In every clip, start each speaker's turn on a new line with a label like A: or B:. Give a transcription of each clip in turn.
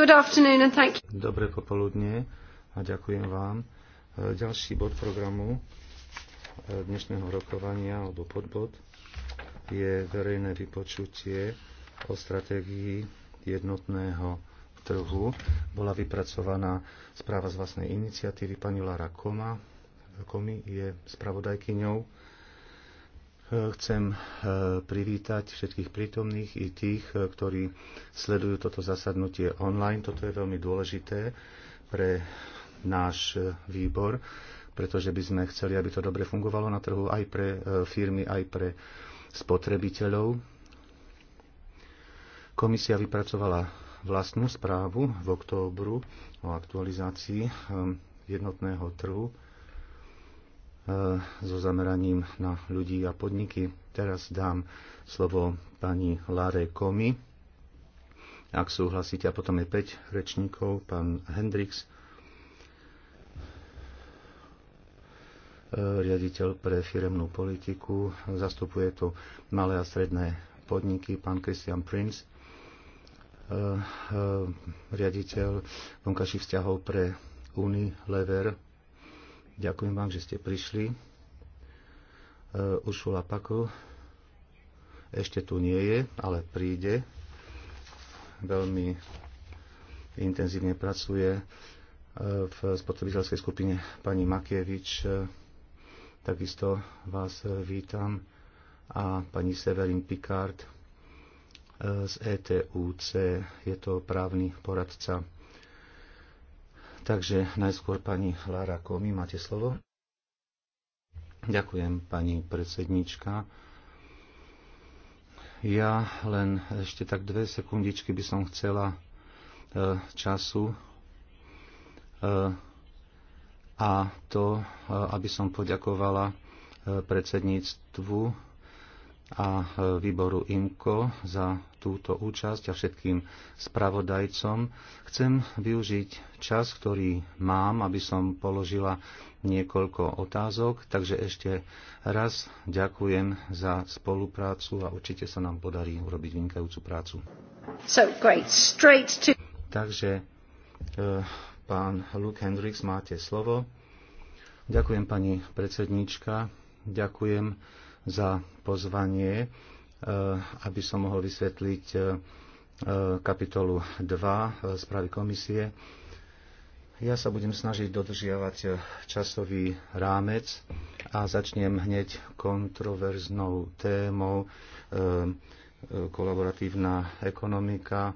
A: Good afternoon and thank you.
B: Dobré popoludne a ďakujem vám. E, ďalší bod programu e, dnešného rokovania alebo podbod je verejné vypočutie o stratégii jednotného trhu. Bola vypracovaná správa z vlastnej iniciatívy. Pani Lara Koma, Komi je spravodajkyňou Chcem e, privítať všetkých prítomných i tých, e, ktorí sledujú toto zasadnutie online. Toto je veľmi dôležité pre náš e, výbor, pretože by sme chceli, aby to dobre fungovalo na trhu aj pre firmy, aj pre spotrebiteľov. Komisia vypracovala vlastnú správu v októbru o aktualizácii jednotného trhu E, so zameraním na ľudí a podniky. Teraz dám slovo pani Lare Komi, ak súhlasíte, a potom je 5 rečníkov, pán Hendrix, e, riaditeľ pre firemnú politiku, zastupuje tu malé a stredné podniky, pán Christian Prince, e, riaditeľ vonkajších vzťahov pre Unilever, Ďakujem vám, že ste prišli. Uh, Uršula Pako ešte tu nie je, ale príde. Veľmi intenzívne pracuje uh, v spotrebiteľskej skupine pani Makievič. Uh, takisto vás vítam a pani Severin Picard z ETUC, je to právny poradca Takže najskôr pani Lára Komi, máte slovo. Ďakujem, pani predsednička. Ja len ešte tak dve sekundičky by som chcela e, času. E, a to, e, aby som poďakovala e, predsedníctvu a e, výboru IMKO za túto účasť a všetkým spravodajcom. Chcem využiť čas, ktorý mám, aby som položila niekoľko otázok, takže ešte raz ďakujem za spoluprácu a určite sa nám podarí urobiť vynikajúcu prácu. So, great. Straight to... Takže e, pán Luke Hendricks, máte slovo. Ďakujem pani predsedníčka, ďakujem za pozvanie, e, aby som mohol vysvetliť e, kapitolu 2 e, správy komisie. Ja sa budem snažiť dodržiavať časový rámec a začnem hneď kontroverznou témou kolaboratívna ekonomika.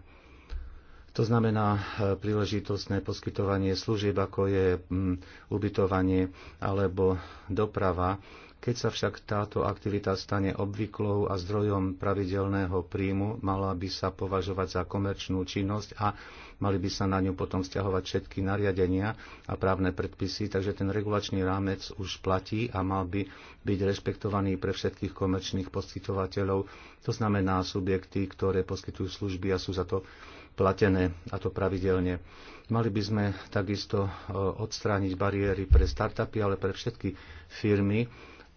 B: To znamená príležitostné poskytovanie služieb, ako je mm, ubytovanie alebo doprava keď sa však táto aktivita stane obvyklou a zdrojom pravidelného príjmu, mala by sa považovať za komerčnú činnosť a mali by sa na ňu potom vzťahovať všetky nariadenia a právne predpisy, takže ten regulačný rámec už platí a mal by byť rešpektovaný pre všetkých komerčných poskytovateľov, to znamená subjekty, ktoré poskytujú služby a sú za to platené a to pravidelne. Mali by sme takisto e, odstrániť bariéry pre startupy, ale pre všetky firmy,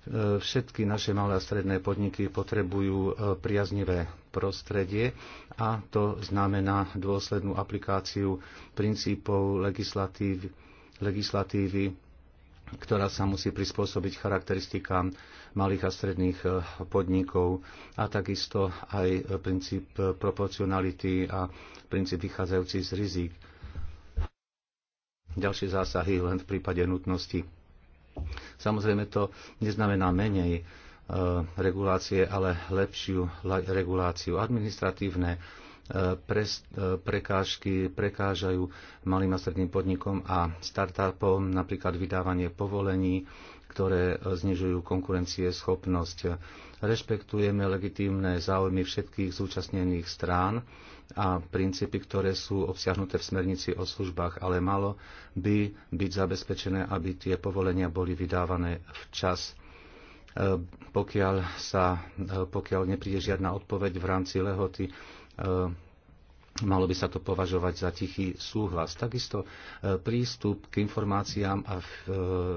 B: E, všetky naše malé a stredné podniky potrebujú e, priaznivé prostredie a to znamená dôslednú aplikáciu princípov legislatív, legislatívy, ktorá sa musí prispôsobiť charakteristikám malých a stredných e, podnikov a takisto aj princíp proporcionality a princíp vychádzajúci z rizik. Ďalšie zásahy len v prípade nutnosti. Samozrejme to neznamená menej e, regulácie, ale lepšiu reguláciu. Administratívne e, e, prekážky prekážajú malým a stredným podnikom a startupom, napríklad vydávanie povolení, ktoré e, znižujú schopnosť. Rešpektujeme legitímne záujmy všetkých zúčastnených strán a princípy, ktoré sú obsiahnuté v smernici o službách, ale malo by byť zabezpečené, aby tie povolenia boli vydávané včas e, pokiaľ, sa, e, pokiaľ nepríde žiadna odpoveď v rámci lehoty Malo by sa to považovať za tichý súhlas. Takisto e, prístup k informáciám a e,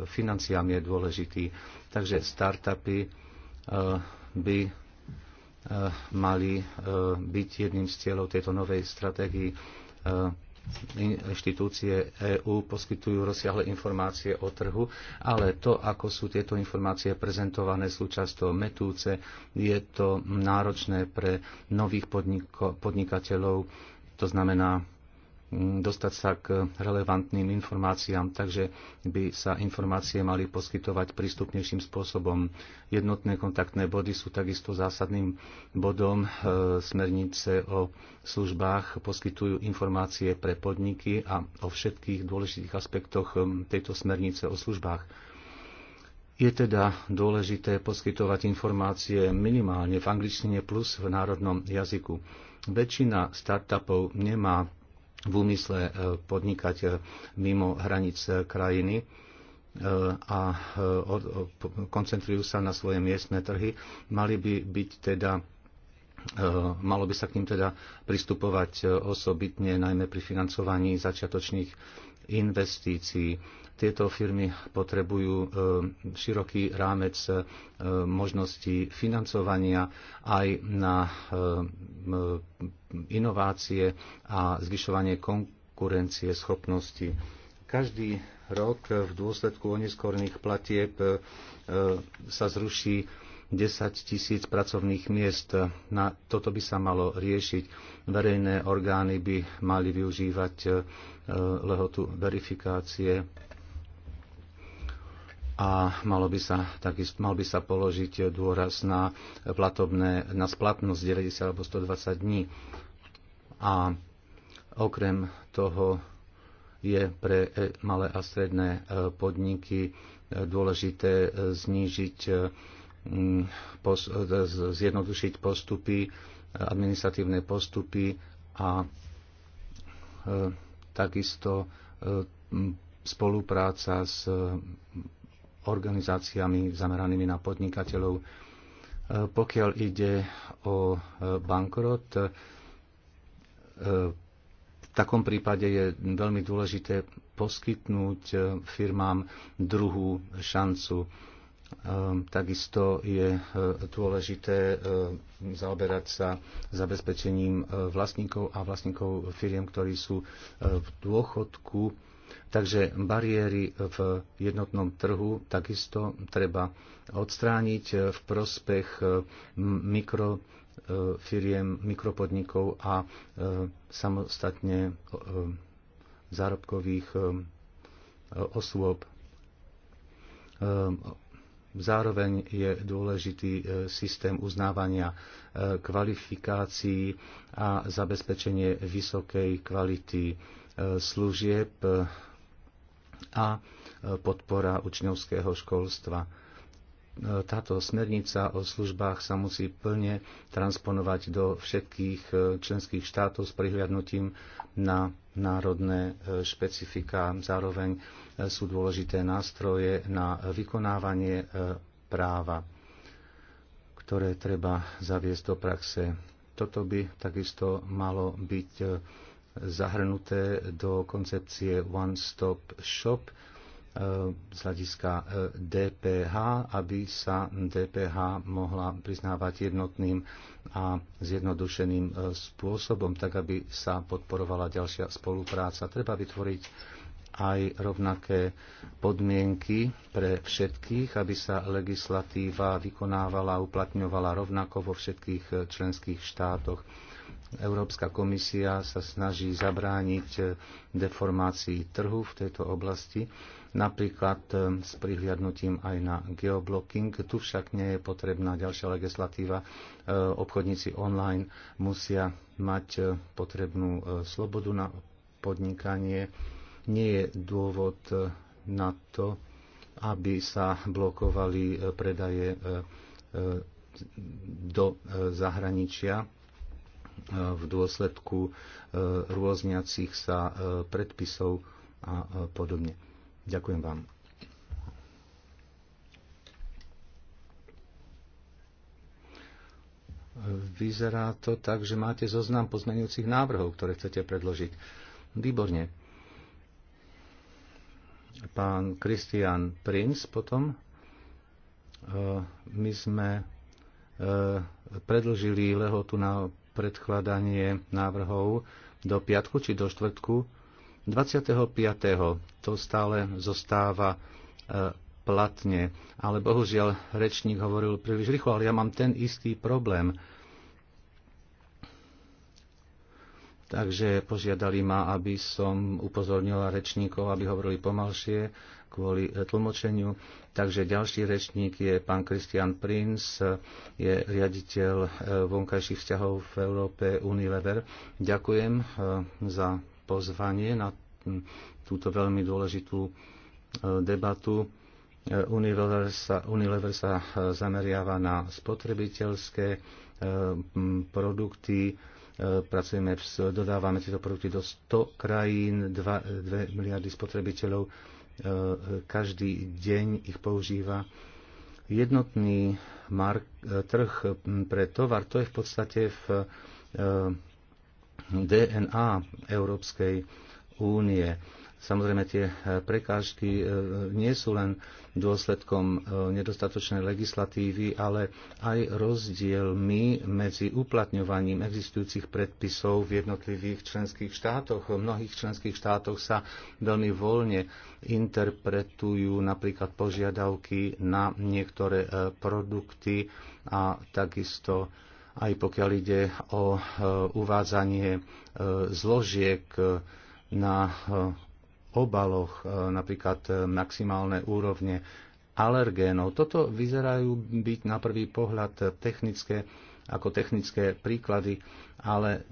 B: financiám je dôležitý. Takže startupy e, by mali byť jedným z cieľov tejto novej stratégii inštitúcie EÚ poskytujú rozsiahle informácie o trhu, ale to, ako sú tieto informácie prezentované, sú často metúce, je to náročné pre nových podnikateľov, to znamená dostať sa k relevantným informáciám, takže by sa informácie mali poskytovať prístupnejším spôsobom. Jednotné kontaktné body sú takisto zásadným bodom e, smernice o službách, poskytujú informácie pre podniky a o všetkých dôležitých aspektoch tejto smernice o službách. Je teda dôležité poskytovať informácie minimálne v angličtine plus v národnom jazyku. Väčšina startupov nemá v úmysle e, podnikať e, mimo hranic e, krajiny a koncentrujú sa na svoje miestne trhy, mali by byť teda malo by sa k ním teda pristupovať osobitne, najmä pri financovaní začiatočných investícií. Tieto firmy potrebujú e, široký rámec e, možností financovania aj na e, inovácie a zvyšovanie konkurencie schopnosti. Každý rok v dôsledku oneskorných platieb sa zruší 10 tisíc pracovných miest. Na toto by sa malo riešiť. Verejné orgány by mali využívať lehotu verifikácie a malo by sa, taký, mal by sa položiť dôraz na, platobné, na splatnosť 90 alebo 120 dní. A okrem toho je pre e, malé a stredné e, podniky e, dôležité znížiť, zjednodušiť postupy, administratívne postupy a takisto spolupráca s organizáciami zameranými na podnikateľov. E, pokiaľ ide o e, bankrot, e, v takom prípade je veľmi dôležité poskytnúť firmám druhú šancu. Takisto je dôležité zaoberať sa zabezpečením vlastníkov a vlastníkov firiem, ktorí sú v dôchodku Takže bariéry v jednotnom trhu takisto treba odstrániť e, v prospech e, mikro e, firiem, mikropodnikov a samostatne zárobkových osôb. Zároveň je dôležitý systém uznávania kvalifikácií a zabezpečenie vysokej kvality služieb a e, podpora učňovského školstva. E, táto smernica o službách sa musí plne transponovať do všetkých e, členských štátov s prihľadnutím na národné špecifika. Zároveň sú dôležité nástroje na vykonávanie práva, ktoré treba zaviesť do praxe. Toto by takisto malo byť zahrnuté do koncepcie One Stop Shop e, z hľadiska e, DPH, aby sa DPH mohla priznávať jednotným a zjednodušeným e, spôsobom, tak aby sa podporovala ďalšia spolupráca. Treba vytvoriť aj rovnaké podmienky pre všetkých, aby sa legislatíva vykonávala a uplatňovala rovnako vo všetkých členských štátoch Európska komisia sa snaží zabrániť eh, deformácii trhu v tejto oblasti, napríklad eh, s prihliadnutím aj na geoblocking. Tu však nie je potrebná ďalšia legislatíva. Eh, obchodníci online musia mať potrebnú slobodu na podnikanie. Nie je dôvod na to, aby sa blokovali predaje do zahraničia v dôsledku e, rôzniacich sa e, predpisov a e, podobne. Ďakujem vám. Vyzerá to tak, že máte zoznam pozmenujúcich návrhov, ktoré chcete predložiť. Výborne. Pán Kristian Prince potom. My sme predlžili lehotu na predkladanie návrhov do piatku či do štvrtku. 25. to stále zostáva e, platne, ale bohužiaľ rečník hovoril príliš rýchlo, ale ja mám ten istý problém. Takže požiadali ma, aby som upozornila rečníkov, aby hovorili pomalšie kvôli e, tlmočeniu. Takže ďalší rečník je pán Christian Prince, je riaditeľ e, vonkajších vzťahov v Európe Unilever. Ďakujem e, za pozvanie na túto veľmi dôležitú debatu. Unilever sa, Unilever sa zameriava na spotrebiteľské produkty, pracujeme, dodávame tieto produkty do 100 krajín, 2, 2 miliardy spotrebiteľov E, každý deň ich používa. Jednotný mark, e, trh pre tovar, to je v podstate v e, DNA Európskej únie Samozrejme, tie e, prekážky e, nie sú len dôsledkom e, nedostatočnej legislatívy, ale aj rozdielmi medzi uplatňovaním existujúcich predpisov v jednotlivých členských štátoch. V mnohých členských štátoch sa veľmi voľne interpretujú napríklad požiadavky na niektoré produkty a takisto aj pokiaľ ide o uvádzanie zložiek na obaloch, e, napríklad e, maximálne úrovne alergénov. Toto vyzerajú byť na prvý pohľad technické, ako technické príklady, ale e,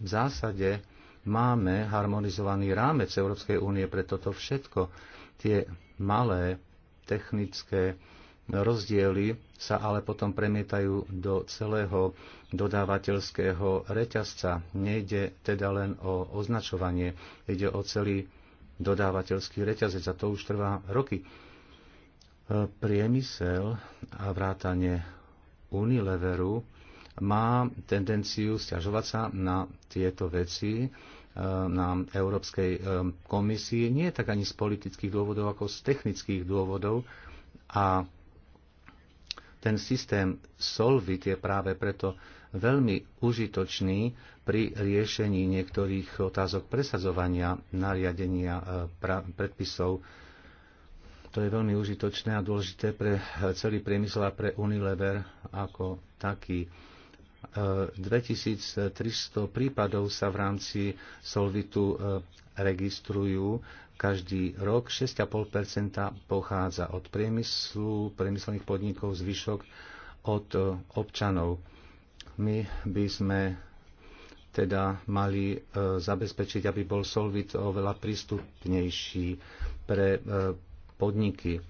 B: v zásade máme harmonizovaný rámec Európskej únie pre toto všetko. Tie malé technické Rozdiely sa ale potom premietajú do celého dodávateľského reťazca. Nejde teda len o označovanie, ide o celý dodávateľský reťazec a to už trvá roky. E, priemysel a vrátanie Unileveru má tendenciu stiažovať sa na tieto veci e, na Európskej e, komisii, nie tak ani z politických dôvodov, ako z technických dôvodov. A ten systém Solvit je práve preto veľmi užitočný pri riešení niektorých otázok presadzovania nariadenia e, predpisov. To je veľmi užitočné a dôležité pre celý priemysel a pre Unilever ako taký. 2300 e, prípadov sa v rámci Solvitu e, registrujú každý rok 6,5 pochádza od priemyslu, priemyselných podnikov, zvyšok od e, občanov. My by sme teda mali e, zabezpečiť, aby bol Solvit oveľa prístupnejší pre e, podniky.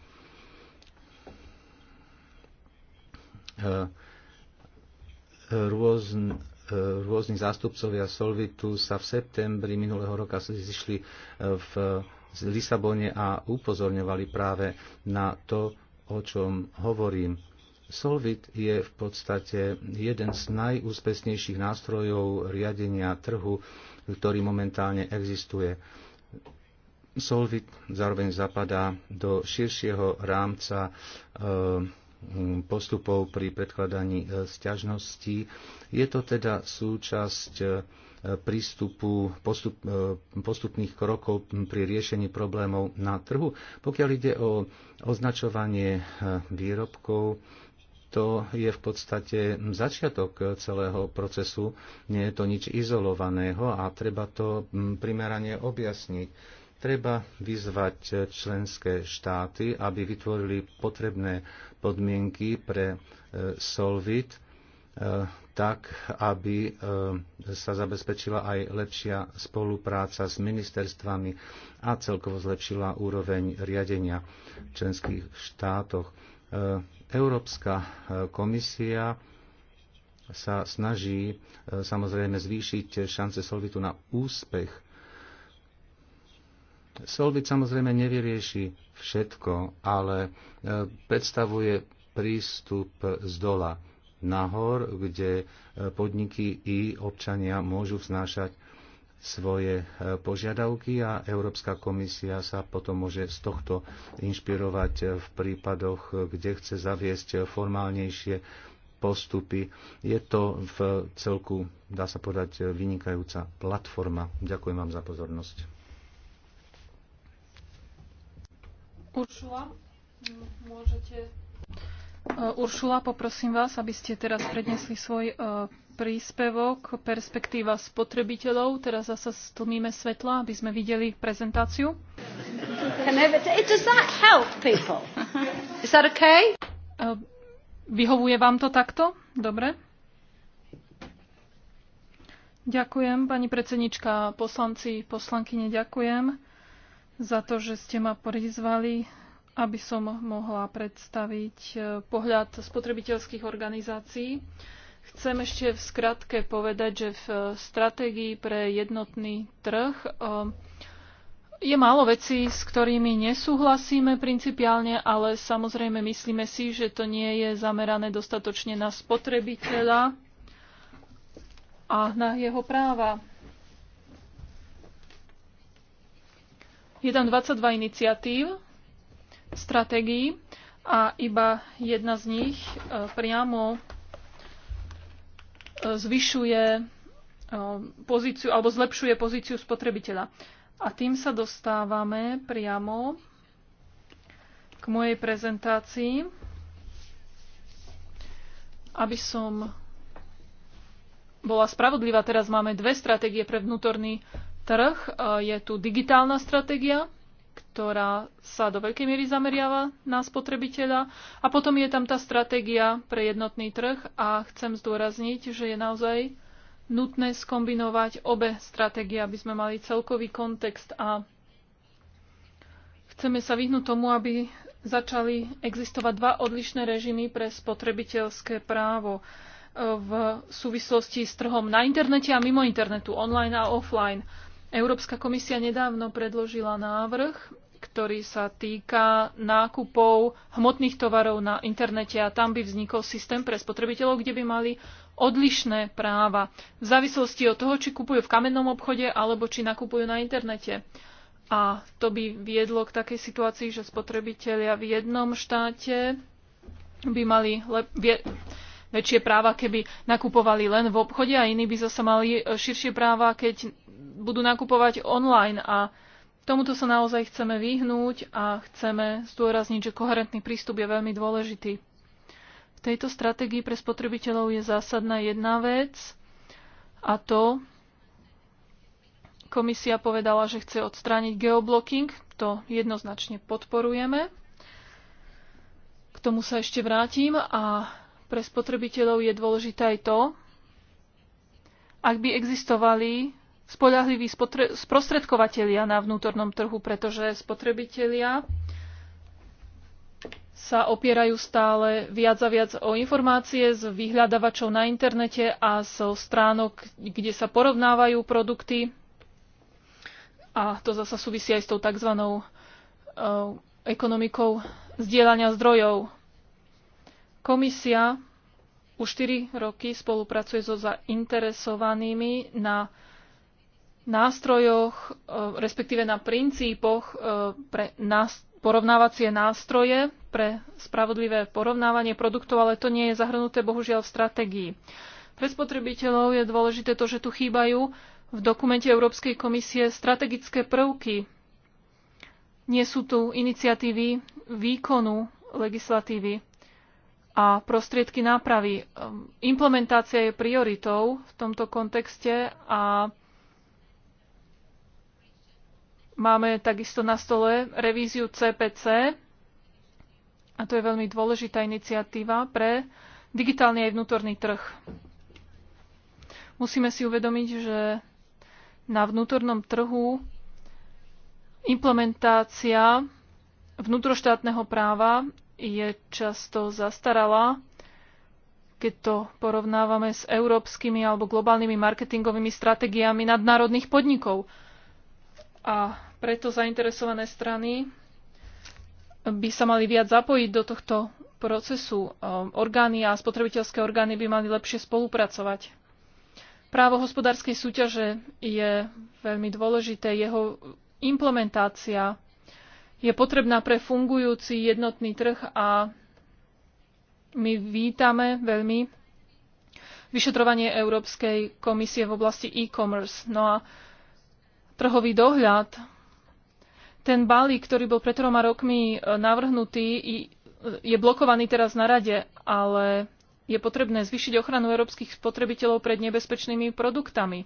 B: Rôzne rôzni zástupcovia Solvitu sa v septembri minulého roka zišli e, v Lisabone a upozorňovali práve na to, o čom hovorím. Solvit je v podstate jeden z najúspešnejších nástrojov riadenia trhu, ktorý momentálne existuje. Solvit zároveň zapadá do širšieho rámca e, Mm, postupov pri predkladaní e, sťažností. Je to teda súčasť e, prístupu postup, e, postupných krokov pri riešení problémov na trhu. Pokiaľ ide o označovanie výrobkov, to je v podstate začiatok celého procesu. Nie je to nič izolovaného a treba to primerane objasniť. Treba vyzvať členské štáty, aby vytvorili potrebné podmienky pre e, Solvit e, tak, aby e, sa zabezpečila aj lepšia spolupráca s ministerstvami a celkovo zlepšila úroveň riadenia v členských štátoch. Európska komisia sa snaží samozrejme zvýšiť šance Solvitu na úspech Solvit samozrejme nevyrieši všetko, ale e, predstavuje prístup z dola nahor, kde e, podniky i občania môžu vznášať svoje e, požiadavky a Európska komisia sa potom môže z tohto inšpirovať v prípadoch, kde chce zaviesť formálnejšie postupy. Je to v celku, dá sa povedať, vynikajúca platforma. Ďakujem vám za pozornosť.
A: Uršula, môžete... Eh, Uršula, poprosím vás, aby ste teraz prednesli svoj eh, príspevok Perspektíva spotrebiteľov. Teraz zase stlmíme svetla, aby sme videli prezentáciu. Eh, vyhovuje vám to takto? Dobre. Ďakujem, pani predsednička, poslanci, poslankyne, ďakujem za to, že ste ma prizvali, aby som mohla predstaviť eh, pohľad spotrebiteľských organizácií. Chcem ešte v skratke povedať, že v eh, stratégii pre jednotný trh eh, je málo vecí, s ktorými nesúhlasíme principiálne, ale samozrejme myslíme si, že to nie je zamerané dostatočne na spotrebiteľa a na jeho práva. Je tam 22 iniciatív, stratégií a iba jedna z nich e, priamo e, zvyšuje e, pozíciu alebo zlepšuje pozíciu spotrebiteľa. A tým sa dostávame priamo k mojej prezentácii, aby som bola spravodlivá. Teraz máme dve stratégie pre vnútorný trh. E, je tu digitálna stratégia, ktorá sa do veľkej miery zameriava na spotrebiteľa. A potom je tam tá stratégia pre jednotný trh a chcem zdôrazniť, že je naozaj nutné skombinovať obe stratégie, aby sme mali celkový kontext a chceme sa vyhnúť tomu, aby začali existovať dva odlišné režimy pre spotrebiteľské právo e, v súvislosti s trhom na internete a mimo internetu, online a offline. Európska komisia nedávno predložila návrh, ktorý sa týka nákupov hmotných tovarov na internete a tam by vznikol systém pre spotrebiteľov, kde by mali odlišné práva v závislosti od toho, či kupujú v kamennom obchode alebo či nakupujú na internete. A to by viedlo k takej situácii, že spotrebitelia v jednom štáte by mali lep- väčšie práva, keby nakupovali len v obchode a iní by zase mali e, širšie práva, keď budú nakupovať online. A tomuto sa naozaj chceme vyhnúť a chceme zdôrazniť, že koherentný prístup je veľmi dôležitý. V tejto stratégii pre spotrebiteľov je zásadná jedna vec a to komisia povedala, že chce odstrániť geoblocking. To jednoznačne podporujeme. K tomu sa ešte vrátim a pre spotrebiteľov je dôležité aj to, ak by existovali spolahliví sprostredkovateľia na vnútornom trhu, pretože spotrebitelia sa opierajú stále viac a viac o informácie z vyhľadávačov na internete a zo stránok, kde sa porovnávajú produkty. A to zasa súvisí aj s tou tzv. Eh, ekonomikou zdieľania zdrojov. Komisia už 4 roky spolupracuje so zainteresovanými na nástrojoch, e, respektíve na princípoch e, pre porovnávacie nástroje pre spravodlivé porovnávanie produktov, ale to nie je zahrnuté bohužiaľ v stratégii. Pre spotrebiteľov je dôležité to, že tu chýbajú v dokumente Európskej komisie strategické prvky. Nie sú tu iniciatívy výkonu legislatívy a prostriedky nápravy. Ehm, implementácia je prioritou v tomto kontexte a máme takisto na stole revíziu CPC a to je veľmi dôležitá iniciatíva pre digitálny aj vnútorný trh. Musíme si uvedomiť, že na vnútornom trhu implementácia vnútroštátneho práva je často zastaralá, keď to porovnávame s európskymi alebo globálnymi marketingovými stratégiami nadnárodných podnikov. A preto zainteresované strany by sa mali viac zapojiť do tohto procesu. Ehm, orgány a spotrebiteľské orgány by mali lepšie spolupracovať. Právo hospodárskej súťaže je veľmi dôležité. Jeho implementácia je potrebná pre fungujúci jednotný trh a my vítame veľmi vyšetrovanie Európskej komisie v oblasti e-commerce. No a trhový dohľad, ten balík, ktorý bol pred troma rokmi e, navrhnutý, e, je blokovaný teraz na rade, ale je potrebné zvýšiť ochranu európskych spotrebiteľov pred nebezpečnými produktami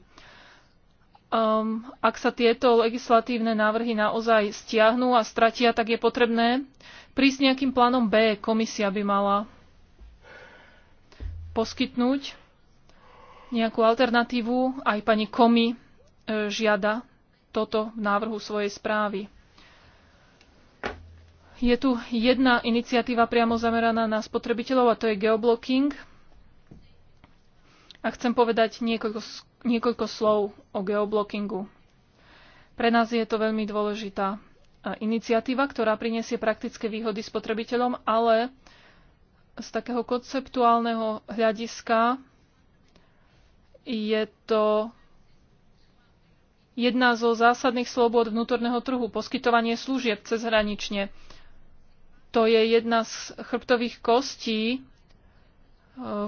A: um, ak sa tieto legislatívne návrhy naozaj stiahnu a stratia, tak je potrebné prísť nejakým plánom B. Komisia by mala poskytnúť nejakú alternatívu. Aj pani Komi e, žiada toto v návrhu svojej správy. Je tu jedna iniciatíva priamo zameraná na spotrebiteľov a to je geoblocking. A chcem povedať niekoľko Niekoľko slov o geoblockingu. Pre nás je to veľmi dôležitá e, iniciatíva, ktorá prinesie praktické výhody spotrebiteľom, ale z takého konceptuálneho hľadiska je to jedna zo zásadných slobod vnútorného trhu, poskytovanie služieb cezhranične. To je jedna z chrbtových kostí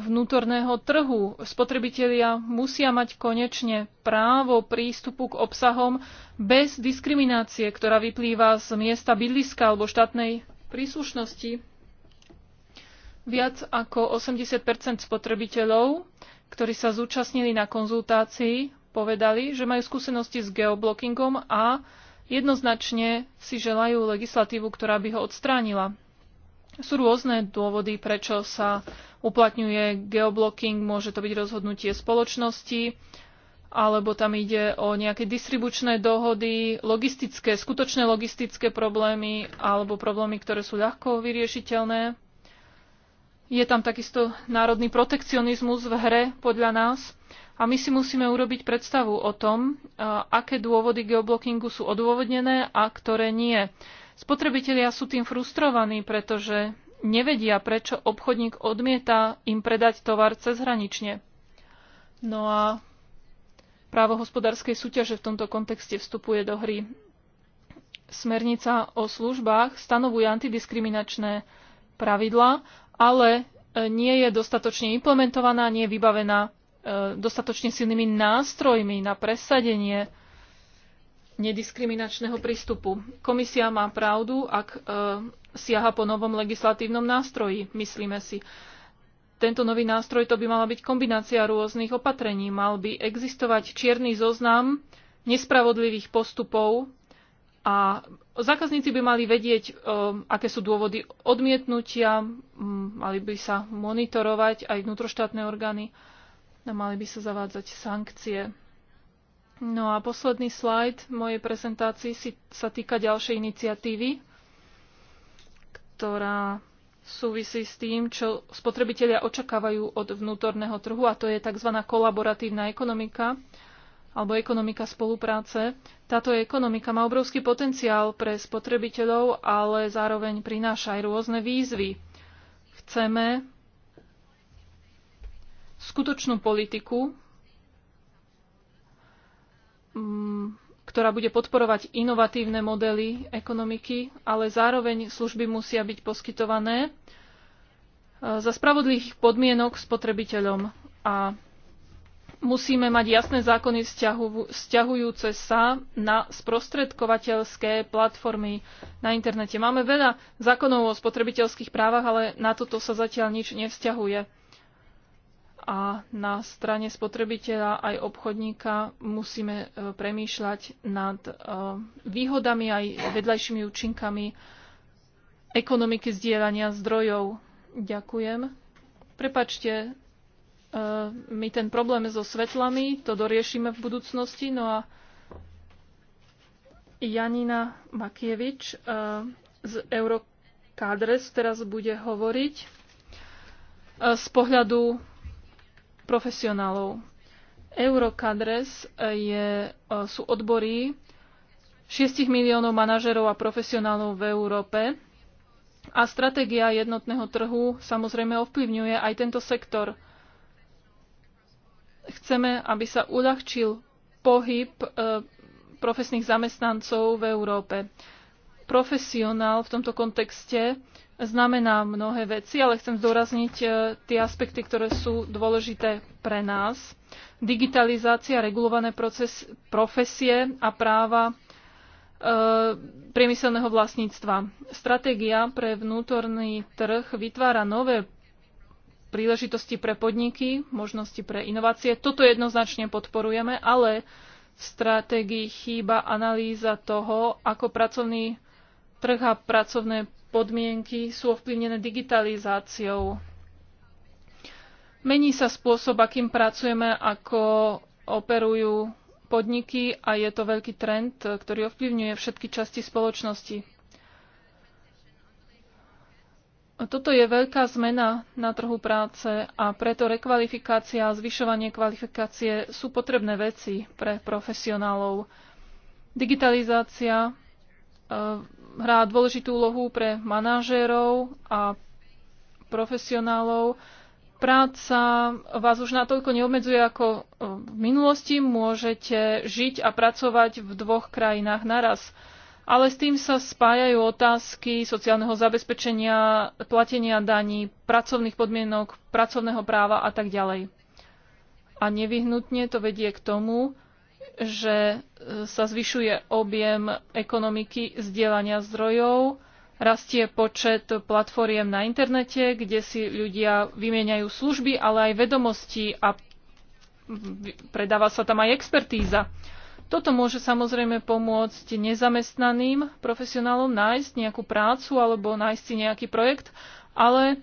A: vnútorného trhu. Spotrebitelia musia mať konečne právo prístupu k obsahom bez diskriminácie, ktorá vyplýva z miesta bydliska alebo štátnej príslušnosti. Viac ako 80 spotrebiteľov, ktorí sa zúčastnili na konzultácii, povedali, že majú skúsenosti s geoblockingom a jednoznačne si želajú legislatívu, ktorá by ho odstránila. Sú rôzne dôvody, prečo sa uplatňuje geoblocking. Môže to byť rozhodnutie spoločnosti, alebo tam ide o nejaké distribučné dohody, logistické, skutočné logistické problémy alebo problémy, ktoré sú ľahko vyriešiteľné. Je tam takisto národný protekcionizmus v hre podľa nás a my si musíme urobiť predstavu o tom, aké dôvody geoblockingu sú odôvodnené a ktoré nie. Spotrebitelia sú tým frustrovaní, pretože nevedia, prečo obchodník odmieta im predať tovar cezhranične. No a právo hospodárskej súťaže v tomto kontexte vstupuje do hry. Smernica o službách stanovuje antidiskriminačné pravidla, ale e, nie je dostatočne implementovaná, nie je vybavená e, dostatočne silnými nástrojmi na presadenie nediskriminačného prístupu. Komisia má pravdu, ak e, siaha po novom legislatívnom nástroji, myslíme si. Tento nový nástroj to by mala byť kombinácia rôznych opatrení. Mal by existovať čierny zoznam nespravodlivých postupov a zákazníci by mali vedieť, e, aké sú dôvody odmietnutia, mali by sa monitorovať aj vnútroštátne orgány a mali by sa zavádzať sankcie. No a posledný slajd mojej prezentácii si, sa týka ďalšej iniciatívy, ktorá súvisí s tým, čo spotrebitelia očakávajú od vnútorného trhu, a to je tzv. kolaboratívna ekonomika alebo ekonomika spolupráce. Táto ekonomika má obrovský potenciál pre spotrebiteľov, ale zároveň prináša aj rôzne výzvy. Chceme skutočnú politiku, Mm, ktorá bude podporovať inovatívne modely ekonomiky, ale zároveň služby musia byť poskytované e, za spravodlivých podmienok spotrebiteľom a musíme mať jasné zákony vzťahujúce sa na sprostredkovateľské platformy na internete. Máme veľa zákonov o spotrebiteľských právach, ale na toto sa zatiaľ nič nevzťahuje a na strane spotrebiteľa aj obchodníka musíme e, premýšľať nad e, výhodami aj vedľajšími účinkami ekonomiky zdieľania zdrojov. Ďakujem. Prepačte, e, my ten problém so svetlami, to doriešime v budúcnosti. No a Janina Makievič z Eurokadres teraz bude hovoriť z pohľadu profesionálov. Eurocadres e, je, e, sú odbory 6 miliónov manažerov a profesionálov v Európe a stratégia jednotného trhu samozrejme ovplyvňuje aj tento sektor. Chceme, aby sa uľahčil pohyb e, profesných zamestnancov v Európe. Profesionál v tomto kontexte znamená mnohé veci, ale chcem zdôrazniť e, tie aspekty, ktoré sú dôležité pre nás. Digitalizácia, regulované proces, profesie a práva e, priemyselného vlastníctva. Stratégia pre vnútorný trh vytvára nové príležitosti pre podniky, možnosti pre inovácie. Toto jednoznačne podporujeme, ale v stratégii chýba analýza toho, ako pracovný trh a pracovné podmienky sú ovplyvnené digitalizáciou. Mení sa spôsob, akým pracujeme, ako operujú podniky a je to veľký trend, ktorý ovplyvňuje všetky časti spoločnosti. Toto je veľká zmena na trhu práce a preto rekvalifikácia a zvyšovanie kvalifikácie sú potrebné veci pre profesionálov. Digitalizácia eh, hrá dôležitú úlohu pre manažérov a profesionálov. Práca vás už natoľko neobmedzuje ako e, v minulosti. Môžete žiť a pracovať v dvoch krajinách naraz. Ale s tým sa spájajú otázky sociálneho zabezpečenia, platenia daní, pracovných podmienok, pracovného práva a tak ďalej. A nevyhnutne to vedie k tomu, že e, sa zvyšuje objem ekonomiky zdieľania zdrojov, rastie počet platformiem na internete, kde si ľudia vymieňajú služby, ale aj vedomosti a predáva sa tam aj expertíza. Toto môže samozrejme pomôcť nezamestnaným profesionálom nájsť nejakú prácu alebo nájsť si nejaký projekt, ale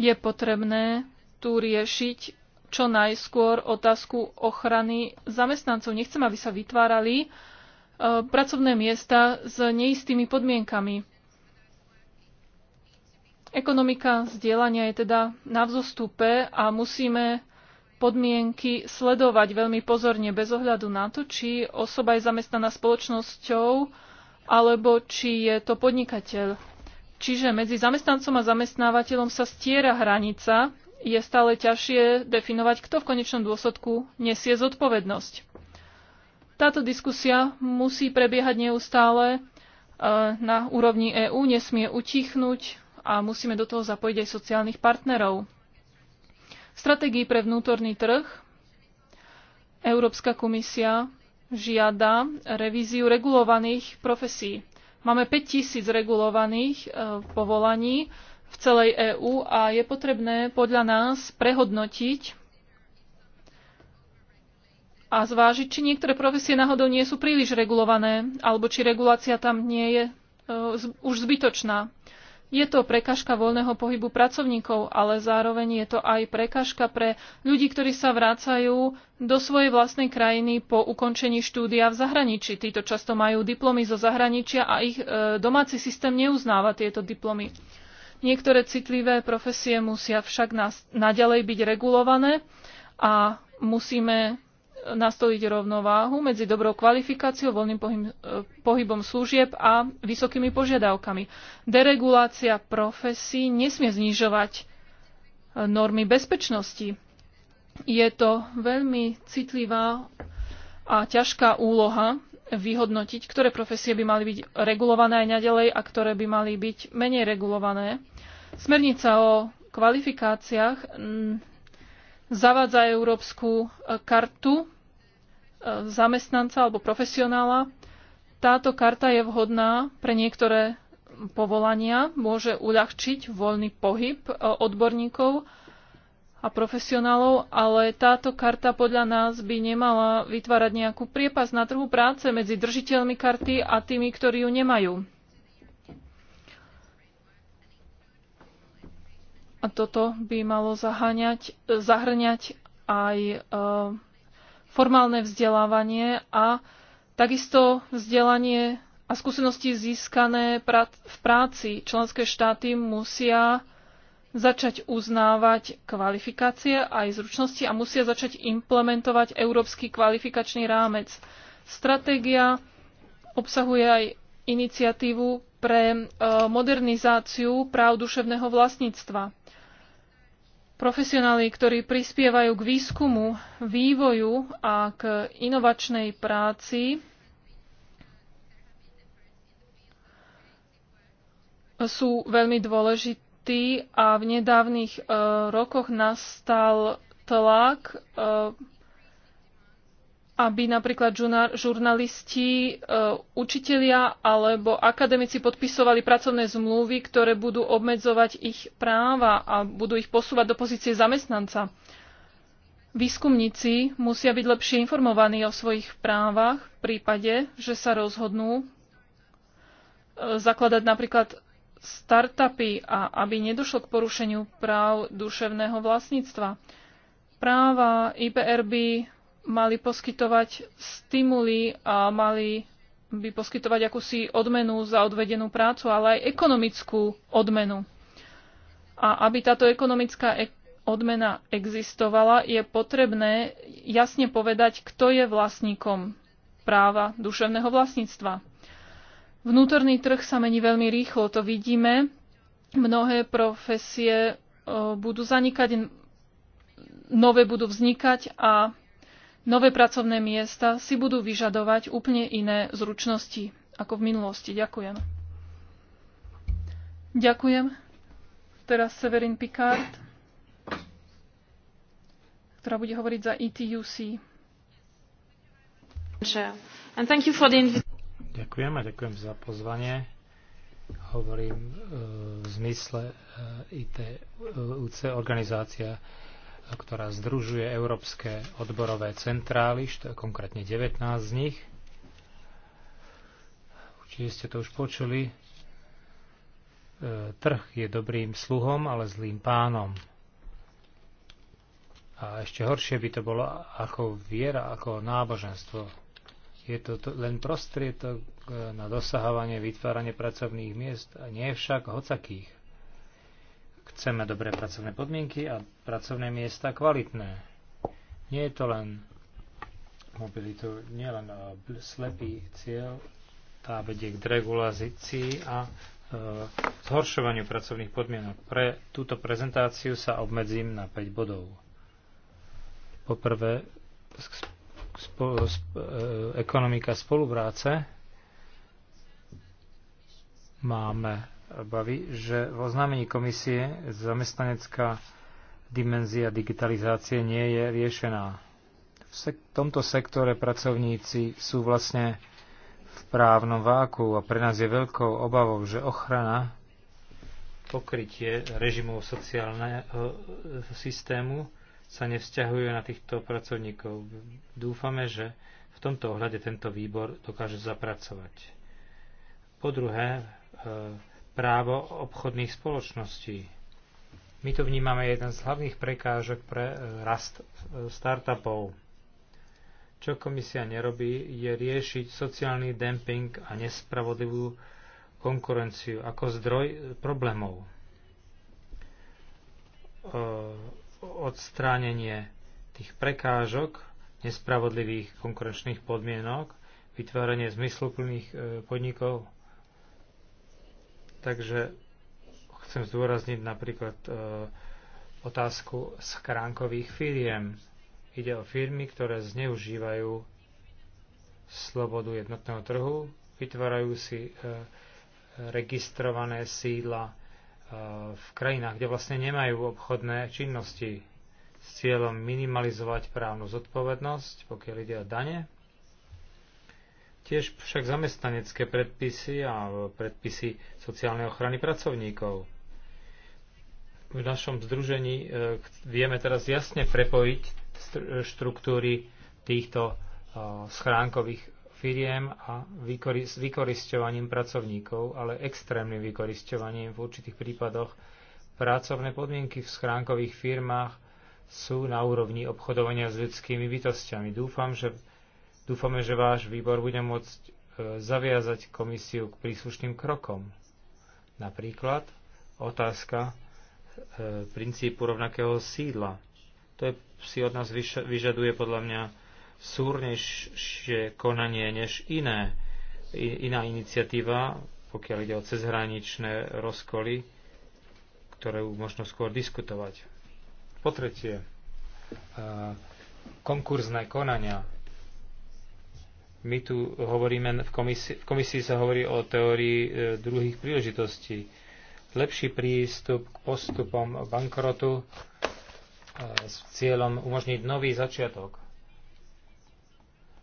A: je potrebné tu riešiť čo najskôr otázku ochrany zamestnancov. Nechcem, aby sa vytvárali e, pracovné miesta s neistými podmienkami. Ekonomika vzdielania je teda na vzostupe a musíme podmienky sledovať veľmi pozorne bez ohľadu na to, či osoba je zamestnaná spoločnosťou alebo či je to podnikateľ. Čiže medzi zamestnancom a zamestnávateľom sa stiera hranica je stále ťažšie definovať, kto v konečnom dôsledku nesie zodpovednosť. Táto diskusia musí prebiehať neustále e, na úrovni EÚ, nesmie utichnúť a musíme do toho zapojiť aj sociálnych partnerov. V stratégii pre vnútorný trh Európska komisia žiada revíziu regulovaných profesí. Máme 5000 regulovaných e, povolaní, v celej EÚ a je potrebné podľa nás prehodnotiť a zvážiť, či niektoré profesie náhodou nie sú príliš regulované, alebo či regulácia tam nie je e, už zbytočná. Je to prekažka voľného pohybu pracovníkov, ale zároveň je to aj prekažka pre ľudí, ktorí sa vrácajú do svojej vlastnej krajiny po ukončení štúdia v zahraničí. Títo často majú diplomy zo zahraničia a ich e, domáci systém neuznáva tieto diplomy. Niektoré citlivé profesie musia však naďalej byť regulované a musíme nastoliť rovnováhu medzi dobrou kvalifikáciou, voľným pohyb, e, pohybom služieb a vysokými požiadavkami. Deregulácia profesí nesmie znižovať e, normy bezpečnosti. Je to veľmi citlivá a ťažká úloha, vyhodnotiť, ktoré profesie by mali byť regulované aj naďalej a ktoré by mali byť menej regulované. Smernica o kvalifikáciách mm, zavádza európsku e, kartu e, zamestnanca alebo profesionála. Táto karta je vhodná pre niektoré povolania, môže uľahčiť voľný pohyb e, odborníkov a profesionálov, ale táto karta podľa nás by nemala vytvárať nejakú priepas na trhu práce medzi držiteľmi karty a tými, ktorí ju nemajú. A toto by malo zaháňať, zahrňať aj e, formálne vzdelávanie a takisto vzdelanie a skúsenosti získané v práci. Členské štáty musia začať uznávať kvalifikácie aj zručnosti a musia začať implementovať európsky kvalifikačný rámec. Stratégia obsahuje aj iniciatívu pre e, modernizáciu práv duševného vlastníctva. Profesionáli, ktorí prispievajú k výskumu, vývoju a k inovačnej práci, sú veľmi dôležití konflikty a v nedávnych e, rokoch nastal tlak, e, aby napríklad žurnalisti, e, učitelia alebo akademici podpisovali pracovné zmluvy, ktoré budú obmedzovať ich práva a budú ich posúvať do pozície zamestnanca. Výskumníci musia byť lepšie informovaní o svojich právach v prípade, že sa rozhodnú zakladať napríklad startupy a aby nedošlo k porušeniu práv duševného vlastníctva. Práva IPR by mali poskytovať stimuly a mali by poskytovať akúsi odmenu za odvedenú prácu, ale aj ekonomickú odmenu. A aby táto ekonomická ek odmena existovala, je potrebné jasne povedať, kto je vlastníkom práva duševného vlastníctva. Vnútorný trh sa mení veľmi rýchlo, to vidíme. Mnohé profesie budú zanikať, nové budú vznikať a nové pracovné miesta si budú vyžadovať úplne iné zručnosti ako v minulosti. Ďakujem. Ďakujem. Teraz Severin Picard, ktorá bude hovoriť za ETUC.
C: Ďakujem a ďakujem za pozvanie. Hovorím e, v zmysle e, ITUC, e, organizácia, ktorá združuje európske odborové centrály, konkrétne 19 z nich. Určite ste to už počuli. Trh je dobrým sluhom, ale zlým pánom. A ešte horšie by to bolo ako viera, ako náboženstvo je to, to len prostriedok e, na dosahovanie, vytváranie pracovných miest a nie však hocakých. Chceme dobré pracovné podmienky a pracovné miesta kvalitné. Nie je to len mobilitu, len e, slepý cieľ, tá vedie k regulácii a e, zhoršovaniu pracovných podmienok. Pre túto prezentáciu sa obmedzím na 5 bodov. Poprvé, spo, sp, e, ekonomika spolupráce, máme obavy, že v oznámení komisie zamestnanecká dimenzia digitalizácie nie je riešená. V sek- tomto sektore pracovníci sú vlastne v právnom váku a pre nás je veľkou obavou, že ochrana pokrytie režimov sociálneho e, systému sa nevzťahujú na týchto pracovníkov. Dúfame, že v tomto ohľade tento výbor dokáže zapracovať. Po druhé, e, právo obchodných spoločností. My to vnímame jeden z hlavných prekážok pre e, rast e, startupov. Čo komisia nerobí, je riešiť sociálny dumping a nespravodlivú konkurenciu ako zdroj problémov odstránenie tých prekážok, nespravodlivých konkurenčných podmienok, vytváranie zmysluplných e, podnikov. Takže chcem zdôrazniť napríklad e, otázku schránkových firiem. Ide o firmy, ktoré zneužívajú slobodu jednotného trhu, vytvárajú si e, registrované sídla v krajinách, kde vlastne nemajú obchodné činnosti s cieľom minimalizovať právnu zodpovednosť, pokiaľ ide o dane. Tiež však zamestnanecké predpisy a predpisy sociálnej ochrany pracovníkov. V našom združení e, vieme teraz jasne prepojiť e, štruktúry týchto e, schránkových firiem a s vykoristovaním pracovníkov, ale extrémnym vykoristovaním v určitých prípadoch. Pracovné podmienky v schránkových firmách sú na úrovni obchodovania s ľudskými bytostiami. Dúfam, že, dúfame, že váš výbor bude môcť e, zaviazať komisiu k príslušným krokom. Napríklad otázka e, princípu rovnakého sídla. To je, si od nás vyžaduje podľa mňa súrnejšie konanie než iné, iná iniciatíva, pokiaľ ide o cezhraničné rozkoly, ktoré možno skôr diskutovať. Po tretie, e, konkurzné konania. My tu hovoríme, v komisii, v komisii sa hovorí o teórii e, druhých príležitostí. Lepší prístup k postupom bankrotu e, s cieľom umožniť nový začiatok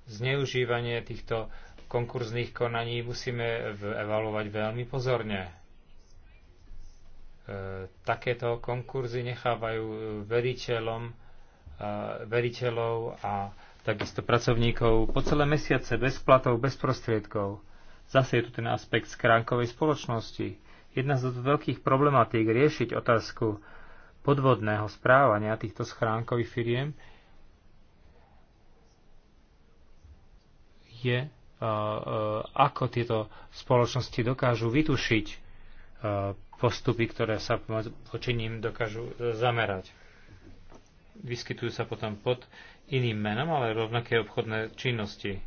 C: zneužívanie týchto konkurzných konaní musíme evaluovať veľmi pozorne. E, takéto konkurzy nechávajú e, veriteľom, e, veriteľov a takisto pracovníkov po celé mesiace bez platov, bez prostriedkov. Zase je tu ten aspekt skránkovej spoločnosti. Jedna z veľkých problematík riešiť otázku podvodného správania týchto schránkových firiem je, e, e, ako tieto spoločnosti dokážu vytušiť e, postupy, ktoré sa voči ním dokážu zamerať. Vyskytujú sa potom pod iným menom, ale rovnaké obchodné činnosti.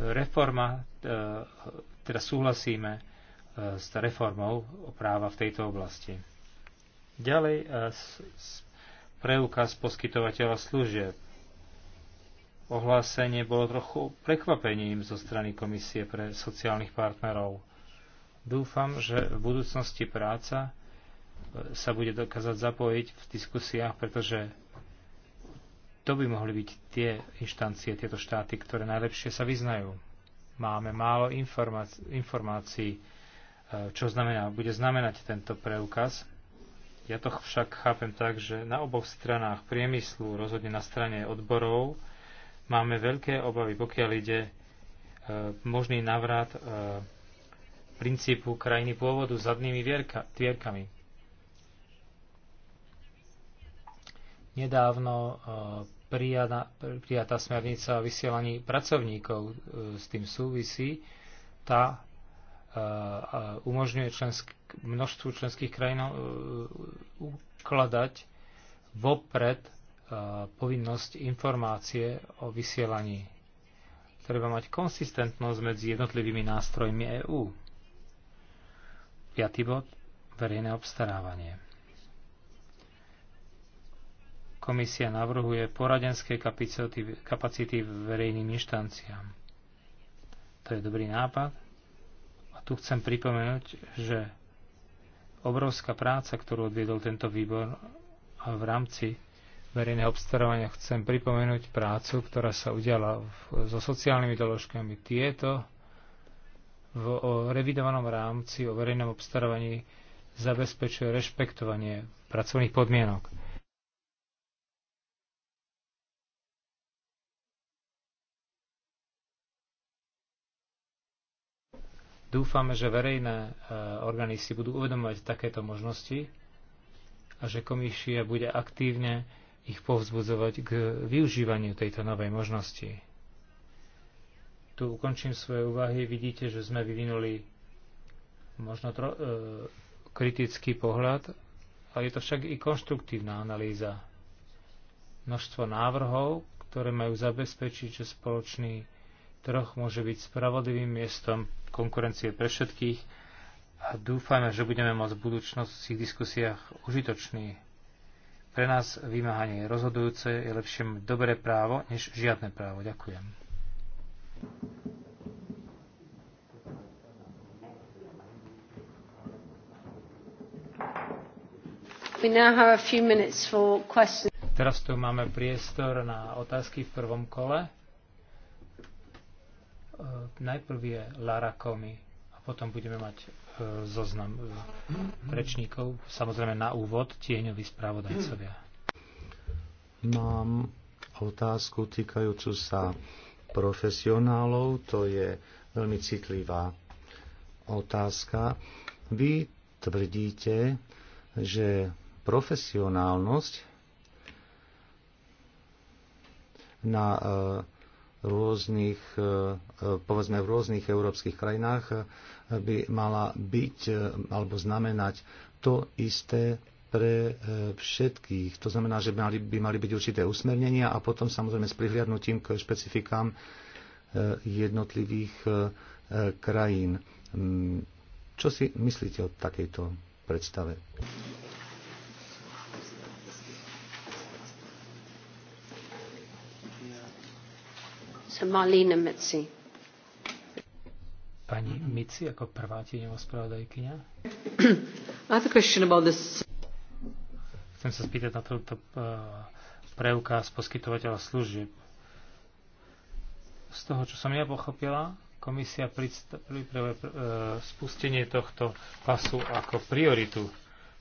C: Reforma, teda súhlasíme s reformou práva v tejto oblasti. Ďalej preukaz poskytovateľa služieb ohlásenie bolo trochu prekvapením zo strany Komisie pre sociálnych partnerov. Dúfam, že v budúcnosti práca e, sa bude dokázať zapojiť v diskusiách, pretože to by mohli byť tie inštancie, tieto štáty, ktoré najlepšie sa vyznajú. Máme málo informácií, informácií e, čo znamená, bude znamenať tento preukaz. Ja to však chápem tak, že na oboch stranách priemyslu, rozhodne na strane odborov, Máme veľké obavy, pokiaľ ide e, možný návrat e, princípu krajiny pôvodu zadnými vierka, vierkami. Nedávno e, prijata, prijatá smernica o vysielaní pracovníkov s tým súvisí. Tá umožňuje člensk, množstvu členských krajín ukladať vopred povinnosť informácie o vysielaní. Treba mať konsistentnosť medzi jednotlivými nástrojmi EÚ. 5. bod. Verejné obstarávanie. Komisia navrhuje poradenské kapacity verejným inštanciám. To je dobrý nápad. A tu chcem pripomenúť, že obrovská práca, ktorú odviedol tento výbor v rámci verejného obstarávania chcem pripomenúť prácu, ktorá sa udiala so sociálnymi doložkami. Tieto v revidovanom rámci o verejnom obstarávaní zabezpečuje rešpektovanie pracovných podmienok. Dúfame, že verejné e, orgány si budú uvedomovať takéto možnosti a že komisia bude aktívne ich povzbudzovať k využívaniu tejto novej možnosti. Tu ukončím svoje úvahy. Vidíte, že sme vyvinuli možno tro, e, kritický pohľad, ale je to však i konštruktívna analýza. Množstvo návrhov, ktoré majú zabezpečiť, že spoločný trh môže byť spravodlivým miestom konkurencie pre všetkých a dúfame, že budeme môcť v budúcnosti v diskusiách užitočný. Pre nás vymáhanie je rozhodujúce, je lepšie mať dobré právo, než žiadne právo. Ďakujem. Teraz tu máme priestor na otázky v prvom kole. Najprv je Lara Komi. Potom budeme mať e, zoznam e, rečníkov. Samozrejme na úvod tieňoví správodajcovia.
B: Mám otázku týkajúcu sa profesionálov. To je veľmi citlivá otázka. Vy tvrdíte, že profesionálnosť na e, rôznych, povedzme v rôznych európskych krajinách by mala byť e, alebo znamenať to isté pre e, všetkých. To znamená, že by mali, by mali byť určité usmernenia a potom samozrejme s prihliadnutím k špecifikám e, jednotlivých krajín. Mm, čo si myslíte o takejto predstave?
A: Marlene Metzi.
C: Pani Mici ako prvá tieňová spravodajkynia. Chcem sa spýtať na toto eh, preukaz poskytovateľa služieb. Z toho, čo som ja pochopila, komisia pripravuje eh, spustenie tohto pasu ako prioritu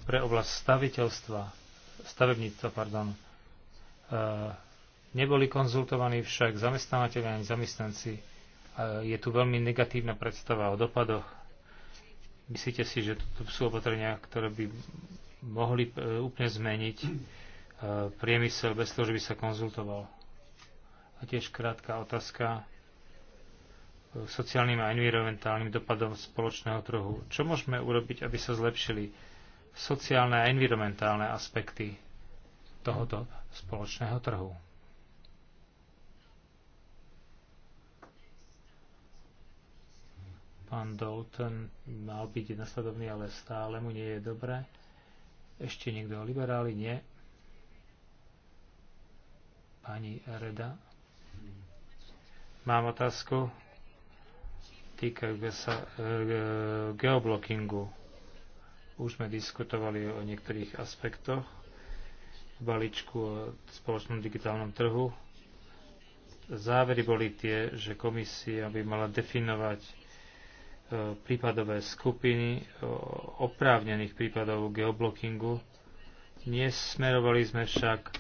C: pre oblasť staviteľstva, stavebníctva, pardon. Eh, neboli konzultovaní však zamestnávateľi ani zamestnanci je tu veľmi negatívna predstava o dopadoch. Myslíte si, že tu sú opatrenia, ktoré by mohli e, úplne zmeniť e, priemysel bez toho, že by sa konzultoval? A tiež krátka otázka e, sociálnym a environmentálnym dopadom spoločného trhu. Čo môžeme urobiť, aby sa zlepšili sociálne a environmentálne aspekty tohoto spoločného trhu? Pán Dalton mal byť nasledovný, ale stále mu nie je dobré. Ešte niekto o liberáli? Nie. Pani Reda. Mám otázku Týka sa e, e, geoblockingu. Už sme diskutovali o niektorých aspektoch balíčku o spoločnom digitálnom trhu. Závery boli tie, že komisia by mala definovať prípadové skupiny e, oprávnených prípadov geoblockingu. Nesmerovali sme však e,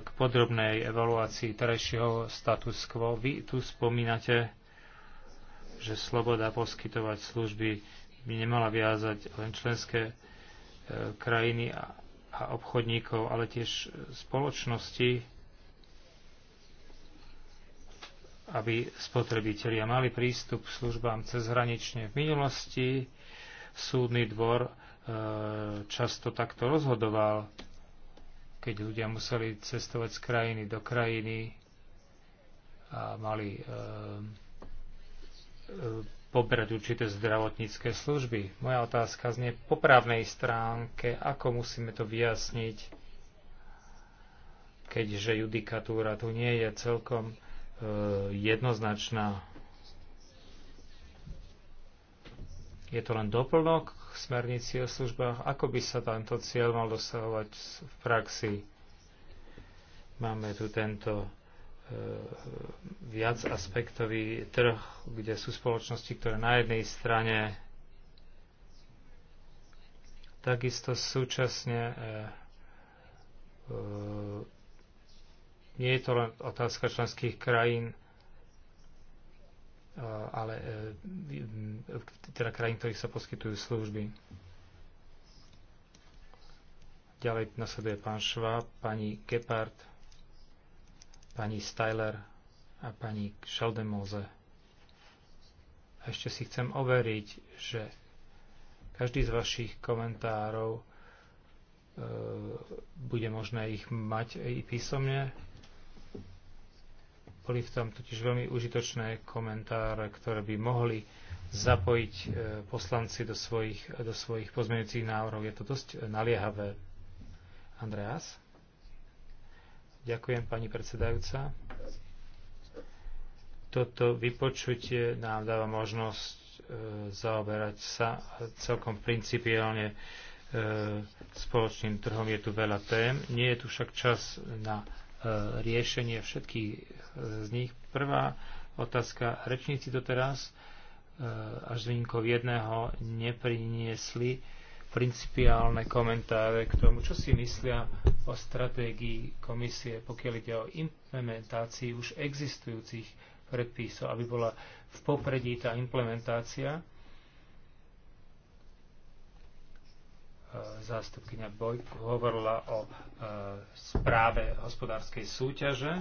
C: k podrobnej evaluácii terajšieho status quo. Vy tu spomínate, že sloboda poskytovať služby by nemala viazať len členské e, krajiny a obchodníkov, ale tiež spoločnosti, aby spotrebitelia mali prístup k službám cezhranične. V minulosti súdny dvor e, často takto rozhodoval, keď ľudia museli cestovať z krajiny do krajiny a mali e, e, pobrať určité zdravotnícke služby. Moja otázka znie po právnej stránke, ako musíme to vyjasniť, keďže judikatúra tu nie je celkom E, jednoznačná. Je to len doplnok k smernici o službách. Ako by sa tento cieľ mal dosahovať v praxi? Máme tu tento e, viac aspektový trh, kde sú spoločnosti, ktoré na jednej strane takisto súčasne e, nie je to len otázka členských krajín, e, ale e, teda krajín, ktorých sa poskytujú služby. Ďalej je pán Šváb, pani Gepard, pani Styler a pani Šaldemose. A ešte si chcem overiť, že každý z vašich komentárov e, bude možné ich mať i písomne, boli v tom totiž veľmi užitočné komentáre, ktoré by mohli zapojiť e, poslanci do svojich, do svojich pozmeňujúcich návrhov. Je to dosť e, naliehavé. Andreas? Ďakujem, pani predsedajúca. Toto vypočutie nám dáva možnosť e, zaoberať sa celkom principiálne spoločným trhom. Je tu veľa tém. Nie je tu však čas na riešenie všetkých z nich. Prvá otázka. Rečníci doteraz e, až z výnimkou jedného nepriniesli principiálne komentáre k tomu, čo si myslia o stratégii komisie, pokiaľ ide o implementácii už existujúcich predpisov, aby bola v popredí tá implementácia. E, Zástupkynia Bojku hovorila o e, správe hospodárskej súťaže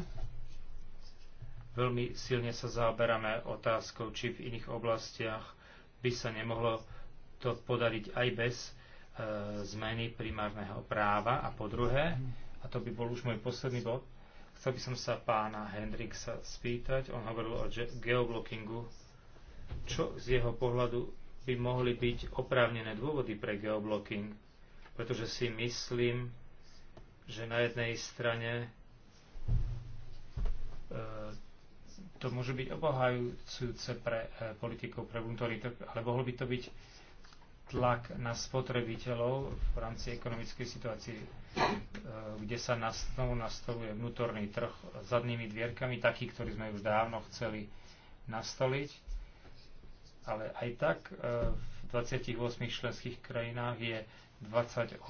C: Veľmi silne sa zaoberáme otázkou, či v iných oblastiach by sa nemohlo to podariť aj bez e, zmeny primárneho práva. A po druhé, a to by bol už môj posledný bod, chcel by som sa pána Hendriksa spýtať, on hovoril o geoblockingu, čo z jeho pohľadu by mohli byť oprávnené dôvody pre geoblocking, pretože si myslím, že na jednej strane to môže byť obohajúce pre e, politikov pre vnútorný ale mohol by to byť tlak na spotrebiteľov v rámci ekonomickej situácii, e, kde sa znovu nastavuje vnútorný trh zadnými dvierkami, taký, ktorý sme už dávno chceli nastoliť. Ale aj tak e, v 28 členských krajinách je 28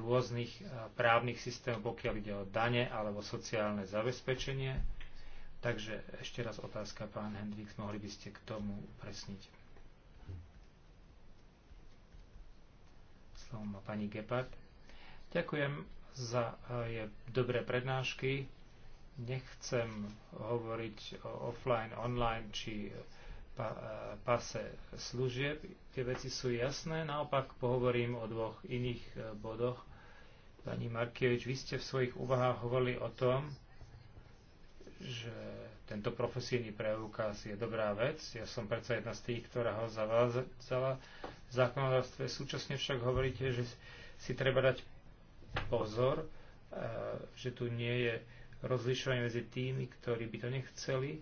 C: rôznych právnych systémov, pokiaľ ide o dane alebo sociálne zabezpečenie Takže ešte raz otázka, pán Hendrix, mohli by ste k tomu upresniť. Slovo má pani Gepard. Ďakujem za eh, je, dobré prednášky. Nechcem hovoriť o offline, online či eh, eh, pase služieb. Tie veci sú jasné. Naopak pohovorím o dvoch iných bodoch. Pani Markievič, vy ste v svojich úvahách hovorili o tom, že tento profesijný preukaz je dobrá vec. Ja som predsa jedna z tých, ktorá ho zavádzala v zákonodárstve. Súčasne však hovoríte, že si treba dať pozor, e, že tu nie je rozlišovanie medzi tými, ktorí by to nechceli.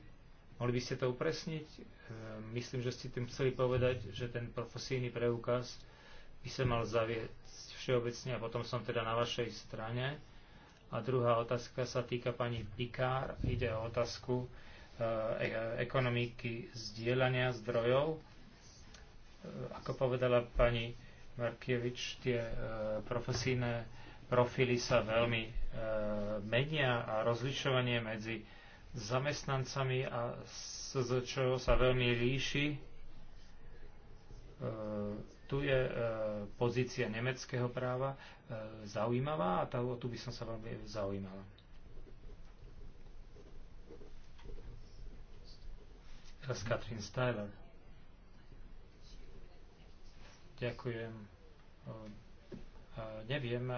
C: Mohli by ste to upresniť? E, myslím, že ste tým chceli povedať, že ten profesijný preukaz by sa mal zaviesť všeobecne a potom som teda na vašej strane a druhá otázka sa týka pani Pikár. Ide o otázku eh, e ekonomiky zdieľania zdrojov. Eh, ako povedala pani Markievič, tie eh, profesíne profily sa veľmi menia a rozlišovanie medzi zamestnancami a čoho sa veľmi líši tu je e, pozícia nemeckého práva e, zaujímavá a tá, tu by som sa veľmi zaujímala. Teraz Katrin Styler. Ďakujem. E, neviem,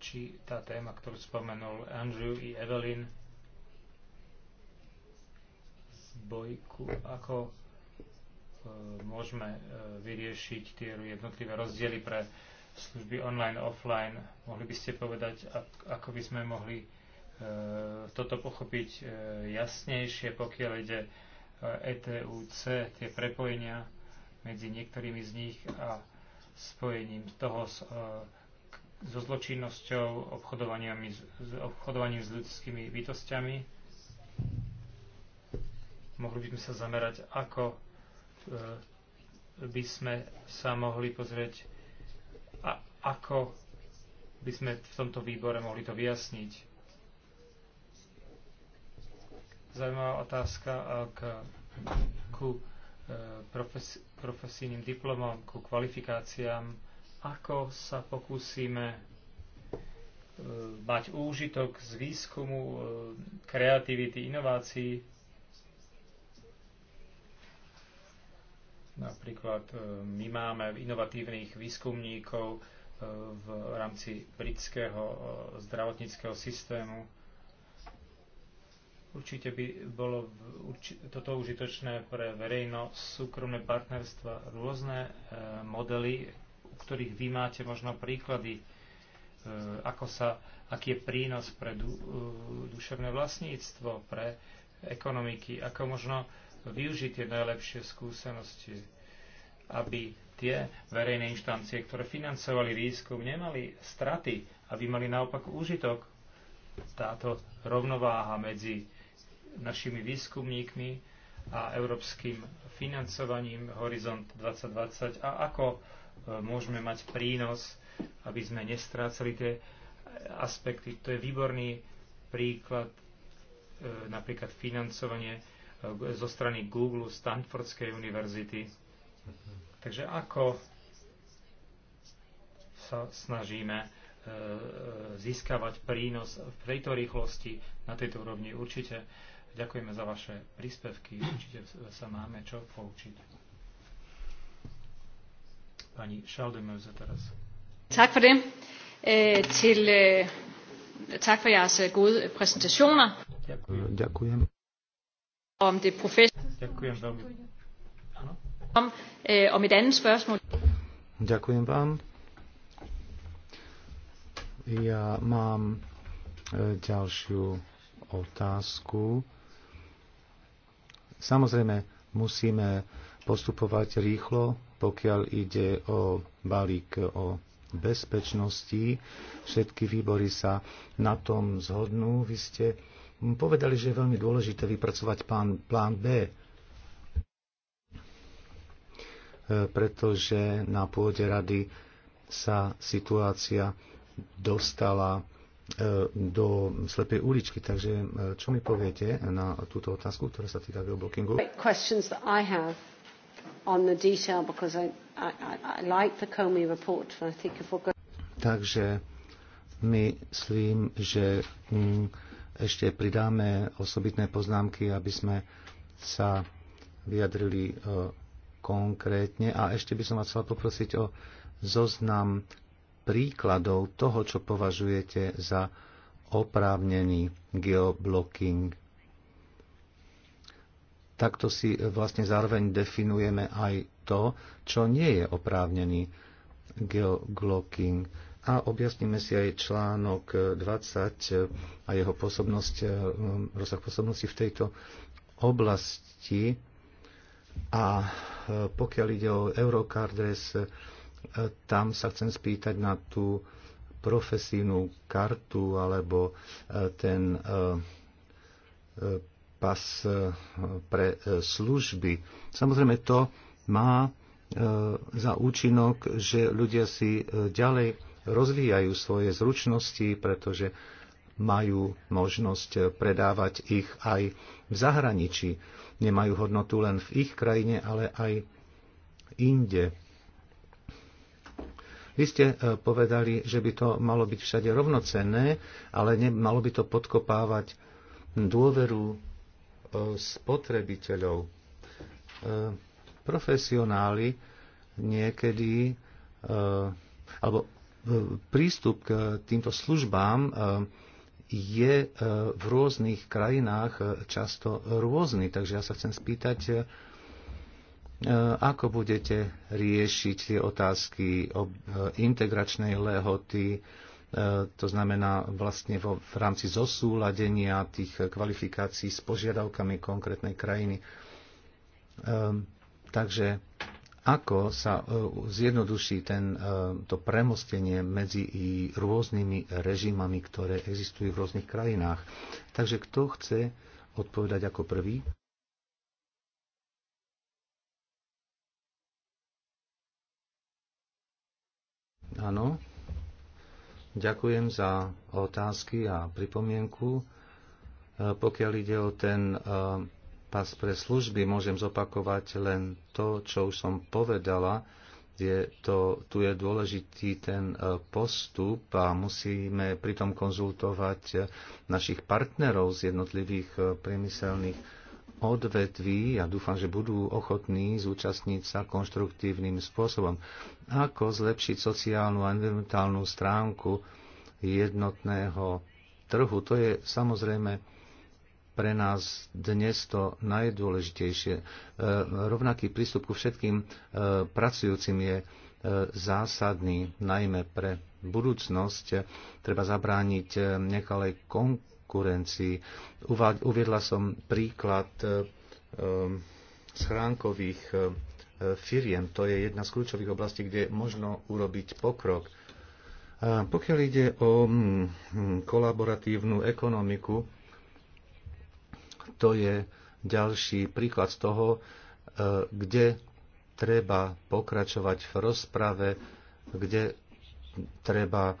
C: či tá téma, ktorú spomenul Andrew i Evelyn, bojku, ako E, môžeme e, vyriešiť tie jednotlivé rozdiely pre služby online, offline. Mohli by ste povedať, ako by sme mohli e, toto pochopiť jasnejšie, pokiaľ ide ETUC, tie prepojenia medzi niektorými z nich a spojením toho s, so zločinnosťou, obchodovaním, obchodovaním s ľudskými bytostiami. Mohli by sme sa zamerať, ako E, by sme sa mohli pozrieť, a ako by sme v tomto výbore mohli to vyjasniť. Zaujímavá otázka e, k, ku e, profes, profesijným diplomom, ku kvalifikáciám. Ako sa pokúsime mať úžitok z výskumu, kreativity, inovácií Napríklad e, my máme inovatívnych výskumníkov e, v rámci britského e, zdravotníckého systému. Určite by bolo toto užitočné pre verejno-súkromné partnerstva rôzne modely, u ktorých vy máte možno príklady, ako sa, aký je prínos pre duševné vlastníctvo, pre ekonomiky, ako možno využiť tie najlepšie skúsenosti, aby tie verejné inštancie, ktoré financovali výskum, nemali straty, aby mali naopak úžitok. Táto rovnováha medzi našimi výskumníkmi a európskym financovaním Horizont 2020 a ako e, môžeme mať prínos, aby sme nestrácali tie aspekty. To je výborný príklad e, napríklad financovanie E, zo strany Google, Stanfordskej univerzity. Takže ako sa snažíme e, e, získavať prínos v tejto rýchlosti na tejto úrovni. Určite ďakujeme za vaše príspevky, určite sa máme čo poučiť. Pani Schaldemöse
A: teraz. Tak for det. til, øh, tak for jeres gode
B: Ďakujem. Ďakujem om det professionelle...
A: Om, øh, om et andet spørgsmål.
B: Ďakujem vám. Ja mám eh, ďalšiu otázku. Samozrejme, musíme postupovať rýchlo, pokiaľ ide o balík o bezpečnosti. Všetky výbory sa na tom zhodnú. Vy ste Mm, povedali, že je veľmi dôležité vypracovať plán, plán B, e, pretože na pôde rady sa situácia dostala e, do slepej uličky. Takže e, čo mi poviete na túto otázku, ktorá sa týka geoblockingu? Takže myslím, že mm, ešte pridáme osobitné poznámky, aby sme sa vyjadrili e, konkrétne. A ešte by som vás chcel poprosiť o zoznam príkladov toho, čo považujete za oprávnený geoblocking. Takto si vlastne zároveň definujeme aj to, čo nie je oprávnený geoblocking a objasníme si aj článok 20 a jeho pôsobnosť, um, rozsah pôsobnosti v tejto oblasti. A uh, pokiaľ ide o Eurocardres, uh, tam sa chcem spýtať na tú profesívnu kartu alebo uh, ten pas pre služby. Samozrejme to má za účinok, že ľudia si ďalej rozvíjajú svoje zručnosti, pretože majú možnosť predávať ich aj v zahraničí. Nemajú hodnotu len v ich krajine, ale aj inde. Vy ste e, povedali, že by to malo byť všade rovnocenné, ale malo by to podkopávať dôveru e, spotrebiteľov. E, profesionáli niekedy alebo prístup k týmto službám e, je e, v rôznych krajinách e, často rôzny. Takže ja sa chcem spýtať, ako budete riešiť tie otázky o integračnej lehoty, to znamená vlastne vo, v rámci zosúladenia tých kvalifikácií s požiadavkami konkrétnej krajiny. Takže ako sa e, zjednoduší ten, e, to premostenie medzi i rôznymi režimami, ktoré existujú v rôznych krajinách. Takže kto chce odpovedať ako prvý? Áno. Ďakujem za otázky a pripomienku. E, pokiaľ ide o ten Pas pre služby môžem zopakovať len to, čo už som povedala. Je to, tu je dôležitý ten e, postup a musíme pritom konzultovať e, našich partnerov z jednotlivých e, priemyselných odvetví a ja dúfam, že budú ochotní zúčastniť sa konštruktívnym spôsobom. Ako zlepšiť sociálnu a environmentálnu stránku jednotného trhu? To je samozrejme pre nás dnes to najdôležitejšie. E, rovnaký prístup ku všetkým e, pracujúcim je e, zásadný, najmä pre budúcnosť. Treba zabrániť nekalej konkurencii. Uviedla som príklad schránkových firiem. To je jedna z kľúčových oblastí, kde možno urobiť pokrok. Pokiaľ ide o mm, mm, kolaboratívnu ekonomiku, to je ďalší príklad z toho, e, kde treba pokračovať v rozprave, kde treba e,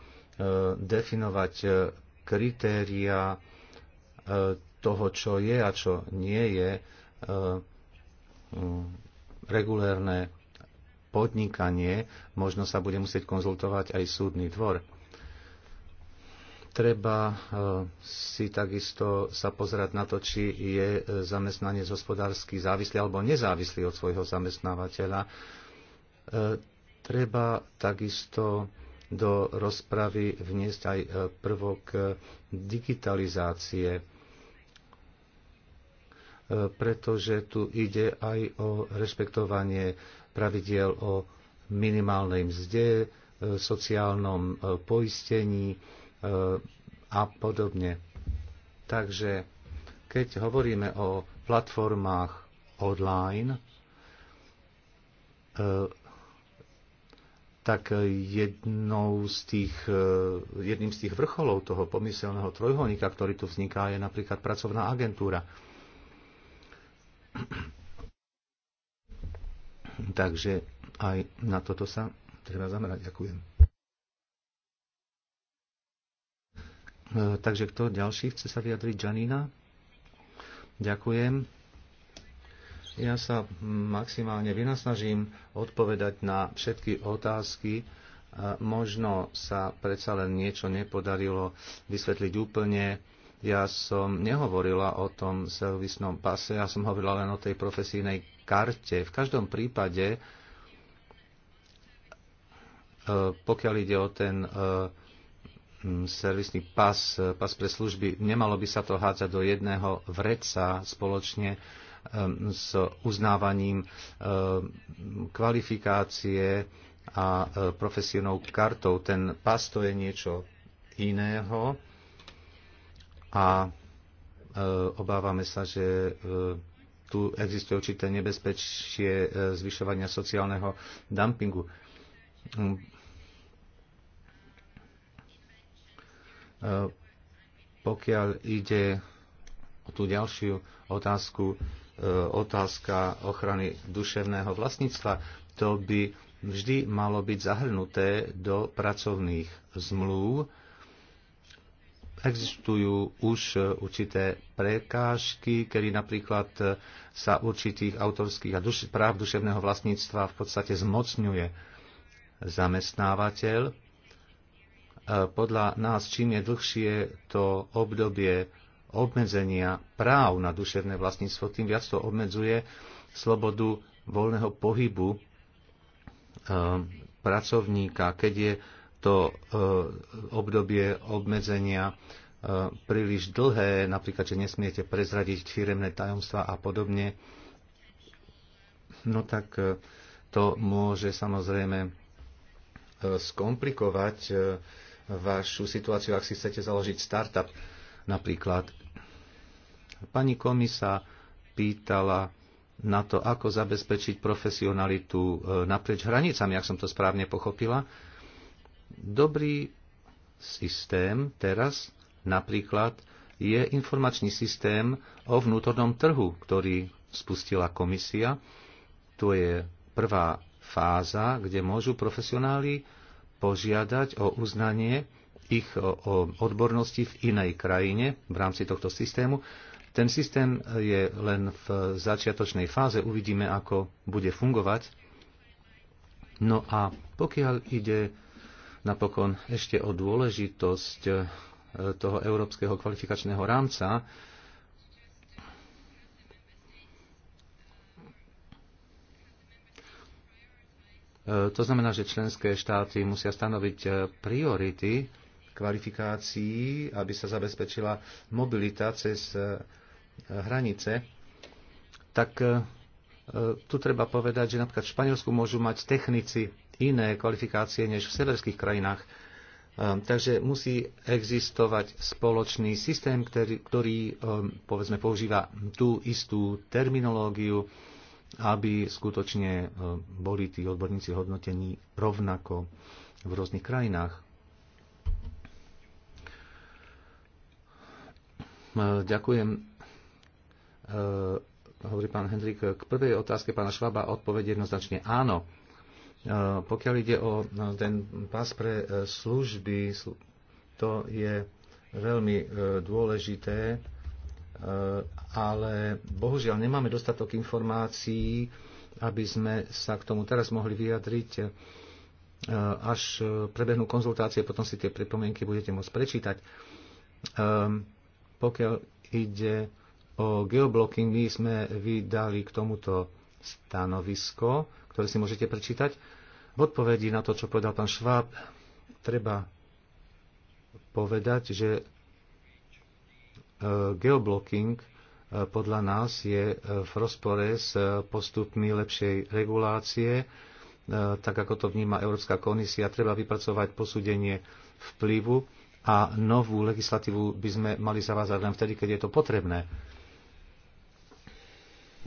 B: definovať e, kritéria toho, čo je a čo nie je mm, regulérne podnikanie. Možno sa bude musieť konzultovať aj súdny dvor. Treba e, si takisto sa pozerať na to, či je e, zamestnanec hospodársky závislý alebo nezávislý od svojho zamestnávateľa. E, treba takisto do rozpravy vniesť aj prvok digitalizácie, pretože tu ide aj o rešpektovanie pravidiel o minimálnej mzde, sociálnom poistení, a podobne. Takže keď hovoríme o platformách online, e, tak jednou z tých, e, jedným z tých vrcholov toho pomyselného trojholníka, ktorý tu vzniká, je napríklad pracovná agentúra. Takže aj na toto sa treba zamerať. Ďakujem. E, takže kto ďalší chce sa vyjadriť? Janina? Ďakujem. Ja sa maximálne vynasnažím odpovedať na všetky otázky. E, možno sa predsa len niečo nepodarilo vysvetliť úplne. Ja som nehovorila o tom servisnom pase, ja som hovorila len o tej profesijnej karte. V každom prípade, e, pokiaľ ide o ten servisný pas, e, pas pre služby, nemalo by sa to hádzať do jedného vreca spoločne e, s uznávaním e, kvalifikácie a profesionou kartou. Ten pas to je niečo iného a obávame sa, že tu existuje určité nebezpečie zvyšovania sociálneho dumpingu E, pokiaľ ide o tú ďalšiu otázku, e, otázka ochrany duševného vlastníctva, to by vždy malo byť zahrnuté do pracovných zmluv. Existujú už určité prekážky, kedy napríklad sa určitých autorských a duš- práv duševného vlastníctva v podstate zmocňuje zamestnávateľ podľa nás, čím je dlhšie to obdobie obmedzenia práv na duševné vlastníctvo, tým viac to obmedzuje slobodu voľného pohybu um, pracovníka, keď je to uh, obdobie obmedzenia uh, príliš dlhé, napríklad, že nesmiete prezradiť firemné tajomstva a podobne, no tak uh, to môže samozrejme skomplikovať vašu situáciu, ak si chcete založiť startup napríklad. Pani komisa pýtala na to, ako zabezpečiť profesionalitu e, naprieč hranicami, ak som to správne pochopila. Dobrý systém teraz napríklad je informačný systém o vnútornom trhu, ktorý spustila komisia. To je prvá fáza, kde môžu profesionáli požiadať o uznanie ich odbornosti v inej krajine v rámci tohto systému. Ten systém je len v začiatočnej fáze, uvidíme, ako bude fungovať. No a pokiaľ ide napokon ešte o dôležitosť eh, toho európskeho kvalifikačného rámca, E, to znamená, že členské štáty musia stanoviť e, priority kvalifikácií, aby sa zabezpečila mobilita cez e, hranice. Tak tu treba povedať, že napríklad v Španielsku môžu mať technici iné kvalifikácie než v severských krajinách. Takže musí existovať spoločný systém, ktorý, ktorý povedzme, používa tú istú terminológiu, aby skutočne e, boli tí odborníci hodnotení rovnako v rôznych krajinách. E, ďakujem. E, hovorí pán Hendrik, k prvej otázke pána Švaba odpoveď jednoznačne áno. Pokiaľ ide o ten pás pre služby, to je veľmi dôležité Eh, ale bohužiaľ nemáme dostatok informácií, aby sme sa k tomu teraz mohli vyjadriť. Eh, až eh, prebehnú konzultácie, potom si tie pripomienky budete môcť prečítať. Ehm, pokiaľ ide o geoblocking, my sme vydali k tomuto stanovisko, ktoré si môžete prečítať. V odpovedi na to, čo povedal pán Šváb, treba povedať, že geoblocking e, podľa nás je e, v rozpore s e, postupmi lepšej regulácie, tak ako to vníma Európska komisia. Treba vypracovať posúdenie vplyvu a novú legislatívu by sme mali zavázať len vtedy, keď je to potrebné.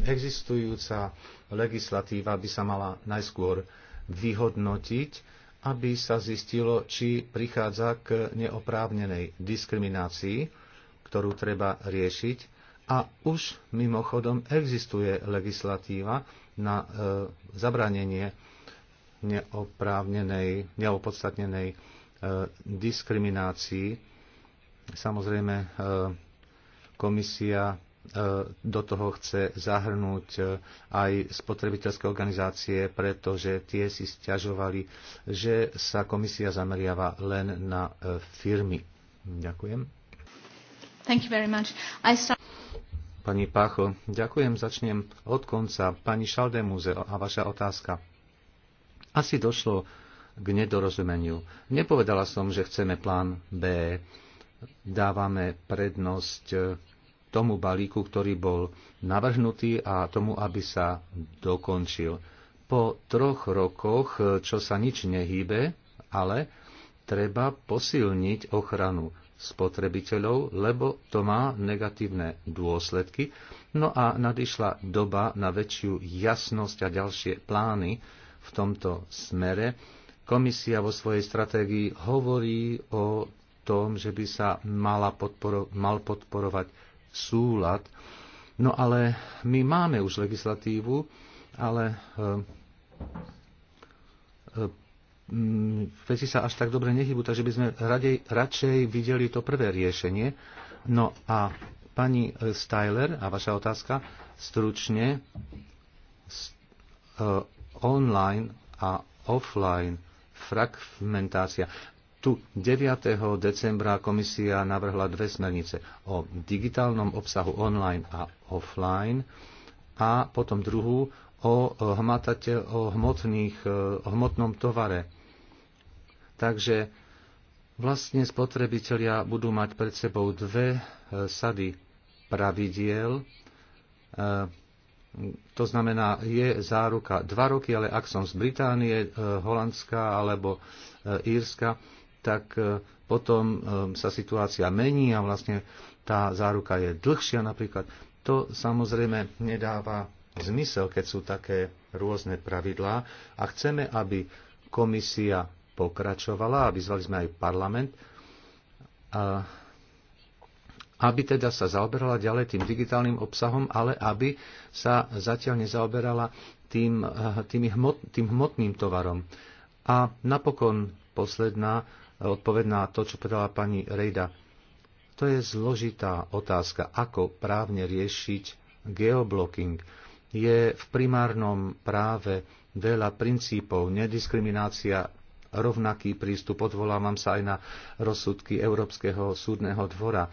B: Existujúca legislatíva by sa mala najskôr vyhodnotiť, aby sa zistilo, či prichádza k neoprávnenej diskriminácii ktorú treba riešiť. A už mimochodom existuje legislatíva na e, zabranenie neoprávnenej, neopodstatnenej e, diskriminácii. Samozrejme, e, komisia e, do toho chce zahrnúť e, aj spotrebiteľské organizácie, pretože tie si stiažovali, že sa komisia zameriava len na e, firmy. Ďakujem.
A: Thank you very much. I start...
B: Pani Pacho, ďakujem, začnem od konca. Pani Šaldemuze a vaša otázka. Asi došlo k nedorozumeniu. Nepovedala som, že chceme plán B. Dávame prednosť eh, tomu balíku, ktorý bol navrhnutý a tomu, aby sa dokončil. Po troch rokoch, eh, čo sa nič nehýbe, ale treba posilniť ochranu spotrebiteľov, lebo to má negatívne dôsledky. No a nadišla doba na väčšiu jasnosť a ďalšie plány v tomto smere. Komisia vo svojej stratégii hovorí o tom, že by sa mala podporo- mal podporovať súlad. No ale my máme už legislatívu, ale eh, eh, Mm, veci sa až tak dobre nehybu, takže by sme radej, radšej videli to prvé riešenie. No a pani e, Styler, a vaša otázka, stručne e, online a offline fragmentácia. Tu 9. decembra komisia navrhla dve smernice o digitálnom obsahu online a offline a potom druhú o, hmatate, o, hmotných, e, o hmotnom tovare. Takže vlastne spotrebitelia budú mať pred sebou dve e, sady pravidiel. E, to znamená, je záruka dva roky, ale ak som z Británie, Holandska alebo Írska, tak potom sa situácia mení a vlastne tá záruka je dlhšia napríklad. To samozrejme nedáva zmysel, keď sú také rôzne pravidlá a chceme, aby komisia pokračovala a vyzvali sme aj parlament, a aby teda sa zaoberala ďalej tým digitálnym obsahom, ale aby sa zatiaľ nezaoberala tým, tým, hmot, tým hmotným tovarom. A napokon posledná odpoveď na to, čo povedala pani Rejda. To je zložitá otázka, ako právne riešiť geoblocking je v primárnom práve veľa princípov, nediskriminácia, rovnaký prístup, odvolávam sa aj na rozsudky Európskeho súdneho dvora.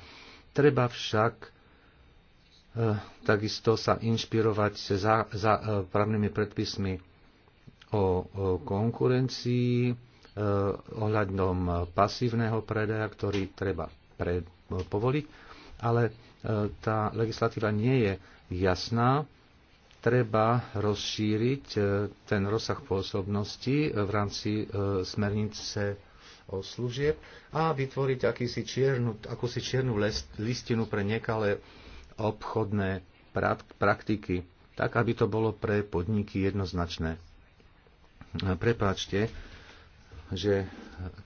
B: Treba však e, takisto sa inšpirovať za, za e, právnymi predpismi o, o konkurencii, e, ohľadom pasívneho predaja, ktorý treba pre, e, povoliť, ale e, tá legislatíva nie je jasná treba rozšíriť e, ten rozsah pôsobnosti e, v rámci e, smernice o služieb a vytvoriť akýsi čiernu, akúsi čiernu listinu pre nekalé obchodné praktiky, tak aby to bolo pre podniky jednoznačné. Prepáčte, že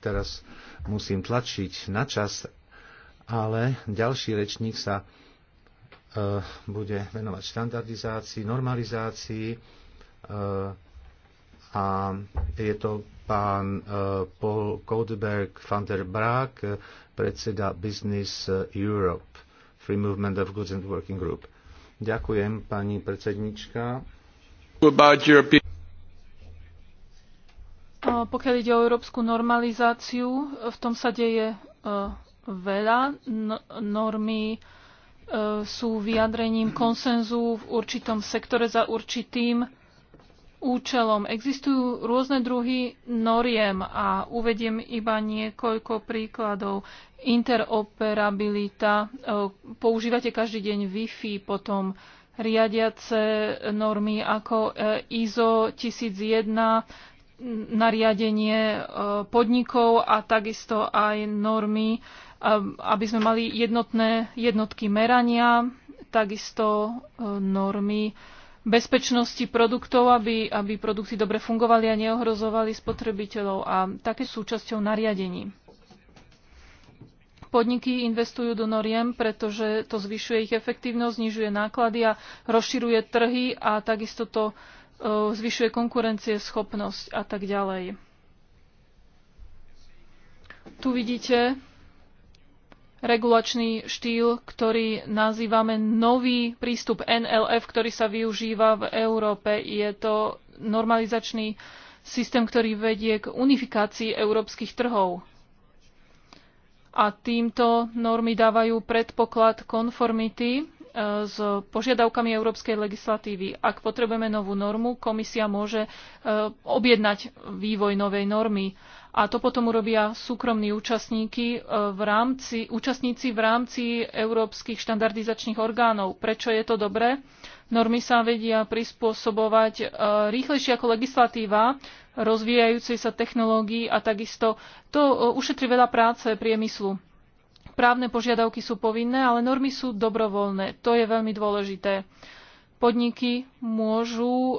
B: teraz musím tlačiť na čas, ale ďalší rečník sa E, bude venovať štandardizácii, normalizácii e, a je to pán e, Paul Kodeberg van der Braak, predseda Business Europe, Free Movement of Goods and Working Group. Ďakujem, pani predsednička.
A: Pokiaľ ide o európsku normalizáciu, v tom sa deje veľa. No, normy sú vyjadrením konsenzu v určitom sektore za určitým účelom. Existujú rôzne druhy noriem a uvediem iba niekoľko príkladov. Interoperabilita, e, používate každý deň Wi-Fi, potom riadiace normy ako e, ISO 1001, nariadenie e, podnikov a takisto aj normy aby sme mali jednotné jednotky merania, takisto e, normy bezpečnosti produktov, aby, aby produkty dobre fungovali a neohrozovali spotrebiteľov a také súčasťou nariadení. Podniky investujú do noriem, pretože to zvyšuje ich efektívnosť, znižuje náklady a rozširuje trhy a takisto to e, zvyšuje konkurencie, schopnosť a tak ďalej. Tu vidíte regulačný štýl, ktorý nazývame nový prístup NLF, ktorý sa využíva v Európe. Je to normalizačný systém, ktorý vedie k unifikácii európskych trhov. A týmto normy dávajú predpoklad konformity e, s požiadavkami európskej legislatívy. Ak potrebujeme novú normu, komisia môže e, objednať vývoj novej normy a to potom urobia súkromní účastníky e, v rámci, účastníci v rámci európskych štandardizačných orgánov. Prečo je to dobré? Normy sa vedia prispôsobovať e, rýchlejšie ako legislatíva rozvíjajúcej sa technológií a takisto to e, ušetri veľa práce priemyslu. Právne požiadavky sú povinné, ale normy sú dobrovoľné. To je veľmi dôležité. Podniky môžu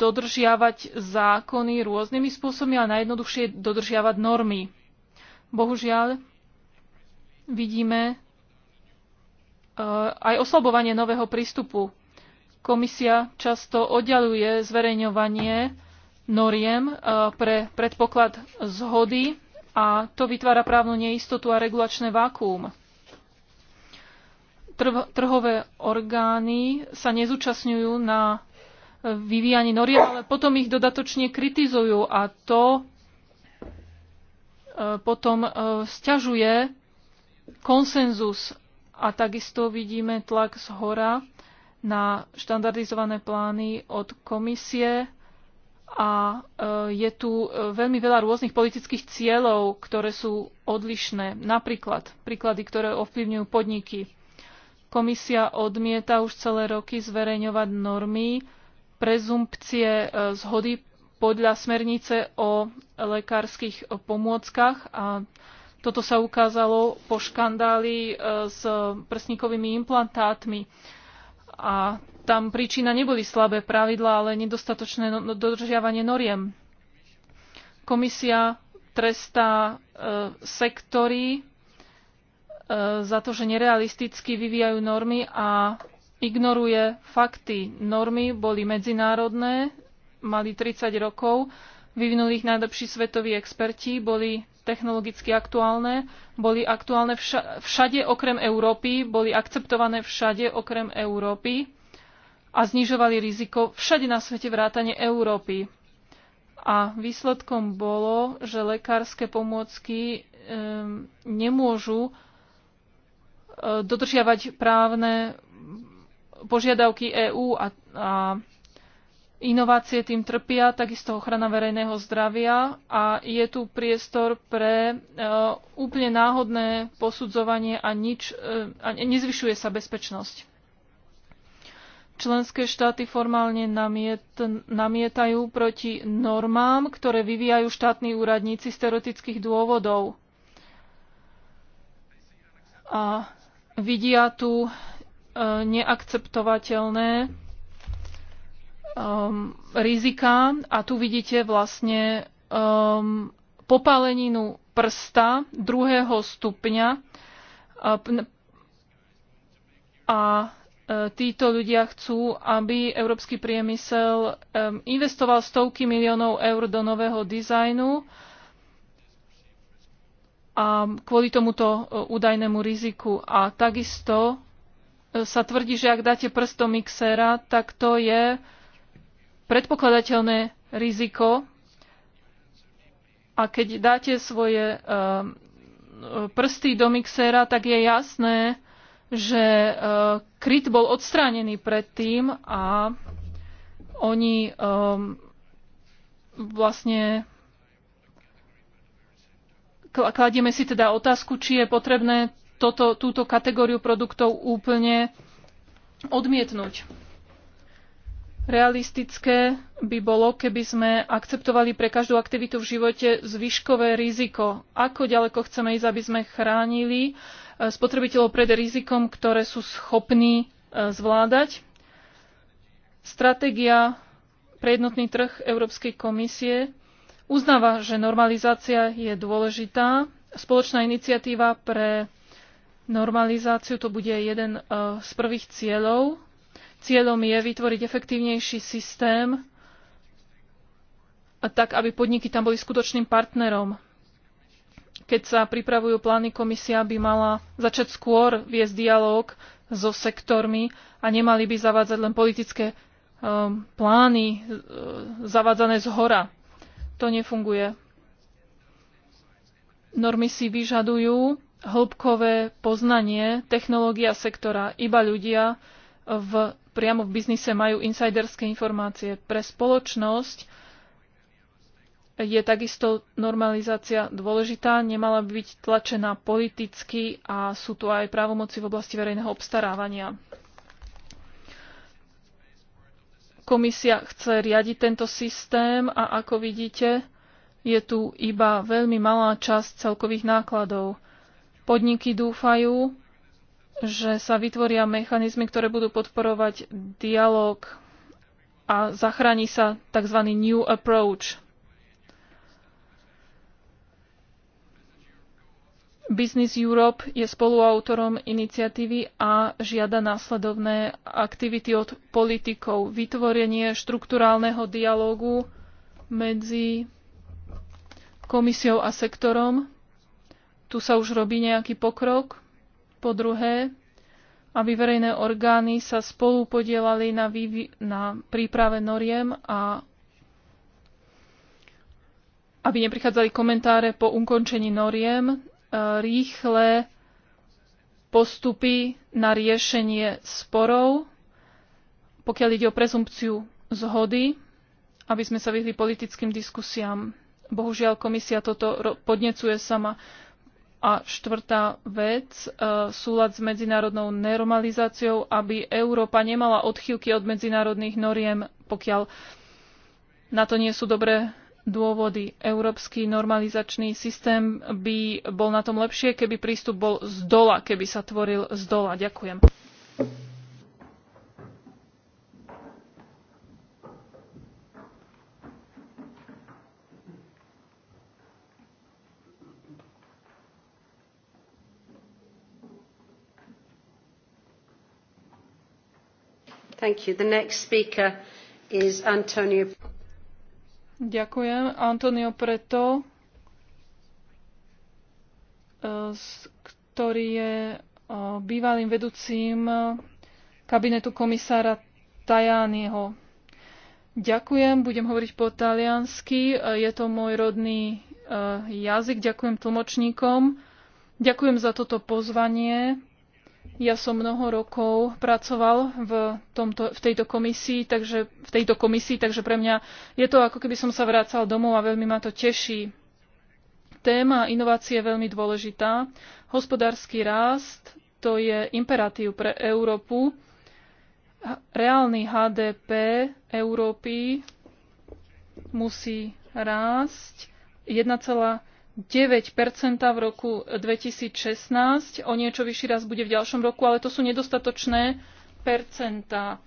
A: dodržiavať zákony rôznymi spôsobmi, ale najjednoduchšie je dodržiavať normy. Bohužiaľ, vidíme e, aj oslabovanie nového prístupu. Komisia často oddialuje zverejňovanie noriem e, pre predpoklad zhody a to vytvára právnu neistotu a regulačné vákuum trhové orgány sa nezúčastňujú na vyvíjanie noriem, ale potom ich dodatočne kritizujú a to e, potom e, sťažuje konsenzus a takisto vidíme tlak z hora na štandardizované plány od komisie a e, je tu veľmi veľa rôznych politických cieľov, ktoré sú odlišné. Napríklad príklady, ktoré ovplyvňujú podniky. Komisia odmieta už celé roky zverejňovať normy, prezumpcie e, zhody podľa smernice o lekárskych pomôckach a toto sa ukázalo po škandáli e, s prsníkovými implantátmi. A tam príčina neboli slabé pravidlá, ale nedostatočné no-, no-, dodržiavanie noriem. Komisia trestá e, sektory za to, že nerealisticky vyvíjajú normy a ignoruje fakty. Normy boli medzinárodné, mali 30 rokov, vyvinuli ich najlepší svetoví experti, boli technologicky aktuálne, boli aktuálne vša- všade okrem Európy, boli akceptované všade okrem Európy a znižovali riziko všade na svete vrátane Európy. A výsledkom bolo, že lekárske pomôcky e, nemôžu dodržiavať právne požiadavky EÚ a, a inovácie tým trpia, takisto ochrana verejného zdravia a je tu priestor pre e, úplne náhodné posudzovanie a, nič, e, a nezvyšuje sa bezpečnosť. Členské štáty formálne namiet, namietajú proti normám, ktoré vyvíjajú štátni úradníci z teoretických dôvodov. A vidia tu neakceptovateľné um, rizika a tu vidíte vlastne um, popáleninu prsta druhého stupňa a, a e, títo ľudia chcú, aby európsky priemysel um, investoval stovky miliónov eur do nového dizajnu a kvôli tomuto e, údajnému riziku. A takisto E, sa tvrdí, že ak dáte prst do mixéra, tak to je predpokladateľné riziko. A keď dáte svoje e, e, prsty do mixéra, tak je jasné, že kryt bol odstránený predtým a oni vlastne kladieme si teda otázku, či je potrebné toto, túto kategóriu produktov úplne odmietnúť. Realistické by bolo, keby sme akceptovali pre každú aktivitu v živote zvyškové riziko. Ako ďaleko chceme ísť, aby sme chránili e, spotrebiteľov pred rizikom, ktoré sú schopní e, zvládať. Stratégia pre jednotný trh Európskej komisie uznáva, že normalizácia je dôležitá. Spoločná iniciatíva pre normalizáciu. To bude jeden eh, z prvých cieľov. Cieľom je vytvoriť efektívnejší systém, tak aby podniky tam boli skutočným partnerom. Keď sa pripravujú plány, komisia by mala začať skôr viesť dialog so sektormi a nemali by zavádzať len politické um, plány uh, zavádzané z hora. To nefunguje. Normy si vyžadujú hĺbkové poznanie, technológia sektora. Iba ľudia v, priamo v biznise majú insiderské informácie. Pre spoločnosť je takisto normalizácia dôležitá, nemala by byť tlačená politicky a sú tu aj právomoci v oblasti verejného obstarávania. Komisia chce riadiť tento systém a ako vidíte, je tu iba veľmi malá časť celkových nákladov. Podniky dúfajú, že sa vytvoria mechanizmy, ktoré budú podporovať dialog a zachráni sa tzv. new approach. Business Europe je spoluautorom iniciatívy a žiada následovné aktivity od politikov. Vytvorenie štruktúrálneho dialógu medzi komisiou a sektorom, tu sa už robí nejaký pokrok. Po druhé, aby verejné orgány sa spolu podielali na, vývi- na príprave noriem a aby neprichádzali komentáre po ukončení noriem, e, rýchle postupy na riešenie sporov, pokiaľ ide o prezumpciu zhody, aby sme sa vyhli politickým diskusiám. Bohužiaľ, komisia toto podnecuje sama. A štvrtá vec, e, súlad s medzinárodnou normalizáciou, aby Európa nemala odchýlky od medzinárodných noriem, pokiaľ na to nie sú dobré dôvody. Európsky normalizačný systém by bol na tom lepšie, keby prístup bol z dola, keby sa tvoril z dola. Ďakujem. Ďakujem. Antonio Preto, eh, ktorý je eh, bývalým vedúcim eh, kabinetu komisára Tajányho. Ďakujem, budem hovoriť po taliansky, je to môj rodný jazyk, ďakujem tlmočníkom, ďakujem za toto pozvanie ja som mnoho rokov pracoval v, tomto, v, tejto komisii, takže, v tejto komisii, takže pre mňa je to ako keby som sa vracal domov a veľmi ma to teší. Téma inovácie je veľmi dôležitá. Hospodársky rast to je imperatív pre Európu. Reálny HDP Európy musí rásť v roku 2016, o niečo vyšší rast bude v ďalšom roku, ale to sú nedostatočné percentá.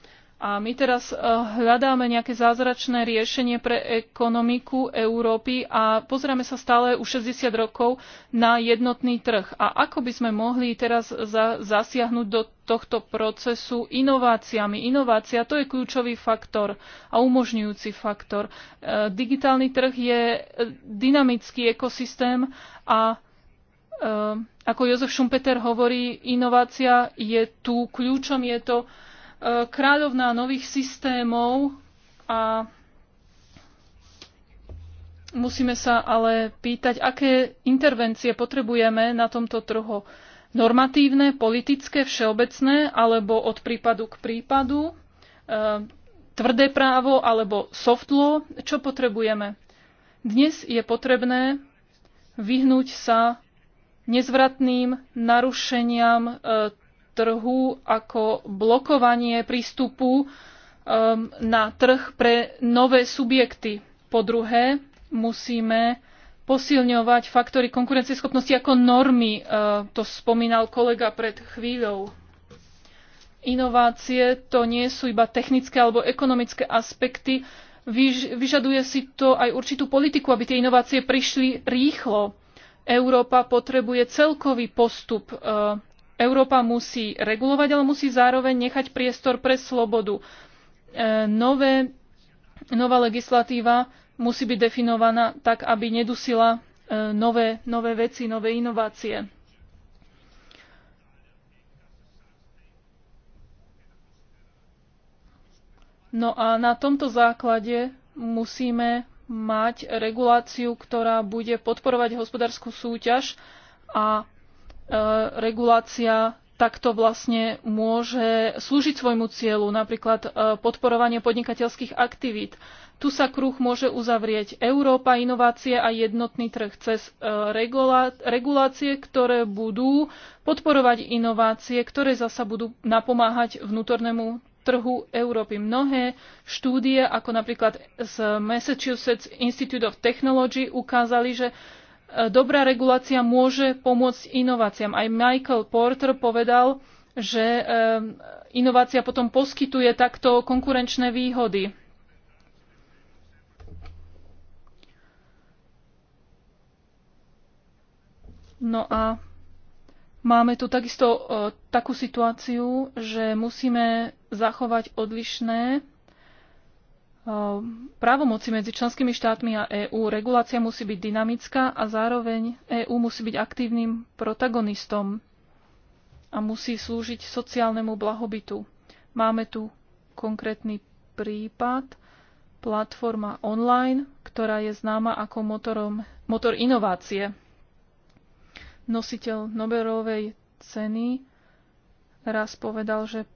A: A my teraz eh, hľadáme nejaké zázračné riešenie pre ekonomiku Európy a pozeráme sa stále už 60 rokov na jednotný trh. A ako by sme mohli teraz zasiahnuť do tohto procesu inováciami. Inovácia to je kľúčový faktor a umožňujúci faktor. Eh, digitálny trh je eh, dynamický ekosystém a ako Jozef Šumpeter hovorí, inovácia je tu, kľúčom je to, Eh, kráľovná nových systémov a musíme sa ale pýtať, aké intervencie potrebujeme na tomto trhu. Normatívne, politické, všeobecné, alebo od prípadu k prípadu, eh, tvrdé právo alebo soft law, čo potrebujeme. Dnes je potrebné vyhnúť sa nezvratným narušeniam eh, trhu ako blokovanie prístupu um, na trh pre nové subjekty. Po druhé, musíme posilňovať faktory konkurencieschopnosti ako normy. Uh, to spomínal kolega pred chvíľou. Inovácie to nie sú iba technické alebo ekonomické aspekty. Vyž, vyžaduje si to aj určitú politiku, aby tie inovácie prišli rýchlo. Európa potrebuje celkový postup uh, Európa musí regulovať, ale musí zároveň nechať priestor pre slobodu. E, nové, nová legislatíva musí byť definovaná tak, aby nedusila e, nové, nové veci, nové inovácie. No a na tomto základe musíme mať reguláciu, ktorá bude podporovať hospodárskú súťaž a E, regulácia takto vlastne môže slúžiť svojmu cieľu, napríklad e, podporovanie podnikateľských aktivít. Tu sa kruh môže uzavrieť Európa, inovácie a jednotný trh cez e, regulácie, ktoré budú podporovať inovácie, ktoré zasa budú napomáhať vnútornému trhu Európy. Mnohé štúdie, ako napríklad z Massachusetts Institute of Technology, ukázali, že E, dobrá regulácia môže pomôcť inováciám. Aj Michael Porter povedal, že e, inovácia potom poskytuje takto konkurenčné výhody. No a máme tu takisto e, takú situáciu, že musíme zachovať odlišné Ehm, právomoci medzi členskými štátmi a EÚ. Regulácia musí byť dynamická a zároveň EÚ musí byť aktívnym protagonistom a musí slúžiť sociálnemu blahobytu. Máme tu konkrétny prípad platforma online, ktorá je známa ako motorom, motor inovácie. Nositeľ Nobelovej ceny raz povedal, že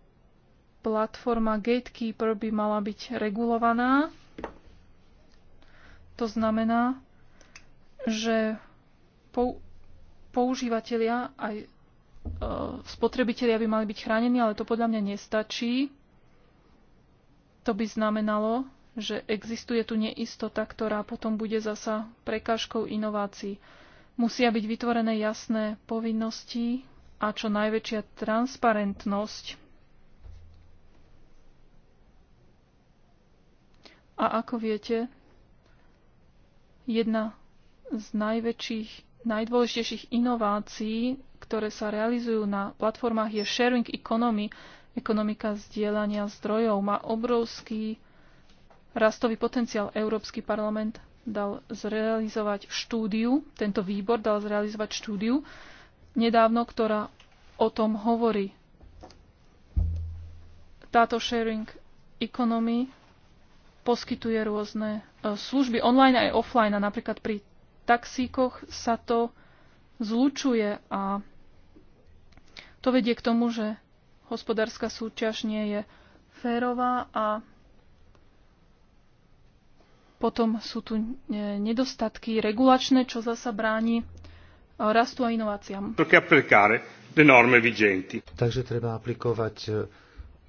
A: platforma Gatekeeper by mala byť regulovaná. To znamená, že používateľia aj e, spotrebitelia by mali byť chránení, ale to podľa mňa nestačí. To by znamenalo, že existuje tu neistota, ktorá potom bude zasa prekážkou inovácií. Musia byť vytvorené jasné povinnosti a čo najväčšia transparentnosť A ako viete, jedna z najväčších, najdôležitejších inovácií, ktoré sa realizujú na platformách, je sharing economy, ekonomika zdieľania zdrojov. Má obrovský rastový potenciál. Európsky parlament dal zrealizovať štúdiu, tento výbor dal zrealizovať štúdiu nedávno, ktorá o tom hovorí. Táto sharing economy poskytuje rôzne e, služby online aj offline a napríklad pri taxíkoch sa to zlučuje a to vedie k tomu, že hospodárska súťaž nie je férová a potom sú tu e, nedostatky regulačné, čo zasa bráni e, rastu a inováciám.
B: Takže treba aplikovať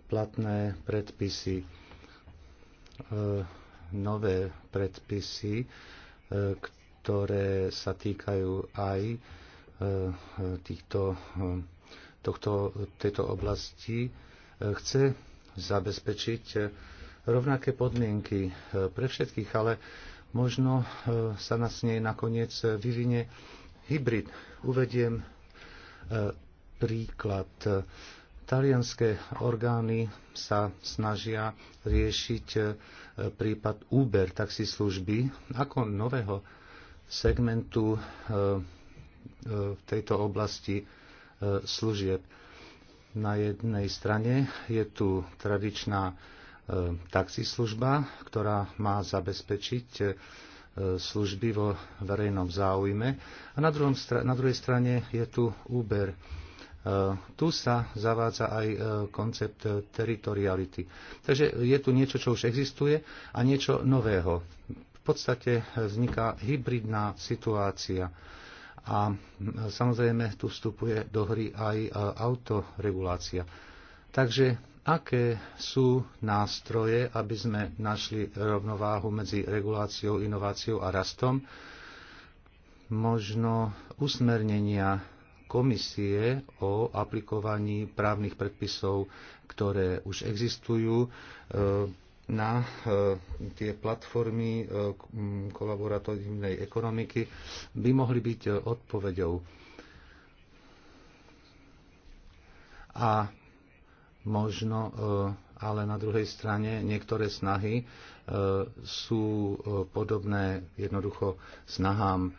B: platné predpisy E, nové predpisy, e, ktoré sa týkajú aj e, týchto, tohto, tejto oblasti, chce zabezpečiť rovnaké podmienky pre všetkých, ale možno sa na nej nakoniec vyvinie hybrid. Uvediem príklad. Talianské orgány sa snažia riešiť e, prípad Uber taxislužby ako nového segmentu e, e, v tejto oblasti služieb. Na jednej strane je tu tradičná taxislužba, ktorá má zabezpečiť služby vo verejnom záujme. A na, na druhej strane je tu Uber, E, tu sa zavádza aj e, koncept e, teritoriality. Takže je tu niečo, čo už existuje a niečo nového. V podstate vzniká hybridná situácia. A samozrejme tu vstupuje do hry aj autoregulácia. Takže aké sú nástroje, aby sme našli rovnováhu medzi reguláciou, inováciou a rastom? Možno usmernenia komisie o aplikovaní právnych predpisov, ktoré už existujú e, na e, tie platformy e, kolaboratívnej ekonomiky by mohli byť odpoveďou. A možno ale na druhej strane niektoré snahy sú podobné jednoducho snahám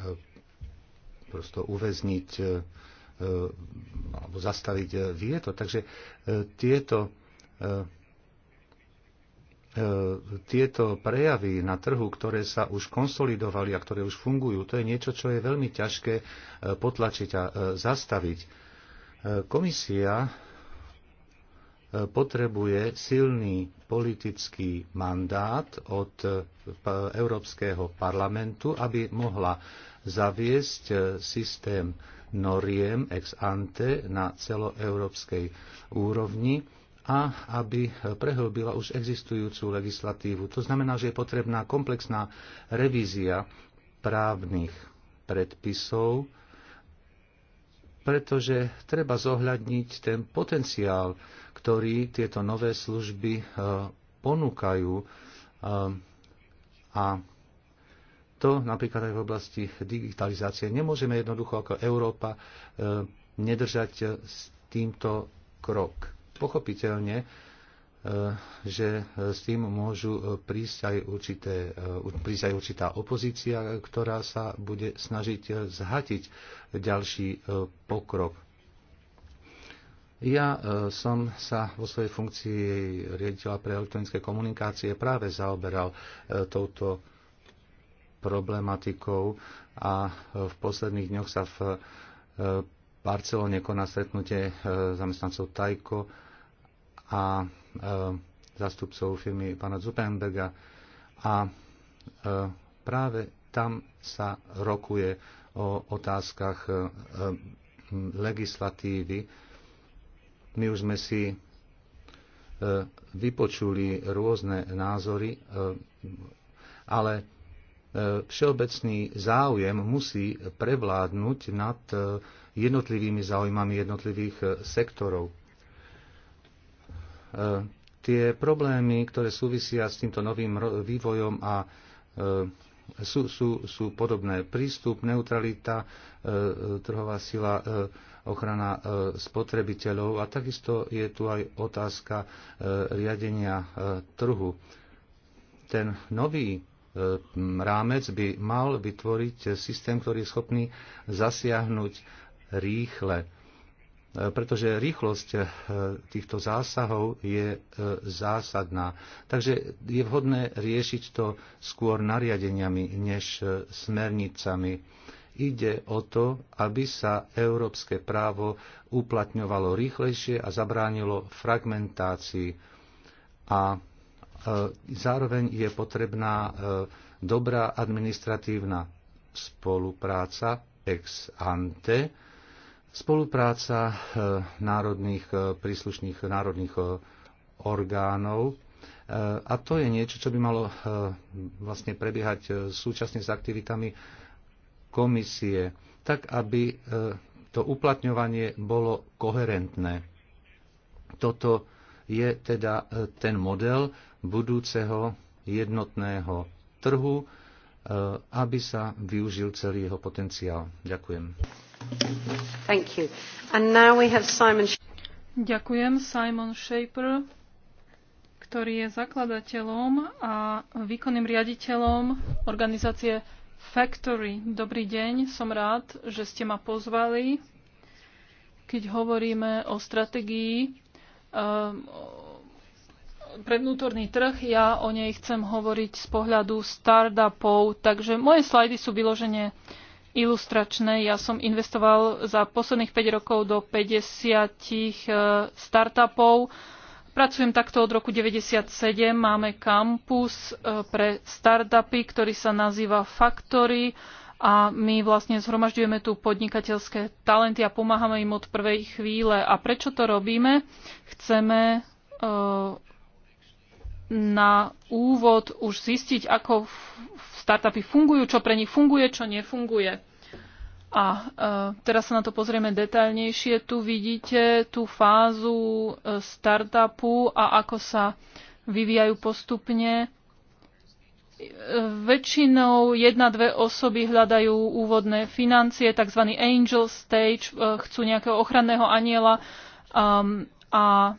B: E, prosto uväzniť e, e, alebo zastaviť vieto. Takže tieto tieto prejavy na trhu, ktoré sa už konsolidovali a ktoré už fungujú, to je niečo, čo je veľmi ťažké potlačiť a zastaviť. Komisia potrebuje silný politický mandát od Európskeho parlamentu, aby mohla zaviesť systém noriem ex ante na celoeurópskej úrovni a aby prehlbila už existujúcu legislatívu. To znamená, že je potrebná komplexná revízia právnych predpisov, pretože treba zohľadniť ten potenciál ktorí tieto nové služby e, ponúkajú. E, a to napríklad aj v oblasti digitalizácie. Nemôžeme jednoducho ako Európa e, nedržať s týmto krok. Pochopiteľne, že s tým môžu prísť aj, určité, prísť aj určitá opozícia, ktorá sa bude snažiť zhatiť ďalší pokrok ja e, som sa vo svojej funkcii riaditeľa pre elektronické komunikácie práve zaoberal e, touto problematikou a e, v posledných dňoch sa v Barcelone koná stretnutie zamestnancov Tajko a zastupcov firmy pána Zupenberga a práve tam sa rokuje o otázkach legislatívy, my už sme si e, vypočuli rôzne názory, e, ale e, všeobecný záujem musí prevládnuť nad jednotlivými záujmami jednotlivých sektorov. Tie problémy, ktoré súvisia s týmto novým vývojom a sú, sú, sú podobné. Prístup, neutralita, trhová sila, ochrana e, spotrebiteľov a takisto je tu aj otázka e, riadenia e, trhu. Ten nový rámec by mal vytvoriť systém, ktorý je schopný zasiahnuť rýchle. Pretože rýchlosť týchto zásahov je zásadná. Takže je vhodné riešiť to skôr nariadeniami než smernicami. Ide o to, aby sa európske právo uplatňovalo rýchlejšie a zabránilo fragmentácii. A e, zároveň je potrebná e, dobrá administratívna spolupráca ex ante, spolupráca e, národných, príslušných národných orgánov a to je niečo, čo by malo vlastne prebiehať súčasne s aktivitami komisie, tak aby e, to uplatňovanie bolo koherentné. Toto je teda e, ten model budúceho jednotného trhu, e, aby sa využil celý jeho potenciál. Ďakujem.
A: Thank you. And now we have Simon... Ďakujem Simon Shaper, ktorý je zakladateľom a výkonným riaditeľom organizácie Factory. Dobrý deň, som rád, že ste ma pozvali. Keď hovoríme o strategii um, ehm, pre vnútorný trh, ja o nej chcem hovoriť z pohľadu startupov, takže moje slajdy sú vyložené ilustračné. Ja som investoval za posledných 5 rokov do 50 ehm, startupov Pracujem takto od roku 1997. Máme kampus e, pre startupy, ktorý sa nazýva Factory a my vlastne zhromažďujeme tu podnikateľské talenty a pomáhame im od prvej chvíle. A prečo to robíme? Chceme e, na úvod už zistiť, ako startupy fungujú, čo pre nich funguje, čo nefunguje. A e, teraz sa na to pozrieme detaľnejšie. Tu vidíte tú fázu e, startupu a ako sa vyvíjajú postupne. E, väčšinou jedna, dve osoby hľadajú úvodné financie, tzv. angel stage, e, chcú nejakého ochranného aniela um, a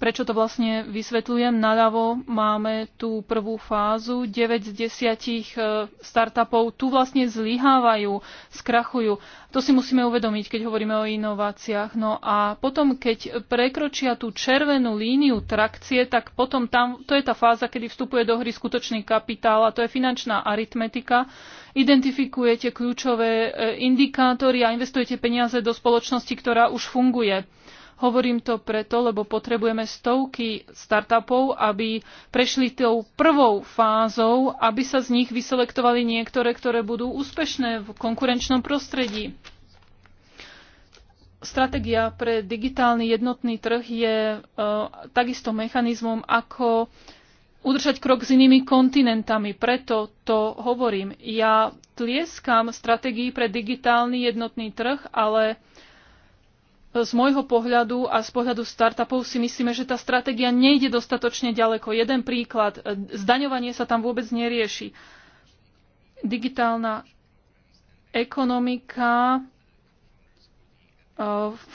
A: Prečo to vlastne vysvetľujem? Naľavo máme tú prvú fázu. 9 z 10 e, startupov tu vlastne zlyhávajú, skrachujú. To si musíme uvedomiť, keď hovoríme o inováciách. No a potom, keď prekročia tú červenú líniu trakcie, tak potom tam, to je tá fáza, kedy vstupuje do hry skutočný kapitál a to je finančná aritmetika. Identifikujete kľúčové e, indikátory a investujete peniaze do spoločnosti, ktorá už funguje Hovorím to preto, lebo potrebujeme stovky startupov, aby prešli tou prvou fázou, aby sa z nich vyselektovali niektoré, ktoré budú úspešné v konkurenčnom prostredí. Stratégia pre digitálny jednotný trh je e, takisto mechanizmom, ako udržať krok s inými kontinentami. Preto to hovorím. Ja tlieskam stratégii pre digitálny jednotný trh, ale z môjho pohľadu a z pohľadu startupov si myslíme, že tá stratégia nejde dostatočne ďaleko. Jeden príklad, zdaňovanie sa tam vôbec nerieši. Digitálna ekonomika e,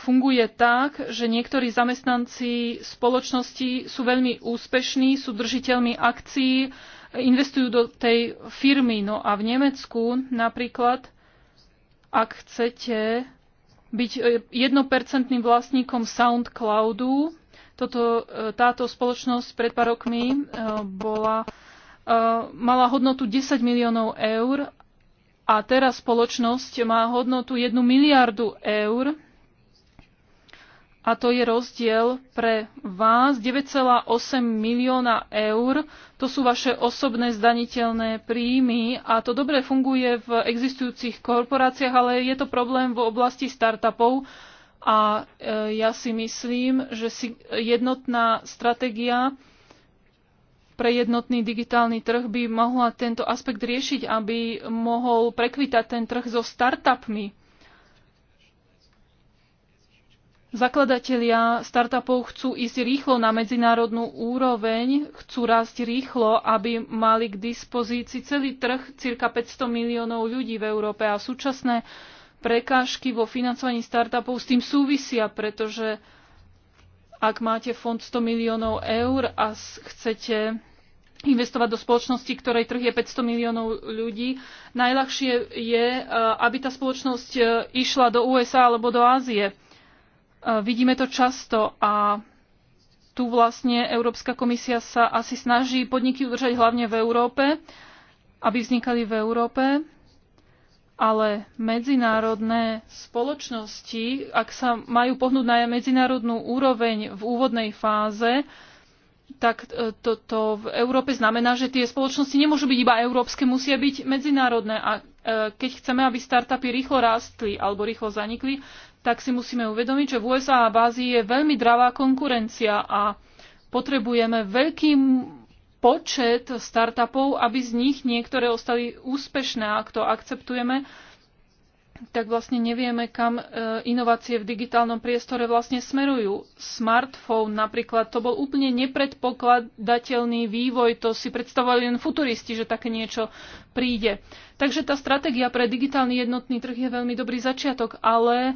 A: funguje tak, že niektorí zamestnanci spoločnosti sú veľmi úspešní, sú držiteľmi akcií, investujú do tej firmy. No a v Nemecku napríklad, ak chcete byť e, jednopercentným vlastníkom SoundCloudu. Toto, e, táto spoločnosť pred pár rokmi e, bola, mala hodnotu 10 miliónov eur a teraz spoločnosť má hodnotu 1 miliardu eur a to je rozdiel pre vás 9,8 milióna eur. To sú vaše osobné zdaniteľné príjmy a to dobre funguje v existujúcich korporáciách, ale je to problém v oblasti startupov a e, ja si myslím, že si jednotná stratégia pre jednotný digitálny trh by mohla tento aspekt riešiť, aby mohol prekvitať ten trh so startupmi Zakladatelia startupov chcú ísť rýchlo na medzinárodnú úroveň, chcú rásť rýchlo, aby mali k dispozícii celý trh cirka 500 miliónov ľudí v Európe a súčasné prekážky vo financovaní startupov s tým súvisia, pretože ak máte fond 100 miliónov eur a chcete investovať do spoločnosti, ktorej trh je 500 miliónov ľudí. Najľahšie je, e, aby tá spoločnosť e, išla do USA alebo do Ázie. E, vidíme to často a tu vlastne Európska komisia sa asi snaží podniky udržať hlavne v Európe, aby vznikali v Európe, ale medzinárodné spoločnosti, ak sa majú pohnúť na medzinárodnú úroveň v úvodnej fáze, tak e, to, to v Európe znamená, že tie spoločnosti nemôžu byť iba európske, musia byť medzinárodné. A e, keď chceme, aby startupy rýchlo rástli alebo rýchlo zanikli, tak si musíme uvedomiť, že v USA a v Ázii je veľmi dravá konkurencia a potrebujeme veľký počet startupov, aby z nich niektoré ostali úspešné. Ak to akceptujeme, tak vlastne nevieme, kam e, inovácie v digitálnom priestore vlastne smerujú. Smartphone napríklad, to bol úplne nepredpokladateľný vývoj, to si predstavovali len futuristi, že také niečo príde. Takže tá stratégia pre digitálny jednotný trh je veľmi dobrý začiatok, ale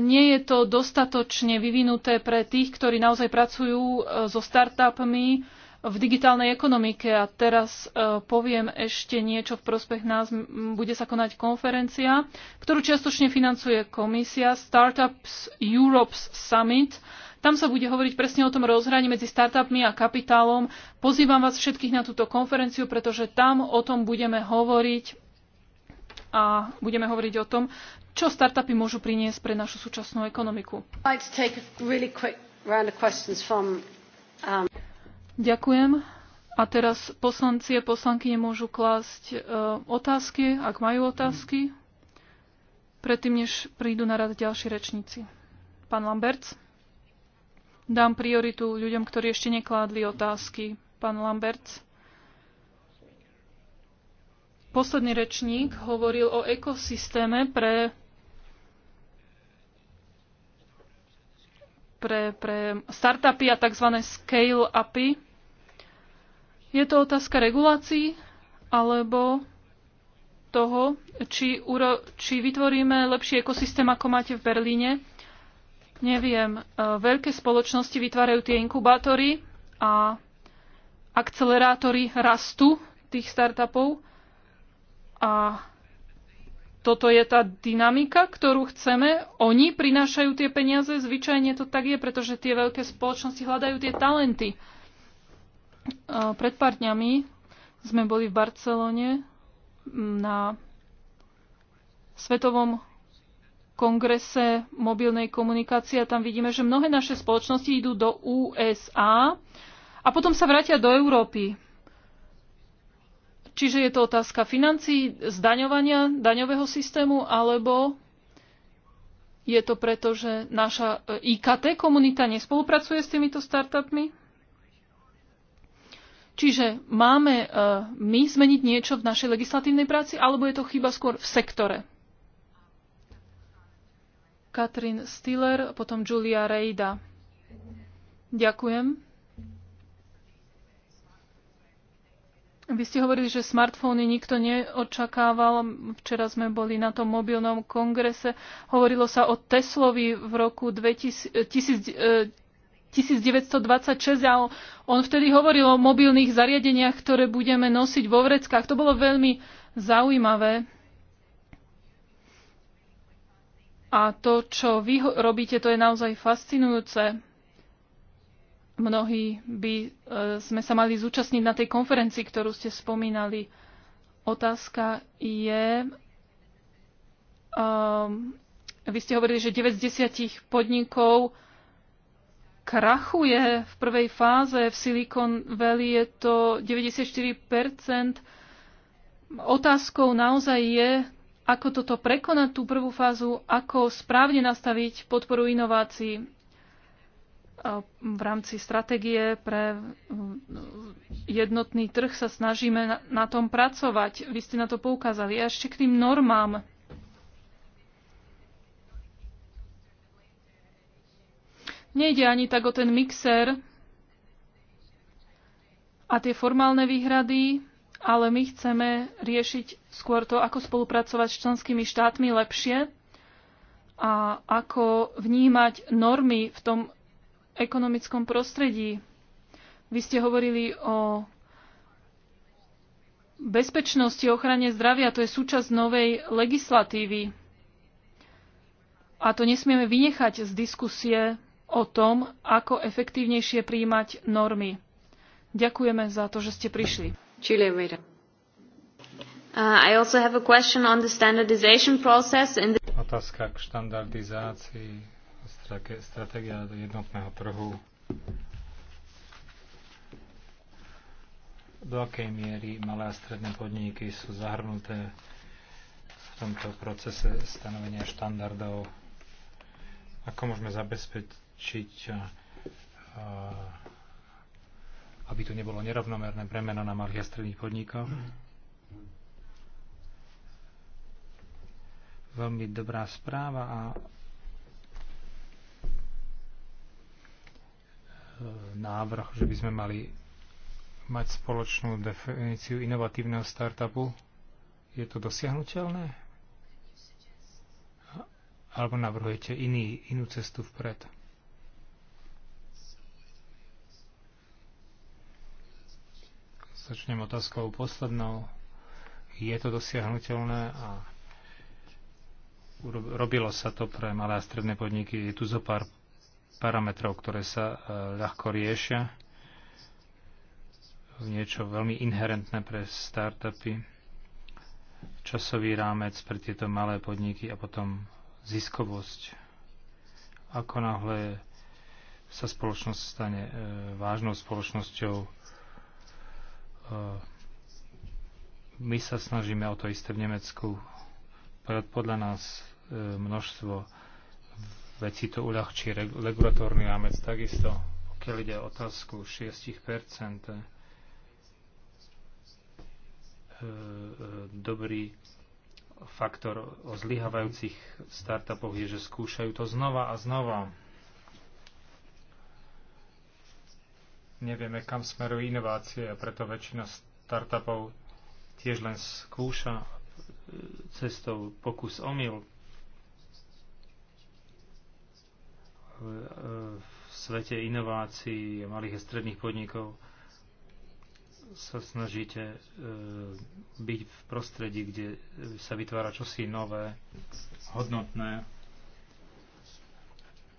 A: nie je to dostatočne vyvinuté pre tých, ktorí naozaj pracujú e, so startupmi v digitálnej ekonomike. A teraz e, poviem ešte niečo v prospech nás. Bude sa konať konferencia, ktorú čiastočne financuje komisia Startups Europe Summit. Tam sa bude hovoriť presne o tom rozhraní medzi startupmi a kapitálom. Pozývam vás všetkých na túto konferenciu, pretože tam o tom budeme hovoriť a budeme hovoriť o tom, čo startupy môžu priniesť pre našu súčasnú ekonomiku. Um, Ďakujem. A teraz poslanci a poslanky nemôžu klásť e, otázky, ak majú otázky, predtým, než prídu na rad ďalší rečníci. Pán Lamberts? Dám prioritu ľuďom, ktorí ešte nekládli otázky. Pán Lamberts? Posledný rečník hovoril o ekosystéme pre pre, pre startupy a tzv. scale-upy. Je to otázka regulácií alebo toho, či, uro, či vytvoríme lepší ekosystém, ako máte v Berlíne. Neviem, e, veľké spoločnosti vytvárajú tie inkubátory a akcelerátory rastu tých startupov a toto je tá dynamika, ktorú chceme. Oni prinášajú tie peniaze, zvyčajne to tak je, pretože tie veľké spoločnosti hľadajú tie talenty. Pred pár dňami sme boli v Barcelone mm, na Svetovom kongrese mobilnej komunikácie a tam vidíme, že mnohé naše spoločnosti idú do USA a potom sa vrátia do Európy. Čiže je to otázka financií, zdaňovania, daňového systému, alebo je to preto, že naša e, IKT komunita nespolupracuje s týmito startupmi? Čiže máme e, my zmeniť niečo v našej legislatívnej práci, alebo je to chyba skôr v sektore? Katrin Stiller, potom Julia Rejda. Ďakujem. Vy ste hovorili, že smartfóny nikto neočakával. Včera sme boli na tom mobilnom kongrese. Hovorilo sa o Teslovi v roku 2000, 1926 eh, a on vtedy hovoril o mobilných zariadeniach, ktoré budeme nosiť vo vreckách. To bolo veľmi zaujímavé. A to, čo vy robíte, to je naozaj fascinujúce. Mnohí by e, sme sa mali zúčastniť na tej konferencii, ktorú ste spomínali. Otázka je, um, vy ste hovorili, že 9 z 10 podnikov krachuje v prvej fáze. V Silicon Valley je to 94%. Otázkou naozaj je, ako toto prekonať, tú prvú fázu, ako správne nastaviť podporu inovácií v rámci stratégie pre mm, jednotný trh sa snažíme na tom pracovať. Vy ste na to poukázali. A ešte k tým normám. Nejde ani tak o ten mixer a tie formálne výhrady, ale my chceme riešiť skôr to, ako spolupracovať s členskými štátmi lepšie a ako vnímať normy v tom ekonomickom prostredí. Vy ste hovorili o bezpečnosti, ochrane zdravia. To je súčasť novej legislatívy. A to nesmieme vynechať z diskusie o tom, ako efektívnejšie príjmať normy. Ďakujeme za to, že ste prišli. Čili Uh, I also have a question on the standardization process. In the...
C: Otázka k štandardizácii stratégia jednotného trhu do akej miery malé a stredné podniky sú zahrnuté v tomto procese stanovenia štandardov, ako môžeme zabezpečiť, aby tu nebolo nerovnomerné bremeno na malých a stredných podnikov. Veľmi dobrá správa a návrh, že by sme mali mať spoločnú definíciu inovatívneho startupu. Je to dosiahnutelné? Alebo navrhujete iný, inú cestu vpred? Začnem otázkou poslednou. Je to dosiahnutelné a robilo sa to pre malé a stredné podniky. Je tu zo pár parametrov, ktoré sa e, ľahko riešia. Niečo veľmi inherentné pre startupy. Časový rámec pre tieto malé podniky a potom ziskovosť. Ako náhle sa spoločnosť stane e, vážnou spoločnosťou, e, my sa snažíme o to isté v Nemecku. Podľa nás množstvo veci to uľahčí regulatórny rámec takisto. Pokiaľ ide o otázku 6 e, e, dobrý faktor o zlyhávajúcich startupov je, že skúšajú to znova a znova. Nevieme, kam smerujú inovácie a preto väčšina startupov tiež len skúša e, cestou pokus omyl. v svete inovácií malých a stredných podnikov sa snažíte e, byť v prostredí, kde sa vytvára čosi nové, hodnotné.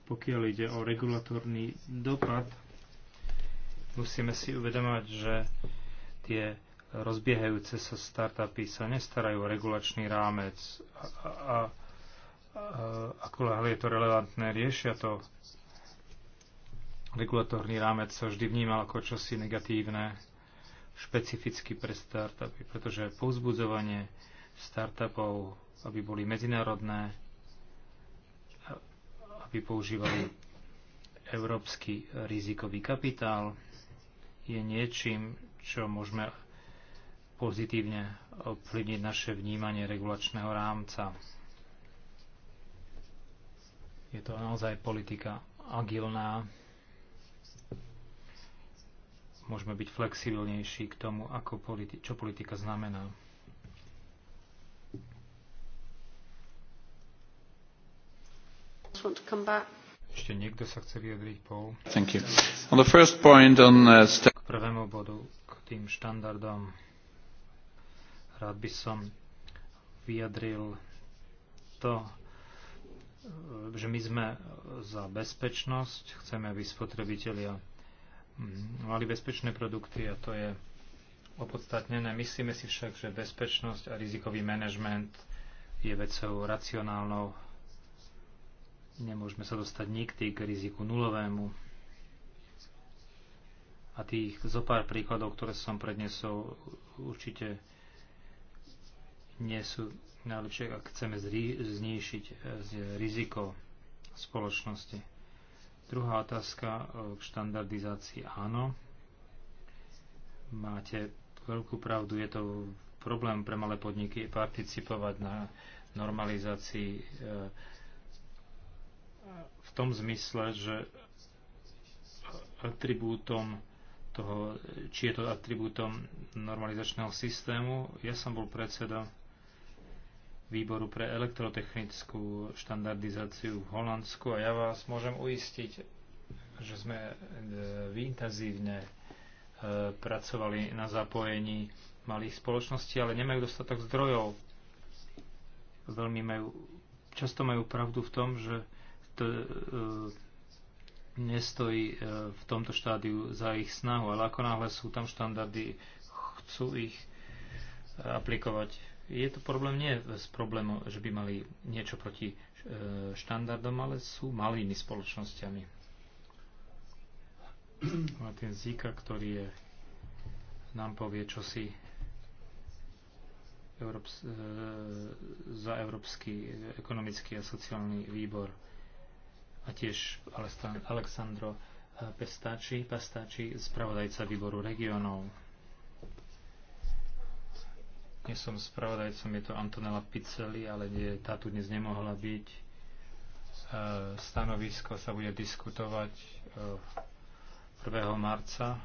C: Pokiaľ ide o regulatorný dopad, musíme si uvedomať, že tie rozbiehajúce sa startupy sa nestarajú o regulačný rámec a, a, a Eh, ako je to relevantné, riešia to. Regulatórny rámec sa vždy vnímal ako čosi negatívne, špecificky pre startupy, pretože povzbudzovanie startupov, aby boli medzinárodné, aby používali európsky rizikový kapitál, je niečím, čo môžeme pozitívne ovplyvniť naše vnímanie regulačného rámca. Je to naozaj politika agilná. Môžeme byť flexibilnejší k tomu, ako politi- čo politika znamená. Ešte niekto sa chce vyjadriť, Paul?
B: Thank you. On
C: the first point on, uh, k prvému bodu, k tým štandardom, rád by som vyjadril to, že my sme za bezpečnosť, chceme, aby spotrebitelia mm, mali bezpečné produkty a to je opodstatnené. Myslíme si však, že bezpečnosť a rizikový manažment je vecou racionálnou. Nemôžeme sa dostať nikdy k riziku nulovému. A tých zo pár príkladov, ktoré som prednesol, určite nie sú najlepšie, ak chceme znišiť e, riziko spoločnosti. Druhá otázka e, k štandardizácii. Áno, máte veľkú pravdu, je to problém pre malé podniky participovať na normalizácii e, v tom zmysle, že atribútom toho, či je to atribútom normalizačného systému. Ja som bol predseda výboru pre elektrotechnickú štandardizáciu v Holandsku a ja vás môžem uistiť, že sme e, intenzívne e, pracovali na zapojení malých spoločností, ale nemajú dostatok zdrojov. Veľmi majú, často majú pravdu v tom, že to, e, nestojí e, v tomto štádiu za ich snahu, ale ako náhle sú tam štandardy, chcú ich e, aplikovať je to problém nie s problémom, že by mali niečo proti e, štandardom, ale sú malými spoločnosťami. ten Zika, ktorý je, nám povie, čo si Európs- e, za Európsky ekonomický a sociálny výbor a tiež Alexandro e, Pestáči, Pestáči, spravodajca výboru regionov. Nie som spravodajcom, je to Antonella Picelli, ale nie, tá tu dnes nemohla byť. E, stanovisko sa bude diskutovať e, 1. marca.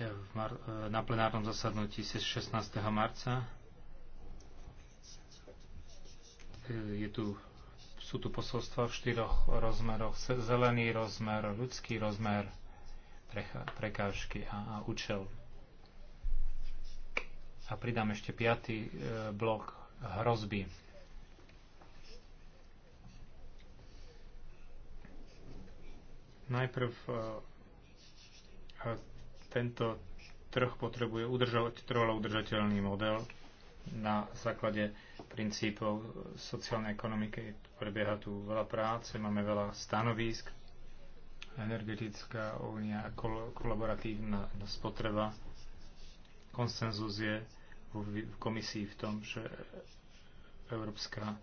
C: E, e, na plenárnom zasadnutí 16. marca. E, je tu, sú tu posolstva v štyroch rozmeroch. Zelený rozmer, ľudský rozmer, prekážky a, a účel. A pridám ešte piatý e, blok hrozby. Najprv e, tento trh potrebuje udržať, trvalo udržateľný model na základe princípov sociálnej ekonomiky. Prebieha tu veľa práce, máme veľa stanovísk, energetická únia a kol- kolaboratívna spotreba. Konsenzus je, v komisii v tom, že Európska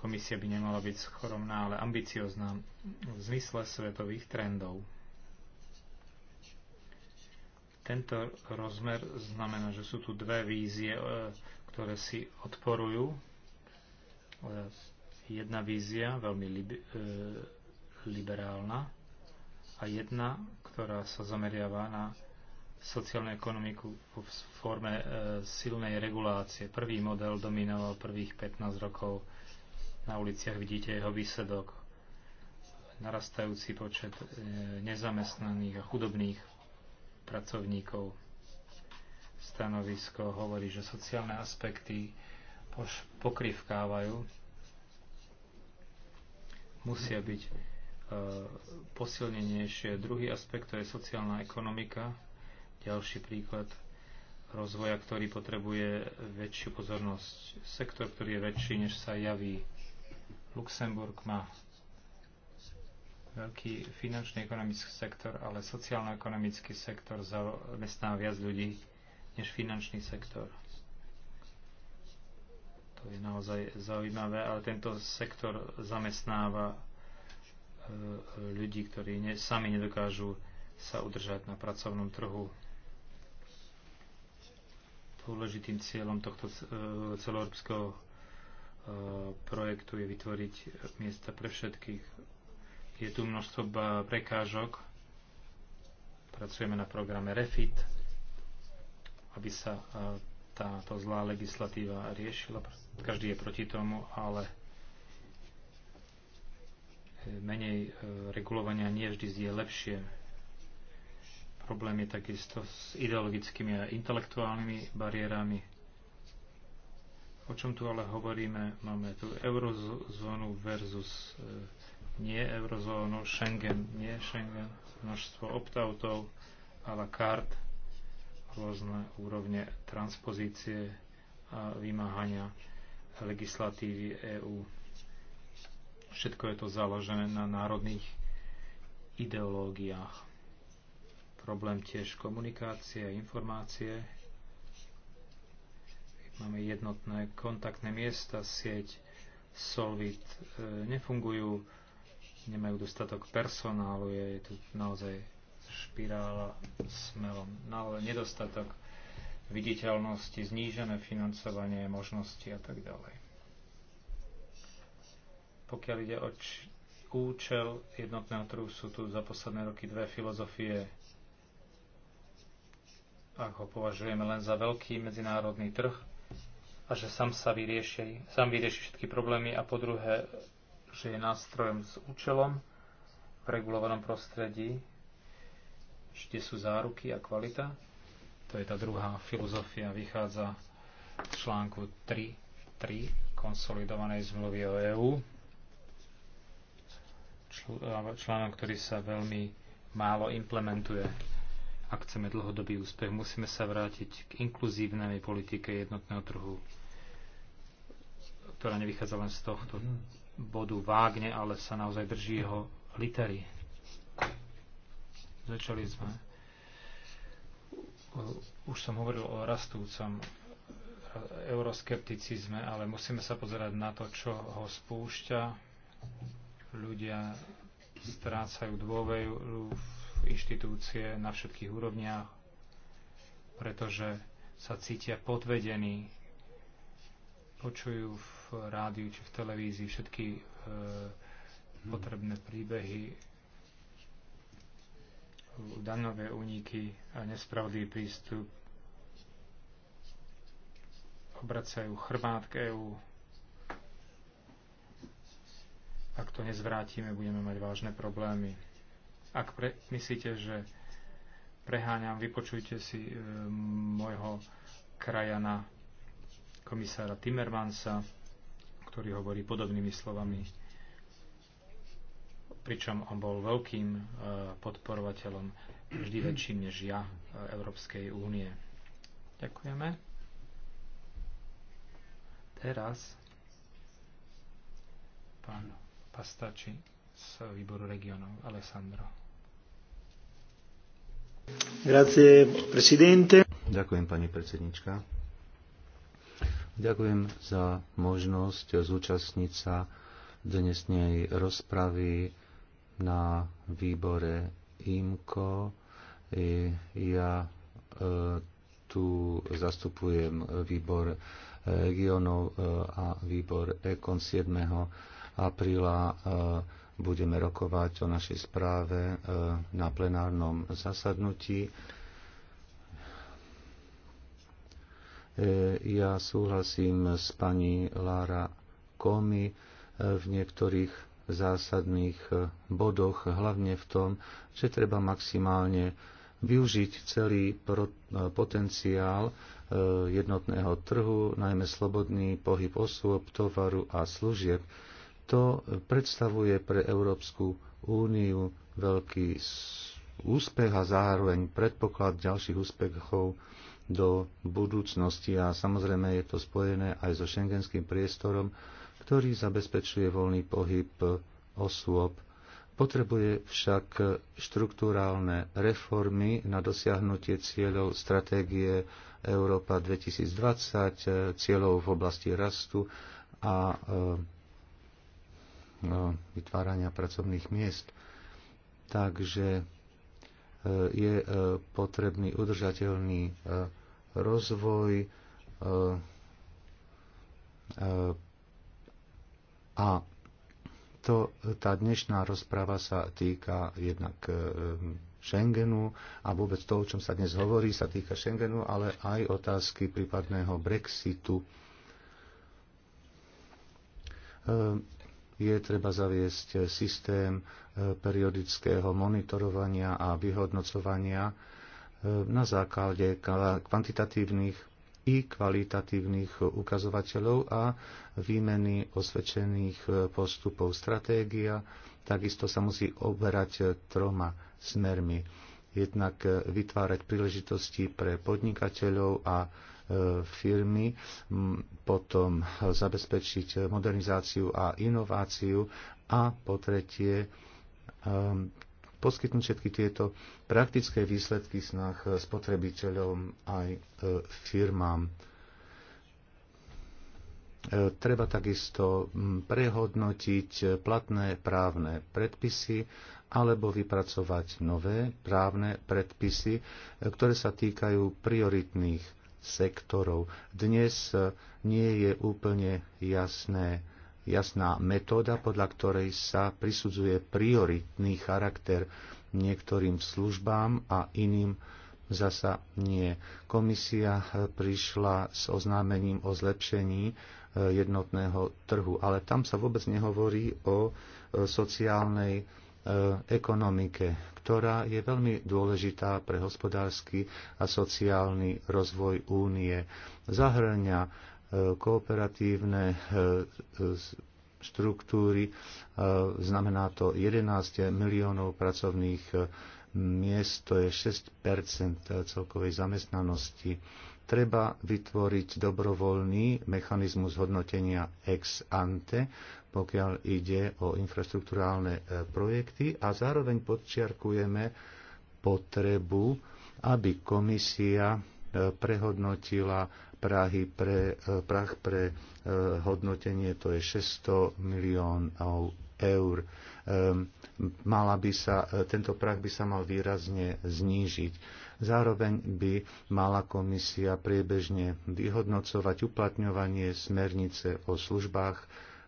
C: komisia by nemala byť schoromná, ale ambiciozná v zmysle svetových trendov. Tento rozmer znamená, že sú tu dve vízie, e, ktoré si odporujú. E, jedna vízia, veľmi lib- e, liberálna, a jedna, ktorá sa zameriava na sociálnu ekonomiku v forme e, silnej regulácie. Prvý model dominoval prvých 15 rokov. Na uliciach vidíte jeho výsledok. Narastajúci počet e, nezamestnaných a chudobných pracovníkov. Stanovisko hovorí, že sociálne aspekty pokrivkávajú, musia byť e, posilnenejšie. Druhý aspekt to je sociálna ekonomika, ďalší príklad rozvoja, ktorý potrebuje väčšiu pozornosť. Sektor, ktorý je väčší, než sa javí. Luxemburg má veľký finančný ekonomický sektor, ale sociálno-ekonomický sektor zamestná viac ľudí než finančný sektor. To je naozaj zaujímavé, ale tento sektor zamestnáva e, ľudí, ktorí ne, sami nedokážu sa udržať na pracovnom trhu. Dôležitým cieľom tohto e, celoeurópskeho e, projektu je vytvoriť miesta pre všetkých. Je tu množstvo prekážok. Pracujeme na programe REFIT, aby sa e, táto zlá legislatíva riešila. Každý je proti tomu, ale menej regulovania nie vždy je lepšie. Problém je takisto s ideologickými a intelektuálnymi bariérami. O čom tu ale hovoríme? Máme tu eurozónu versus e, nie eurozónu, Schengen, nie Schengen, množstvo optautov, a la carte, rôzne úrovne transpozície a vymáhania legislatívy EÚ. Všetko je to založené na národných ideológiách problém tiež komunikácie a informácie. Máme jednotné kontaktné miesta, sieť Solvit e, nefungujú, nemajú dostatok personálu, je, tu naozaj špirála smelom. Naozaj ale nedostatok viditeľnosti, znížené financovanie možnosti a tak ďalej. Pokiaľ ide o účel jednotného trhu, sú tu za posledné roky dve filozofie ak ho považujeme len za veľký medzinárodný trh a že sám sa vyrieši, sám vyrieši všetky problémy a po druhé, že je nástrojom s účelom v regulovanom prostredí, kde sú záruky a kvalita. To je tá druhá filozofia, vychádza z článku 3, 3 konsolidovanej zmluvy o EÚ. Článok, ktorý sa veľmi málo implementuje ak chceme dlhodobý úspech, musíme sa vrátiť k inkluzívnej politike jednotného trhu, ktorá nevychádza len z tohto bodu vágne, ale sa naozaj drží jeho litery. Začali sme. Už som hovoril o rastúcom euroskepticizme, ale musíme sa pozerať na to, čo ho spúšťa. Ľudia strácajú dôveru v inštitúcie na všetkých úrovniach, pretože sa cítia podvedení, počujú v rádiu či v televízii všetky e, mhm. potrebné príbehy, daňové úniky a nespravodlivý prístup. Obracajú chrbát k EÚ. Ak to nezvrátime, budeme mať vážne problémy. Ak pre, myslíte, že preháňam, vypočujte si e, môjho krajana komisára Timmermansa, ktorý hovorí podobnými slovami, pričom on bol veľkým e, podporovateľom vždy väčším než ja e, Európskej únie. Ďakujeme. Teraz pán Pastači z výboru regionov Alessandro. Grazie,
B: presidente. Ďakujem, pani predsednička. Ďakujem za možnosť zúčastniť sa dnesnej rozpravy na výbore IMKO. Ja e, tu zastupujem výbor e, regionov e, a výbor EKON 7. apríla budeme rokovať o našej správe e, na plenárnom zasadnutí. E, ja súhlasím s pani Lára Komi e, v niektorých zásadných bodoch, hlavne v tom, že treba maximálne využiť celý potenciál jednotného trhu, najmä slobodný pohyb osôb, tovaru a služieb to predstavuje pre Európsku úniu veľký úspech a zároveň predpoklad ďalších úspechov do budúcnosti a samozrejme je to spojené aj so šengenským priestorom, ktorý zabezpečuje voľný pohyb osôb. Potrebuje však štruktúrálne reformy na dosiahnutie cieľov stratégie Európa 2020, cieľov v oblasti rastu a No, vytvárania pracovných miest. Takže e, je e, potrebný udržateľný e, rozvoj a to, tá dnešná rozprava sa týka jednak Schengenu a vôbec to, o čom sa dnes hovorí, sa týka Schengenu, ale aj otázky prípadného Brexitu je treba zaviesť systém e, periodického monitorovania a vyhodnocovania e, na základe kvantitatívnych i kvalitatívnych ukazovateľov a výmeny osvedčených e, postupov. Stratégia takisto sa musí oberať troma smermi. Jednak vytvárať príležitosti pre podnikateľov a firmy, potom zabezpečiť modernizáciu a inováciu a po tretie um, poskytnúť všetky tieto praktické výsledky snah spotrebiteľom aj e, firmám. E, treba takisto prehodnotiť platné právne predpisy alebo vypracovať nové právne predpisy, e, ktoré sa týkajú prioritných sektorov. Dnes eh, nie je úplne jasné, jasná metóda, podľa ktorej sa prisudzuje prioritný charakter niektorým službám a iným zasa nie. Komisia eh, prišla s oznámením o zlepšení eh, jednotného trhu, ale tam sa vôbec nehovorí o sociálnej Eh, ekonomike, ktorá je veľmi dôležitá pre hospodársky a sociálny rozvoj únie. Zahrňa eh, kooperatívne eh, štruktúry, znamená to 11 miliónov pracovných miest, to je 6 celkovej zamestnanosti treba vytvoriť dobrovoľný mechanizmus hodnotenia ex ante, pokiaľ ide o infraštruktúrálne e, projekty a zároveň podčiarkujeme potrebu, aby komisia e, prehodnotila Prahy pre, e, Prah pre hodnotenie, to je 600 miliónov eur. Ehm, mala by sa, tento prach by sa mal výrazne znížiť Zároveň by mala komisia priebežne vyhodnocovať uplatňovanie smernice o službách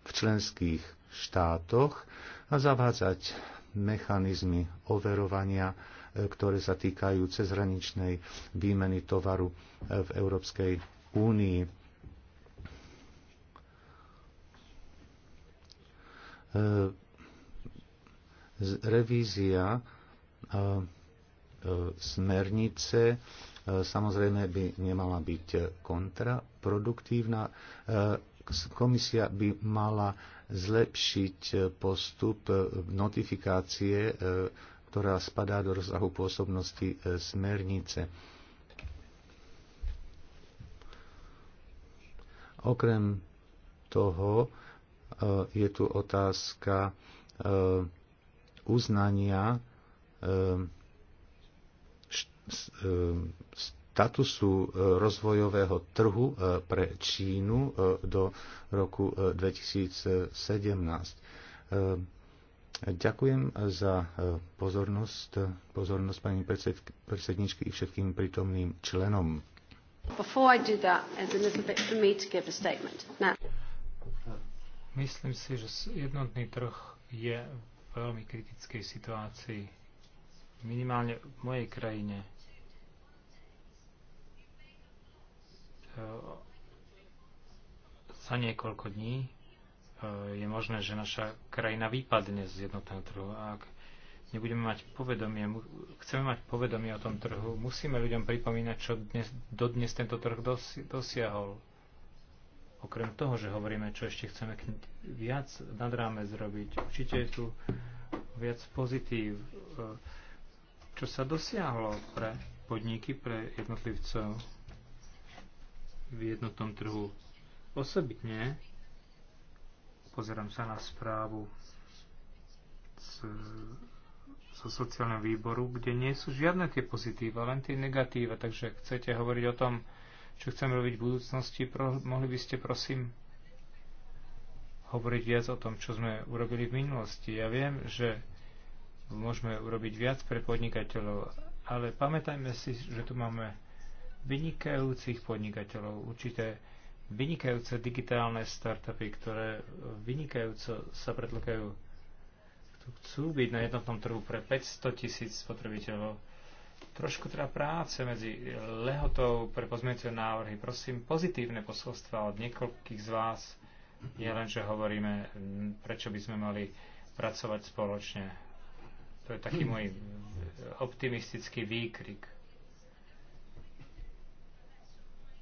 B: v členských štátoch a zavádzať mechanizmy overovania, e, ktoré sa týkajú cezhraničnej výmeny tovaru e, v Európskej únii. E, revízia smernice e, samozrejme by nemala byť kontraproduktívna. E, komisia by mala zlepšiť postup notifikácie, e, ktorá spadá do rozsahu pôsobnosti smernice. Okrem toho je tu otázka uznania E, statusu e, rozvojového trhu e, pre Čínu do roku 2017. Ďakujem za pozornosť, pozornosť pani predsedničky i všetkým prítomným členom.
C: Myslím si, že jednotný trh je v veľmi kritickej situácii. Minimálne v mojej krajine E, za niekoľko dní e, je možné, že naša krajina vypadne z jednotného trhu. A ak nebudeme mať povedomie, chceme mať povedomie o tom trhu, musíme ľuďom pripomínať, čo dnes, dodnes tento trh dosi, dosiahol. Okrem toho, že hovoríme, čo ešte chceme viac nad ráme zrobiť, určite je tu viac pozitív, e, čo sa dosiahlo pre podniky, pre jednotlivcov v jednotnom trhu. Osobitne pozerám sa na správu z, zo sociálneho výboru, kde nie sú žiadne tie pozitíva, len tie negatíva. Takže chcete hovoriť o tom, čo chcem robiť v budúcnosti, pro, mohli by ste prosím hovoriť viac o tom, čo sme urobili v minulosti. Ja viem, že môžeme urobiť viac pre podnikateľov, ale pamätajme si, že tu máme vynikajúcich podnikateľov, určité vynikajúce digitálne startupy, ktoré vynikajúco sa predlkajú, chcú byť na jednotnom trhu pre 500 tisíc spotrebiteľov. Trošku teda práce medzi lehotou pre pozmeňujúce návrhy. Prosím, pozitívne posolstva od niekoľkých z vás. Je len, že hovoríme, prečo by sme mali pracovať spoločne. To je taký môj optimistický výkrik.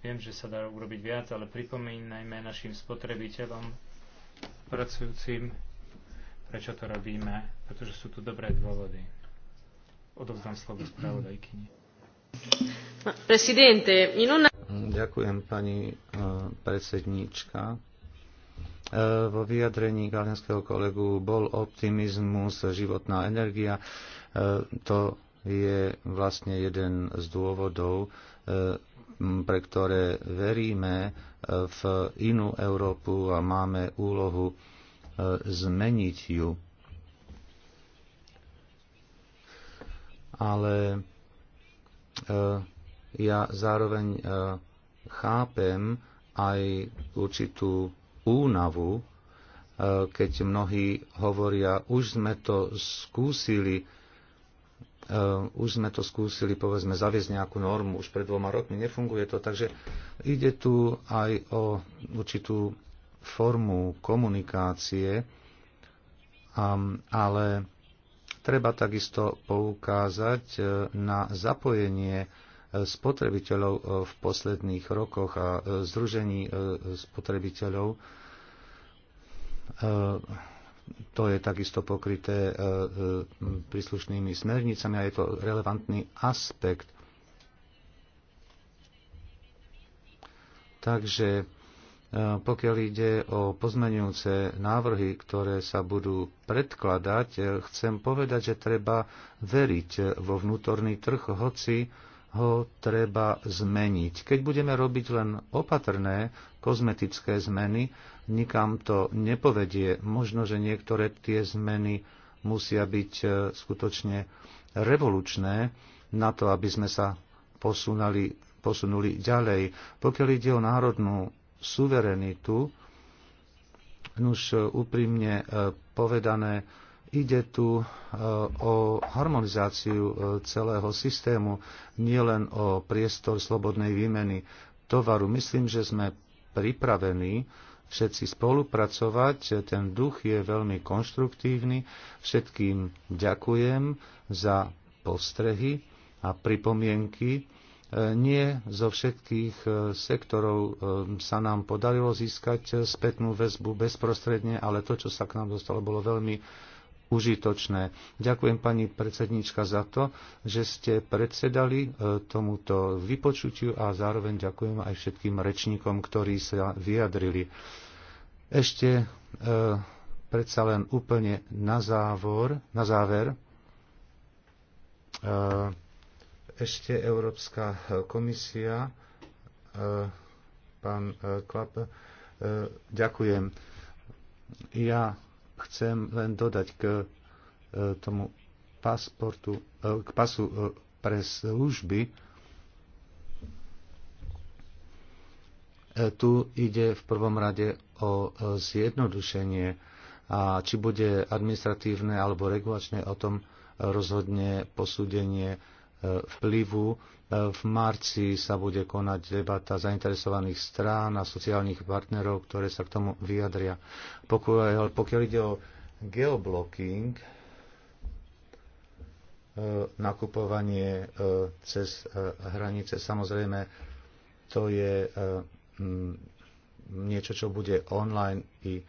C: Viem, že sa dá urobiť viac, ale pripomínajme našim spotrebiteľom, pracujúcim, prečo to robíme, pretože sú tu dobré dôvody. Odovzdám slovo spravodajkyni.
B: Ďakujem, pani e, predsedníčka. E, vo vyjadrení galianského kolegu bol optimizmus, životná energia. E, to je vlastne jeden z dôvodov, pre ktoré veríme e, v inú Európu a máme úlohu e, zmeniť ju. Ale e, ja zároveň chápem aj určitú únavu, keď mnohí hovoria, už sme to skúsili, Ehm, už sme to skúsili, povedzme, zaviesť nejakú normu už pred dvoma rokmi, nefunguje to, takže ide tu aj o určitú formu komunikácie, ehm, ale treba takisto poukázať e, na zapojenie e, spotrebiteľov e, v posledných rokoch a združení spotrebiteľov ehm, to je takisto pokryté e, e, príslušnými smernicami a je to relevantný aspekt. Takže e, pokiaľ ide o pozmenujúce návrhy, ktoré sa budú predkladať, chcem povedať, že treba veriť vo vnútorný trh, hoci ho treba zmeniť. Keď budeme robiť len opatrné kozmetické zmeny, nikam to nepovedie. Možno, že niektoré tie zmeny musia byť e, skutočne revolučné na to, aby sme sa posunali, posunuli ďalej. Pokiaľ ide o národnú suverenitu, už e, úprimne e, povedané, ide tu o harmonizáciu celého systému, nielen o priestor slobodnej výmeny tovaru. Myslím, že sme pripravení všetci spolupracovať. Ten duch je veľmi konštruktívny. Všetkým ďakujem za postrehy a pripomienky. E, nie zo všetkých e, sektorov e, sa nám podarilo získať spätnú väzbu bezprostredne, ale to, čo sa k nám dostalo, bolo veľmi užitočné. Ďakujem pani predsednička za to, že ste predsedali e, tomuto vypočutiu a zároveň ďakujem aj všetkým rečníkom, ktorí sa vyjadrili. Ešte e, predsa len úplne na, závor, na záver. E, ešte Európska komisia, e, pán e, Klap, e, ďakujem. Ja Chcem len dodať k e, tomu pasportu, e, k pasu e, pre služby. Tu ide v prvom rade o zjednodušenie a či bude administratívne alebo regulačné, o tom rozhodne posúdenie vplyvu. E, v marci sa bude konať debata zainteresovaných strán a sociálnych partnerov, ktoré sa k tomu vyjadria. Pokiaľ, e, pokiaľ ide o geoblocking, e, nakupovanie cez hranice, samozrejme, to je niečo, čo bude online i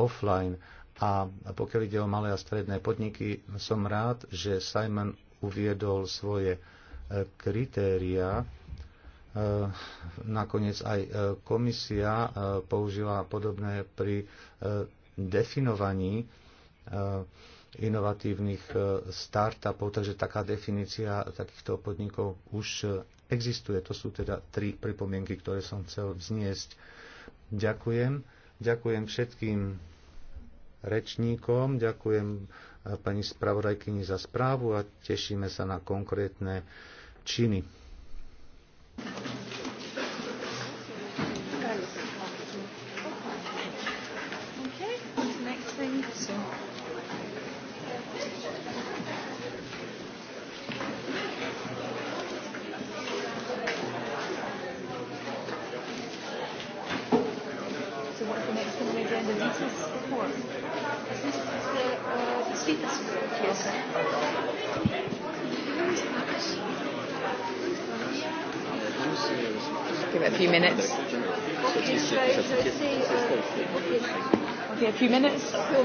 B: offline. A pokiaľ ide o malé a stredné podniky, som rád, že Simon uviedol svoje e, kritéria. E, nakoniec aj e, komisia použila podobné pri definovaní inovatívnych startupov, takže taká definícia takýchto podnikov už existuje. To sú teda tri pripomienky, ktoré som chcel vzniesť. Ďakujem. Ďakujem všetkým rečníkom, ďakujem pani spravodajkyni za správu a tešíme sa na konkrétne činy.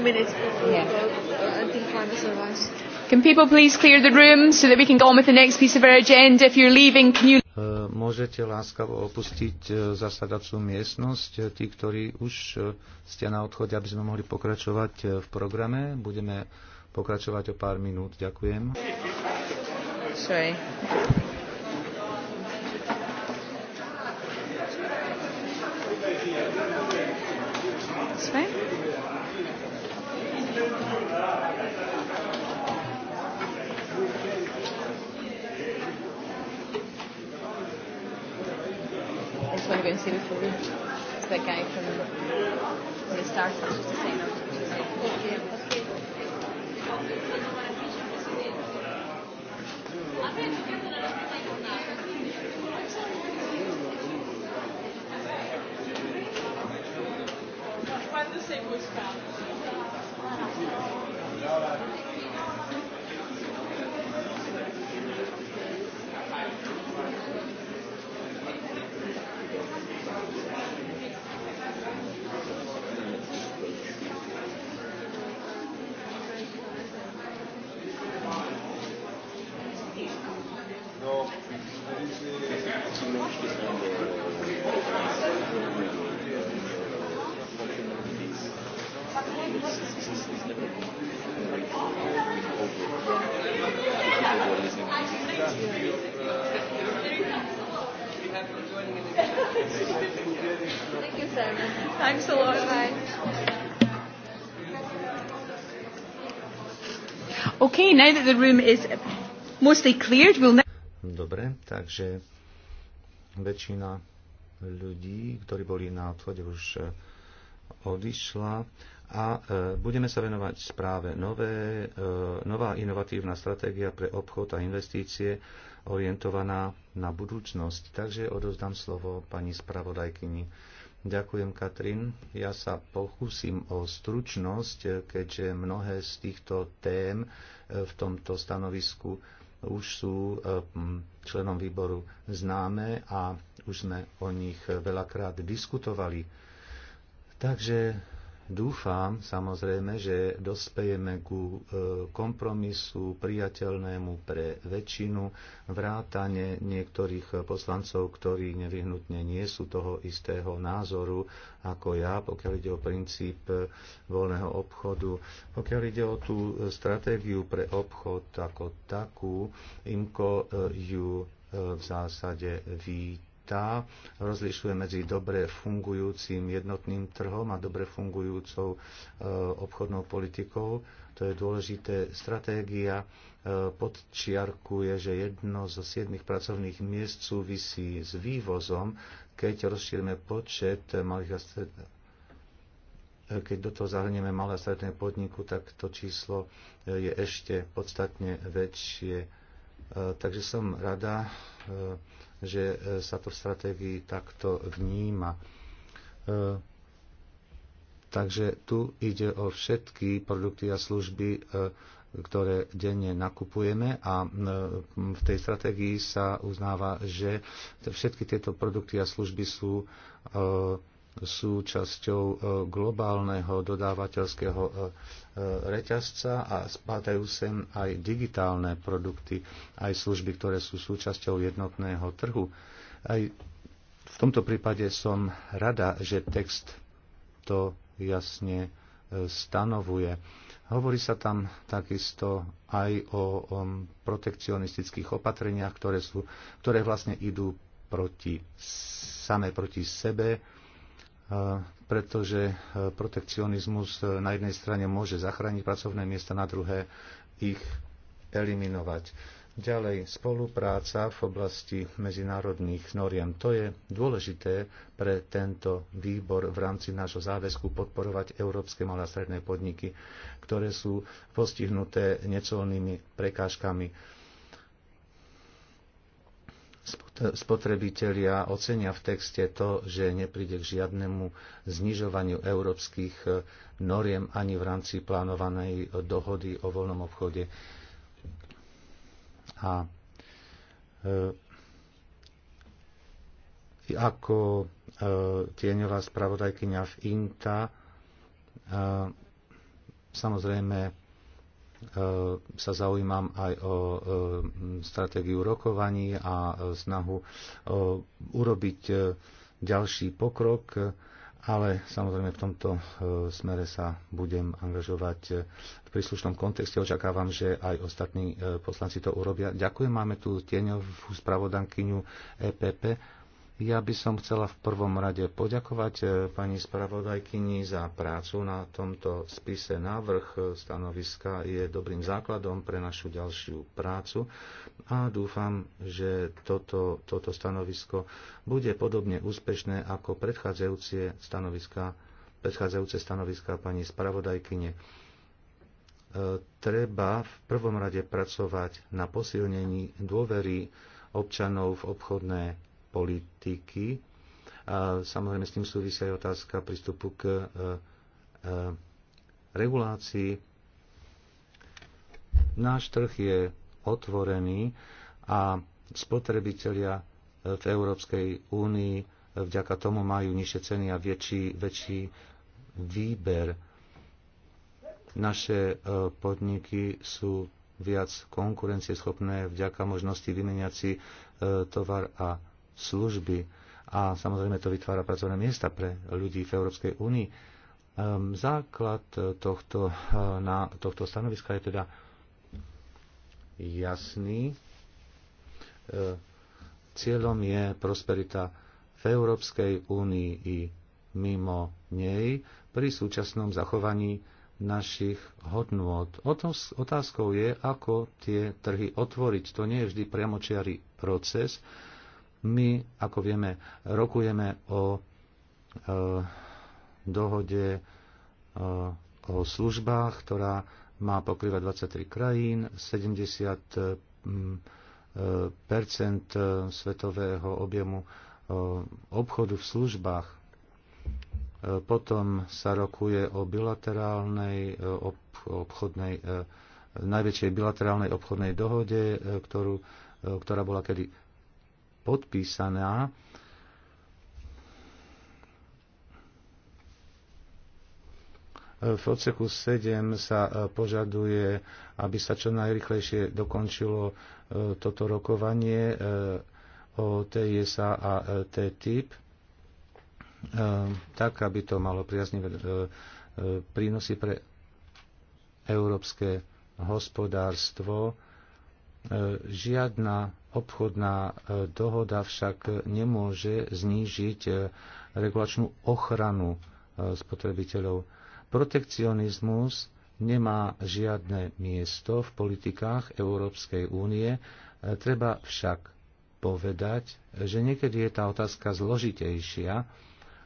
B: four minutes yeah. vote, uh, until climate arrives. Can people please clear the room so that we can go on with the next piece of our agenda? If you're leaving, can you... Eh, môžete láskavo opustiť eh, zasadacú miestnosť. Eh, tí, ktorí už ste na odchode, aby sme mohli pokračovať v programe. Budeme pokračovať o pár minút. Ďakujem.
C: Sorry.
A: see before It's
B: that guy from the start was just saying, just like, okay, okay.
A: Thank you. now that the room is mostly cleared, we'll now...
B: Dobre, takže väčšina ľudí, ktorí boli na odchode, už e, odišla a e, budeme sa venovať správe nové, e, nová inovatívna stratégia pre obchod a investície orientovaná na budúcnosť. Takže odozdám slovo pani spravodajkyni. Ďakujem, Katrin. Ja sa pokúsim o stručnosť, keďže mnohé z týchto tém v tomto stanovisku už sú e, členom výboru známe a už sme o nich veľakrát diskutovali. Takže Dúfam samozrejme, že dospejeme ku e, kompromisu priateľnému pre väčšinu, vrátane niektorých poslancov, ktorí nevyhnutne nie sú toho istého názoru ako ja, pokiaľ ide o princíp e, voľného obchodu. Pokiaľ ide o tú stratégiu pre obchod ako takú, imko e, ju v zásade víta tá rozlišuje medzi dobre fungujúcim jednotným trhom a dobre fungujúcou e, obchodnou politikou. To je dôležité. Stratégia e, podčiarkuje, že jedno zo siedmých pracovných miest súvisí s vývozom, keď rozšírime počet malých e, keď do toho zahrnieme malé a stredné podniku, tak to číslo je ešte podstatne väčšie. Takže som rada, že e, sa to v stratégii takto vníma. E, takže tu ide o všetky produkty a služby, e, ktoré denne nakupujeme a v tej stratégii sa uznáva, že všetky tieto produkty a služby sú súčasťou e, globálneho dodávateľského e, e, reťazca a spadajú sem aj digitálne produkty, aj služby, ktoré sú súčasťou jednotného trhu. Aj v tomto prípade som rada, že text to jasne stanovuje. Hovorí sa tam takisto aj o, o protekcionistických opatreniach, ktoré, sú, ktoré vlastne idú proti, same proti sebe pretože e, protekcionizmus e, na jednej strane môže zachrániť pracovné miesta, na druhé ich eliminovať. Ďalej, spolupráca v oblasti medzinárodných noriem. To je dôležité pre tento výbor v rámci nášho záväzku podporovať európske malé a stredné podniky, ktoré sú postihnuté necolnými prekážkami spotrebitelia ocenia v texte to, že nepríde k žiadnemu znižovaniu európskych e, noriem ani v rámci plánovanej dohody o voľnom obchode. A e, ako e, tieňová spravodajkynia v INTA e, samozrejme E, sa zaujímam aj o e, stratégiu rokovaní a e, snahu urobiť ďalší pokrok, ale samozrejme v tomto smere sa budem angažovať v príslušnom kontexte. Očakávam, že aj ostatní poslanci to urobia. Ďakujem. Máme tu tieňovú spravodankyňu EPP, ja by som chcela v prvom rade poďakovať e, pani spravodajkyni za prácu na tomto spise. Návrh e, stanoviska je dobrým základom pre našu ďalšiu prácu a dúfam, že toto, toto stanovisko bude podobne úspešné ako predchádzajúce stanoviska, predchádzajúce stanoviska pani spravodajkyne e, treba v prvom rade pracovať na posilnení dôvery občanov v obchodné politiky. A samozrejme s tým súvisí aj otázka prístupu k e, e, regulácii. Náš trh je otvorený a spotrebitelia e, v Európskej únii vďaka tomu majú nižšie ceny a väčší, väčší výber. Naše podniky sú viac konkurencieschopné vďaka možnosti vymeniať si tovar a služby a samozrejme to vytvára pracovné miesta pre ľudí v Európskej únii. Ehm, základ tohto, eh, na, tohto stanoviska je teda jasný. Eh, cieľom je prosperita v Európskej únii i mimo nej pri súčasnom zachovaní našich hodnôt. Otázkou je, ako tie trhy otvoriť. To nie je vždy priamočiarý proces, my, ako vieme, rokujeme o e, dohode e, o službách, ktorá má pokrývať 23 krajín, 70 e, percent e, svetového objemu e, obchodu v službách. Potom sa rokuje o bilaterálnej obchodnej, najväčšej bilaterálnej obchodnej dohode, ktorú, ktorá bola kedy podpísaná. V odseku 7 sa e, požaduje, aby sa čo najrychlejšie dokončilo e, toto rokovanie e, o TISA a TTIP, tak aby to malo priaznivé prínosy pre európske hospodárstvo. Žiadna Obchodná e, dohoda však nemôže znížiť e, regulačnú ochranu e, spotrebiteľov. Protekcionizmus nemá žiadne miesto v politikách Európskej únie. Treba však povedať, že niekedy je tá otázka zložitejšia.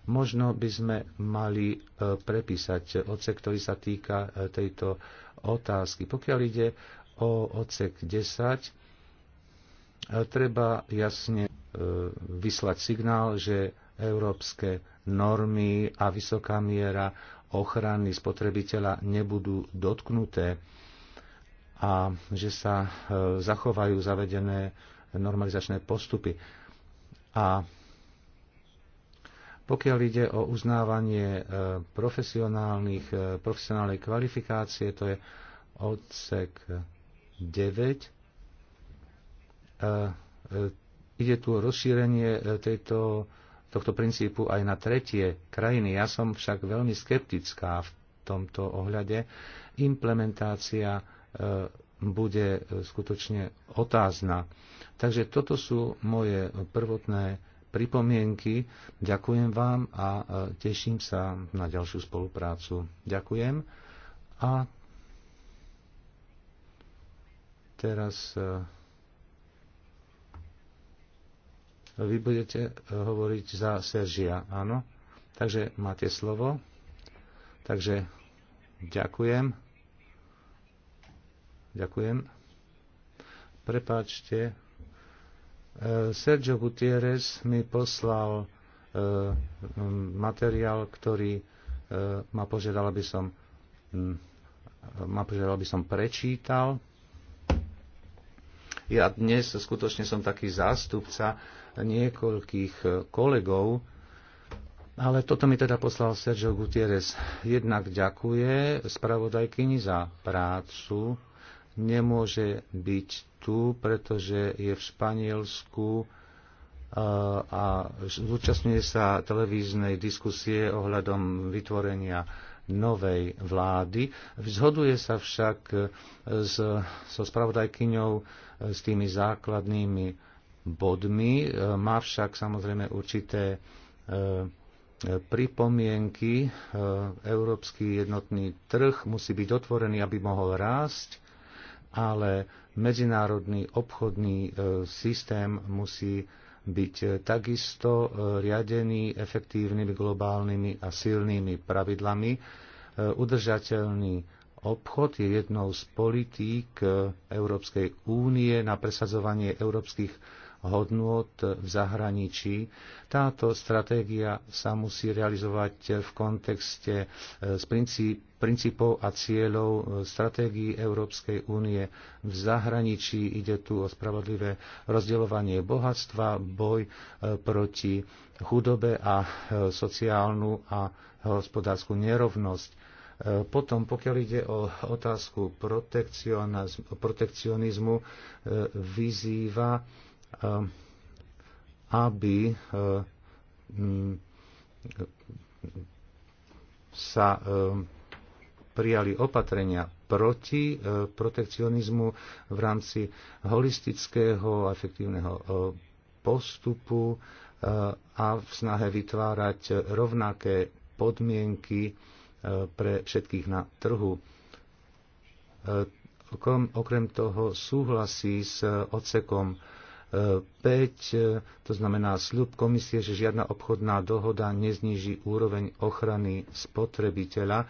B: Možno by sme mali prepísať ocek, ktorý sa týka tejto otázky. Pokiaľ ide o ocek 10, E, treba jasne e, vyslať signál, že európske normy a vysoká miera ochrany spotrebiteľa nebudú dotknuté a že sa e, zachovajú zavedené normalizačné postupy. A pokiaľ ide o uznávanie profesionálnych, profesionálnej kvalifikácie, to je odsek 9, E, ide tu o rozšírenie e, tejto, tohto princípu aj na tretie krajiny. Ja som však veľmi skeptická v tomto ohľade. Implementácia e, bude skutočne otázna. Takže toto sú moje prvotné pripomienky. Ďakujem vám a teším sa na ďalšiu spoluprácu. Ďakujem. A teraz Vy budete eh, hovoriť za Seržia, áno? Takže máte slovo. Takže ďakujem. Ďakujem. Prepáčte. Eh, Sergio Gutierrez mi poslal eh, materiál, ktorý ma požiadal, aby som hm, ma požiadal, aby som prečítal. Ja dnes skutočne som taký zástupca niekoľkých e, kolegov, ale toto mi teda poslal Sergio Gutierrez. Jednak ďakuje spravodajkyni za prácu. Nemôže byť tu, pretože je v Španielsku e, a zúčastňuje sa televíznej diskusie ohľadom vytvorenia novej vlády. Vzhoduje sa však e, so spravodajkyňou s tými základnými bodmi. E, má však samozrejme určité e, e, pripomienky. Európsky jednotný trh musí byť otvorený, aby mohol rásť, ale medzinárodný obchodný systém musí byť takisto riadený efektívnymi globálnymi a silnými pravidlami. Udržateľný obchod je jednou z politík Európskej únie na presadzovanie európskych hodnôt v zahraničí. Táto stratégia sa musí realizovať v kontexte e, s princíp, princípov a cieľov e, stratégií Európskej únie v zahraničí. Ide tu o spravodlivé rozdeľovanie bohatstva, boj e, proti chudobe a sociálnu a hospodárskú nerovnosť. Potom, pokiaľ ide o otázku protekcionizmu, vyzýva Eh, aby eh, mm, sa eh, prijali opatrenia proti protekcionizmu v rámci holistického a efektívneho postupu a v snahe vytvárať rovnaké podmienky pre všetkých na trhu. Okrem toho súhlasí s ocekom 5, e, to znamená sľub komisie, že žiadna obchodná dohoda nezniží úroveň ochrany spotrebiteľa, e,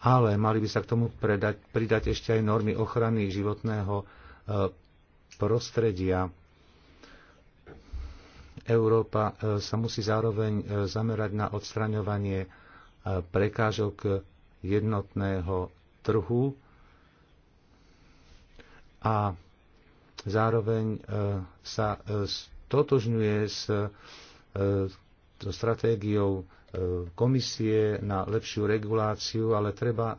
B: ale mali by sa k tomu predať, pridať ešte aj normy ochrany životného e, prostredia. Európa sa musí zároveň zamerať na odstraňovanie prekážok jednotného trhu a Zároveň e, sa e, stotožňuje s e, so stratégiou komisie na lepšiu reguláciu, ale treba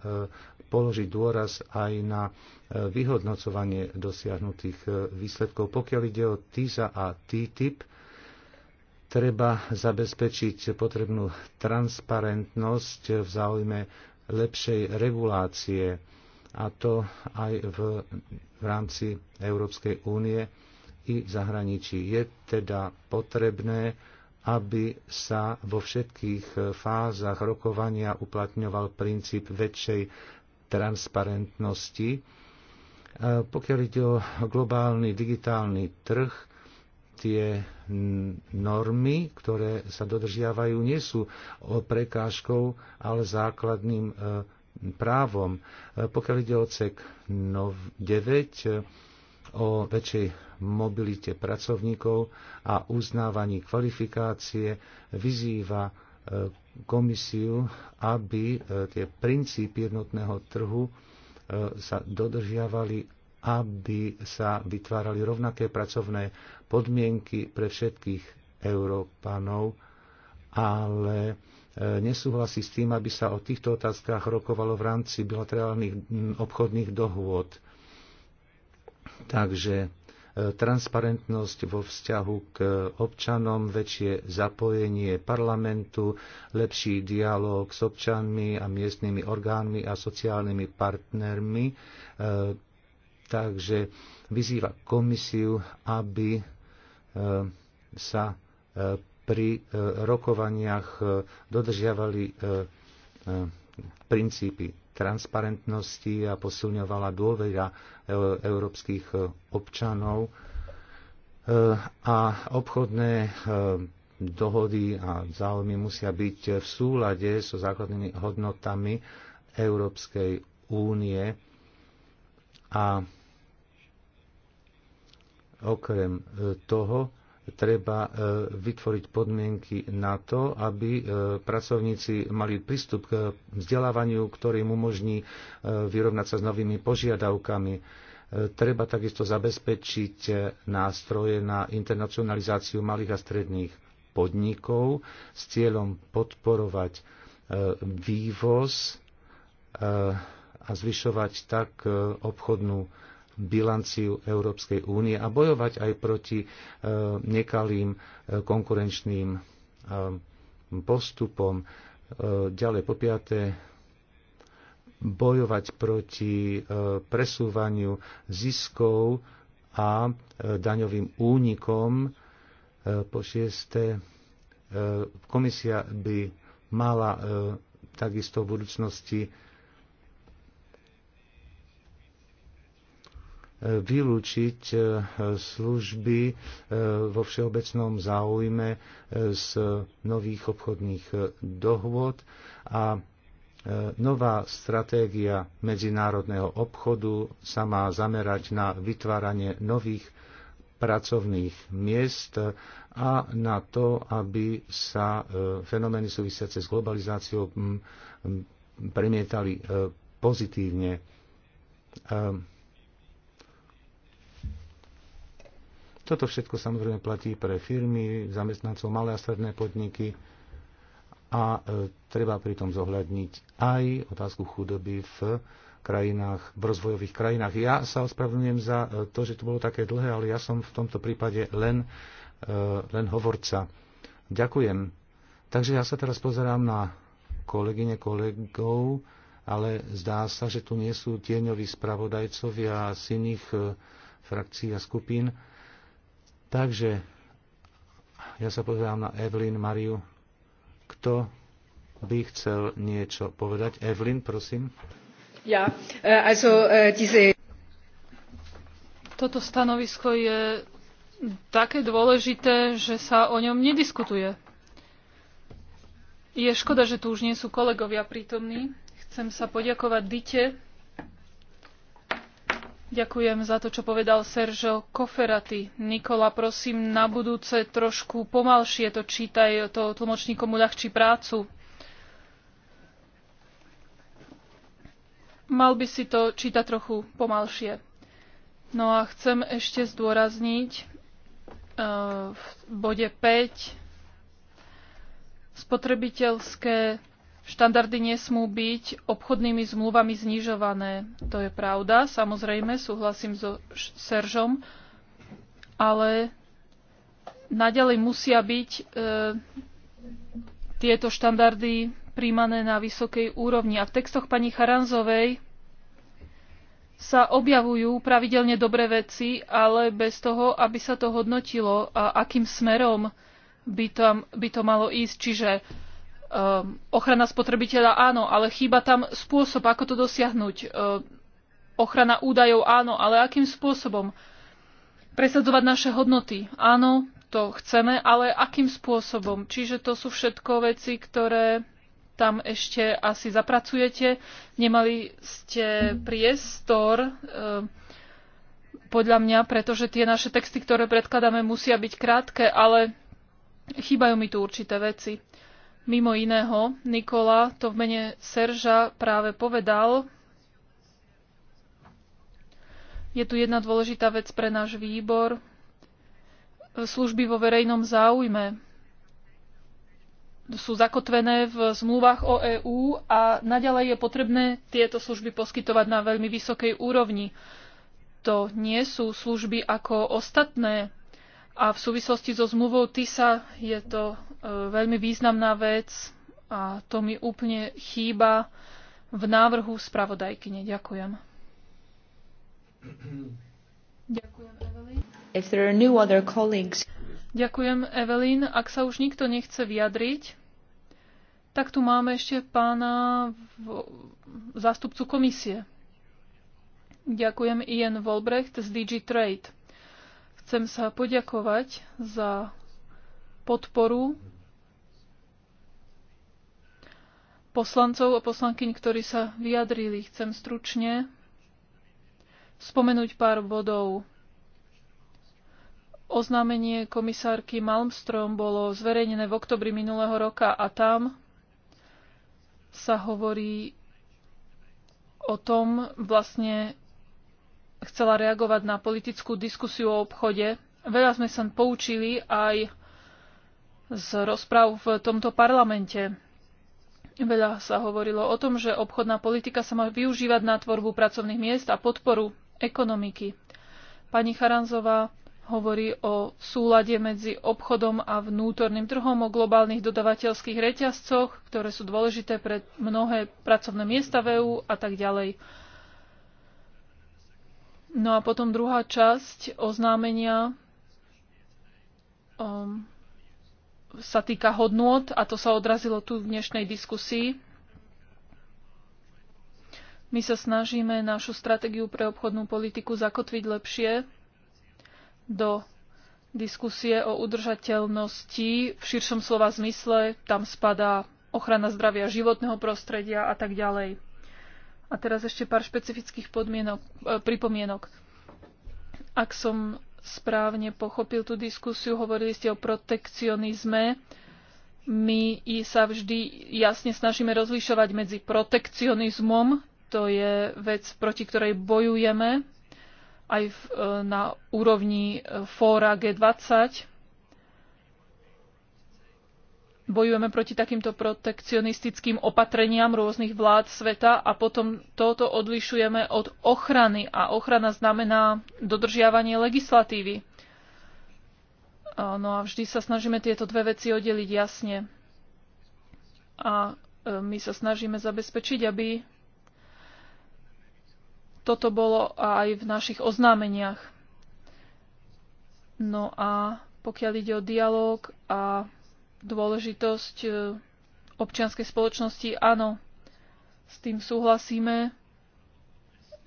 B: položiť dôraz aj na vyhodnocovanie dosiahnutých výsledkov. Pokiaľ ide o TISA a TTIP, treba zabezpečiť potrebnú transparentnosť v záujme lepšej regulácie a to aj v, v rámci Európskej únie i v zahraničí. Je teda potrebné, aby sa vo všetkých fázach rokovania uplatňoval princíp väčšej transparentnosti. E, pokiaľ ide o globálny digitálny trh, tie normy, ktoré sa dodržiavajú, nie sú prekážkou, ale základným e, právom. E, pokiaľ ide o cek 9 e, o väčšej mobilite pracovníkov a uznávaní kvalifikácie, vyzýva e, komisiu, aby tie princípy jednotného trhu sa dodržiavali, aby sa vytvárali rovnaké pracovné podmienky pre všetkých Európanov, ale nesúhlasí s tým, aby sa o týchto otázkach rokovalo v rámci bilaterálnych obchodných dohôd. Takže e, transparentnosť vo vzťahu k občanom, väčšie zapojenie parlamentu, lepší dialog s občanmi a miestnymi orgánmi a sociálnymi partnermi. E, takže vyzýva komisiu, aby e, sa pri e, rokovaniach e, dodržiavali e, princípy transparentnosti a posilňovala dôvera európskych občanov a obchodné dohody a záujmy musia byť v súlade so základnými hodnotami Európskej únie a okrem toho treba e, vytvoriť podmienky na to, aby e, pracovníci mali prístup k vzdelávaniu, ktorý im umožní e, vyrovnať sa s novými požiadavkami. Treba takisto zabezpečiť nástroje na internacionalizáciu malých a stredných podnikov s cieľom podporovať vývoz a zvyšovať tak obchodnú bilanciu Európskej únie a bojovať aj proti e, nekalým e, konkurenčným e, postupom. Ďalej po piaté bojovať proti presúvaniu ziskov a daňovým únikom. Po šiesté, komisia by mala takisto v budúcnosti vylúčiť e, služby e, vo všeobecnom záujme e, z nových obchodných dohôd a nová stratégia medzinárodného obchodu sa má zamerať na vytváranie nových pracovných miest a na to, aby sa fenomény súvisiace s globalizáciou premietali pozitívne Toto všetko samozrejme platí pre firmy, zamestnancov, malé a stredné podniky a e, treba pritom zohľadniť aj otázku chudoby v krajinách, v rozvojových krajinách. Ja sa ospravedlňujem za e, to, že to bolo také dlhé, ale ja som v tomto prípade len, e, len hovorca. Ďakujem. Takže ja sa teraz pozerám na kolegyne kolegov, ale zdá sa, že tu nie sú tieňoví spravodajcovia z iných e, frakcií a skupín. Takže ja sa pozerám na Evelyn, Mariu. Kto by chcel niečo povedať? Evelyn, prosím.
A: Ja, eh, also, eh, diese... Toto stanovisko je také dôležité, že sa o ňom nediskutuje. Je škoda, že tu už nie sú kolegovia prítomní. Chcem sa poďakovať Dite Ďakujem za to, čo povedal Sergio Koferaty. Nikola, prosím, na budúce trošku pomalšie to čítaj, to tlmočníkom uľahčí prácu. Mal by si to čítať trochu pomalšie. No a chcem ešte zdôrazniť eh, v bode 5 spotrebiteľské Štandardy nesmú byť obchodnými zmluvami znižované. To je pravda, samozrejme, súhlasím so Seržom, ale naďalej musia byť e, tieto štandardy príjmané na vysokej úrovni. A v textoch pani Charanzovej sa objavujú pravidelne dobré veci, ale bez toho, aby sa to hodnotilo, a akým smerom by, tam, by to malo ísť. Čiže um, ochrana spotrebiteľa áno, ale chýba tam spôsob, ako to dosiahnuť. Um, ochrana údajov áno, ale akým spôsobom? Presadzovať naše hodnoty áno, to chceme, ale akým spôsobom? Čiže to sú všetko veci, ktoré tam ešte asi zapracujete. Nemali ste priestor. Um, podľa mňa, pretože tie naše texty, ktoré predkladáme, musia byť krátke, ale chýbajú mi tu určité veci. Mimo iného, Nikola to v mene Serža práve povedal. Je tu jedna dôležitá vec pre náš výbor. Služby vo verejnom záujme sú zakotvené v zmluvách o EÚ a naďalej je potrebné tieto služby poskytovať na veľmi vysokej úrovni. To nie sú služby ako ostatné a v súvislosti so zmluvou TISA je to e, veľmi významná vec a to mi úplne chýba v návrhu spravodajkyne. Ďakujem. Ďakujem, Evelyn. If there are new no other colleagues... Ďakujem, Evelyn. Ak sa už nikto nechce vyjadriť, tak tu máme ešte pána v... zástupcu komisie. Ďakujem Ian Volbrecht z DG Trade. Chcem sa poďakovať za podporu poslancov a poslankyň, ktorí sa vyjadrili. Chcem stručne spomenúť pár bodov. Oznámenie komisárky Malmström bolo zverejnené v oktobri minulého roka a tam sa hovorí o tom vlastne, chcela reagovať na politickú diskusiu o obchode. Veľa sme sa poučili aj z rozpráv v tomto parlamente. Veľa sa hovorilo o tom, že obchodná politika sa má využívať na tvorbu pracovných miest a podporu ekonomiky. Pani Charanzová hovorí o súlade medzi obchodom a vnútorným trhom, o globálnych dodavateľských reťazcoch, ktoré sú dôležité pre mnohé pracovné miesta v EÚ a tak ďalej. No a potom druhá časť oznámenia um, sa týka hodnôt a to sa odrazilo tu v dnešnej diskusii. My sa snažíme našu stratégiu pre obchodnú politiku zakotviť lepšie do diskusie o udržateľnosti v širšom slova zmysle. Tam spadá ochrana zdravia životného prostredia a tak ďalej. A teraz ešte pár špecifických podmienok, e, pripomienok. Ak som správne pochopil tú diskusiu, hovorili ste o protekcionizme. My sa vždy jasne snažíme rozlišovať medzi protekcionizmom, to je vec, proti ktorej bojujeme aj v, e, na úrovni e, fóra G20, bojujeme proti takýmto protekcionistickým opatreniam rôznych vlád sveta a potom toto odlišujeme od ochrany. A ochrana znamená dodržiavanie legislatívy. No a vždy sa snažíme tieto dve veci oddeliť jasne. A e, my sa snažíme zabezpečiť, aby toto bolo aj v našich oznámeniach. No a pokiaľ ide o dialog a dôležitosť e, občianskej spoločnosti, áno, s tým súhlasíme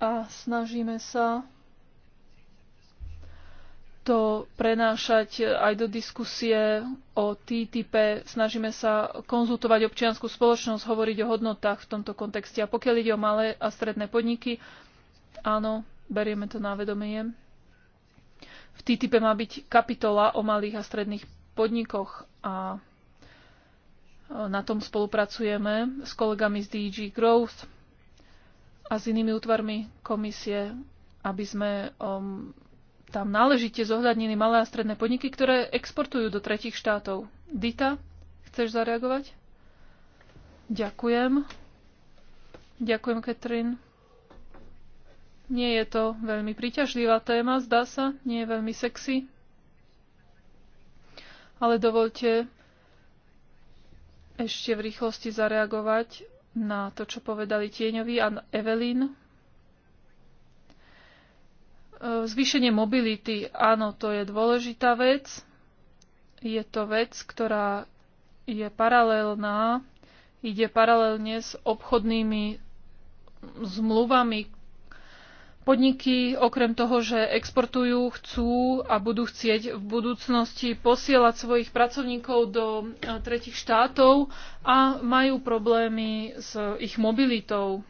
A: a snažíme sa to prenášať aj do diskusie o TTIP. Snažíme sa konzultovať občianskú spoločnosť, hovoriť o hodnotách v tomto kontexte. A pokiaľ ide o malé a stredné podniky, áno, berieme to na vedomie. V TTIP má byť kapitola o malých a stredných podnikoch a e, na tom spolupracujeme s kolegami z DG Growth a s inými útvarmi komisie, aby sme um, tam náležite zohľadnili malé a stredné podniky, ktoré exportujú do tretich štátov. Dita, chceš zareagovať? Ďakujem. Ďakujem, Katrin. Nie je to veľmi príťažlivá téma, zdá sa, nie je veľmi sexy ale dovolte ešte v rýchlosti zareagovať na to, čo povedali Tieňovi a Evelyn. E, zvýšenie mobility, áno, to je dôležitá vec. Je to vec, ktorá je paralelná, ide paralelne s obchodnými zmluvami, Podniky okrem toho, že exportujú, chcú a budú chcieť v budúcnosti posielať svojich pracovníkov do e, tretich štátov a majú problémy s ich mobilitou.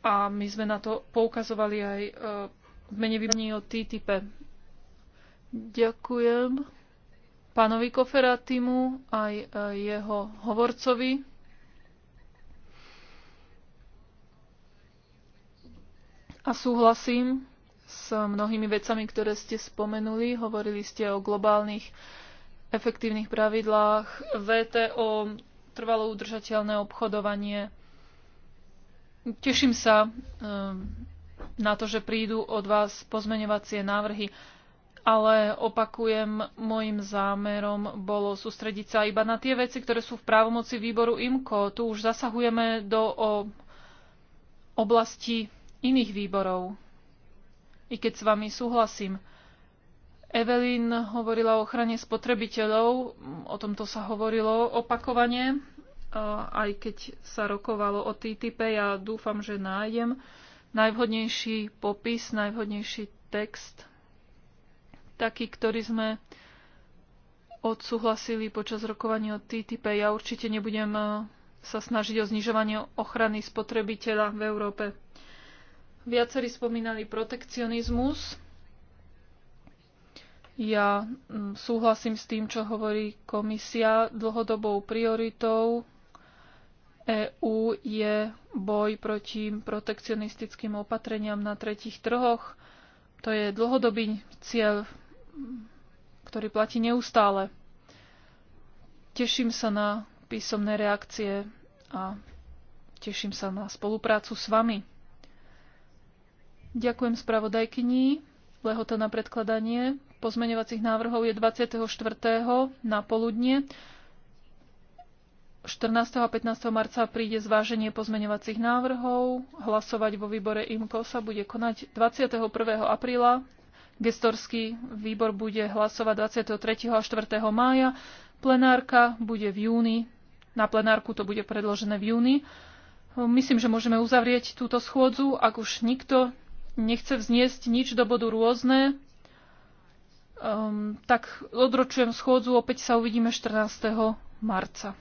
A: A my sme na to poukazovali aj e, v mene vybraní o TTIP. Ďakujem pánovi Koferatimu aj e, jeho hovorcovi. A súhlasím s mnohými vecami, ktoré ste spomenuli. Hovorili ste o globálnych efektívnych pravidlách, VTO, trvalo udržateľné obchodovanie. Teším sa ehm, na to, že prídu od vás pozmeňovacie návrhy, ale opakujem, môjim zámerom bolo sústrediť sa iba na tie veci, ktoré sú v právomoci výboru IMCO. Tu už zasahujeme do oblasti iných výborov. I keď s vami súhlasím. Evelyn hovorila o ochrane spotrebiteľov, o tomto sa hovorilo opakovane, aj keď sa rokovalo o TTIP. Ja dúfam, že nájdem najvhodnejší popis, najvhodnejší text, taký, ktorý sme odsúhlasili počas rokovania o TTIP. Ja určite nebudem e, sa snažiť o znižovanie ochrany spotrebiteľa v Európe. Viacerí spomínali protekcionizmus. Ja mm, súhlasím s tým, čo hovorí komisia. Dlhodobou prioritou EÚ je boj proti protekcionistickým opatreniam na tretich trhoch. To je dlhodobý cieľ, mm, ktorý platí neustále. Teším sa na písomné reakcie a teším sa na spoluprácu s vami. Ďakujem spravodajkyni. Lehota na predkladanie pozmeňovacích návrhov je 24. na poludne. 14. a 15. marca príde zváženie pozmeňovacích návrhov. Hlasovať vo výbore IMKO sa bude konať 21. apríla. Gestorský výbor bude hlasovať 23. a 4. mája. Plenárka bude v júni. Na plenárku to bude predložené v júni. Myslím, že môžeme uzavrieť túto schôdzu, ak už nikto nechce vzniesť nič do bodu rôzne, um, tak odročujem schôdzu, opäť sa uvidíme 14. marca.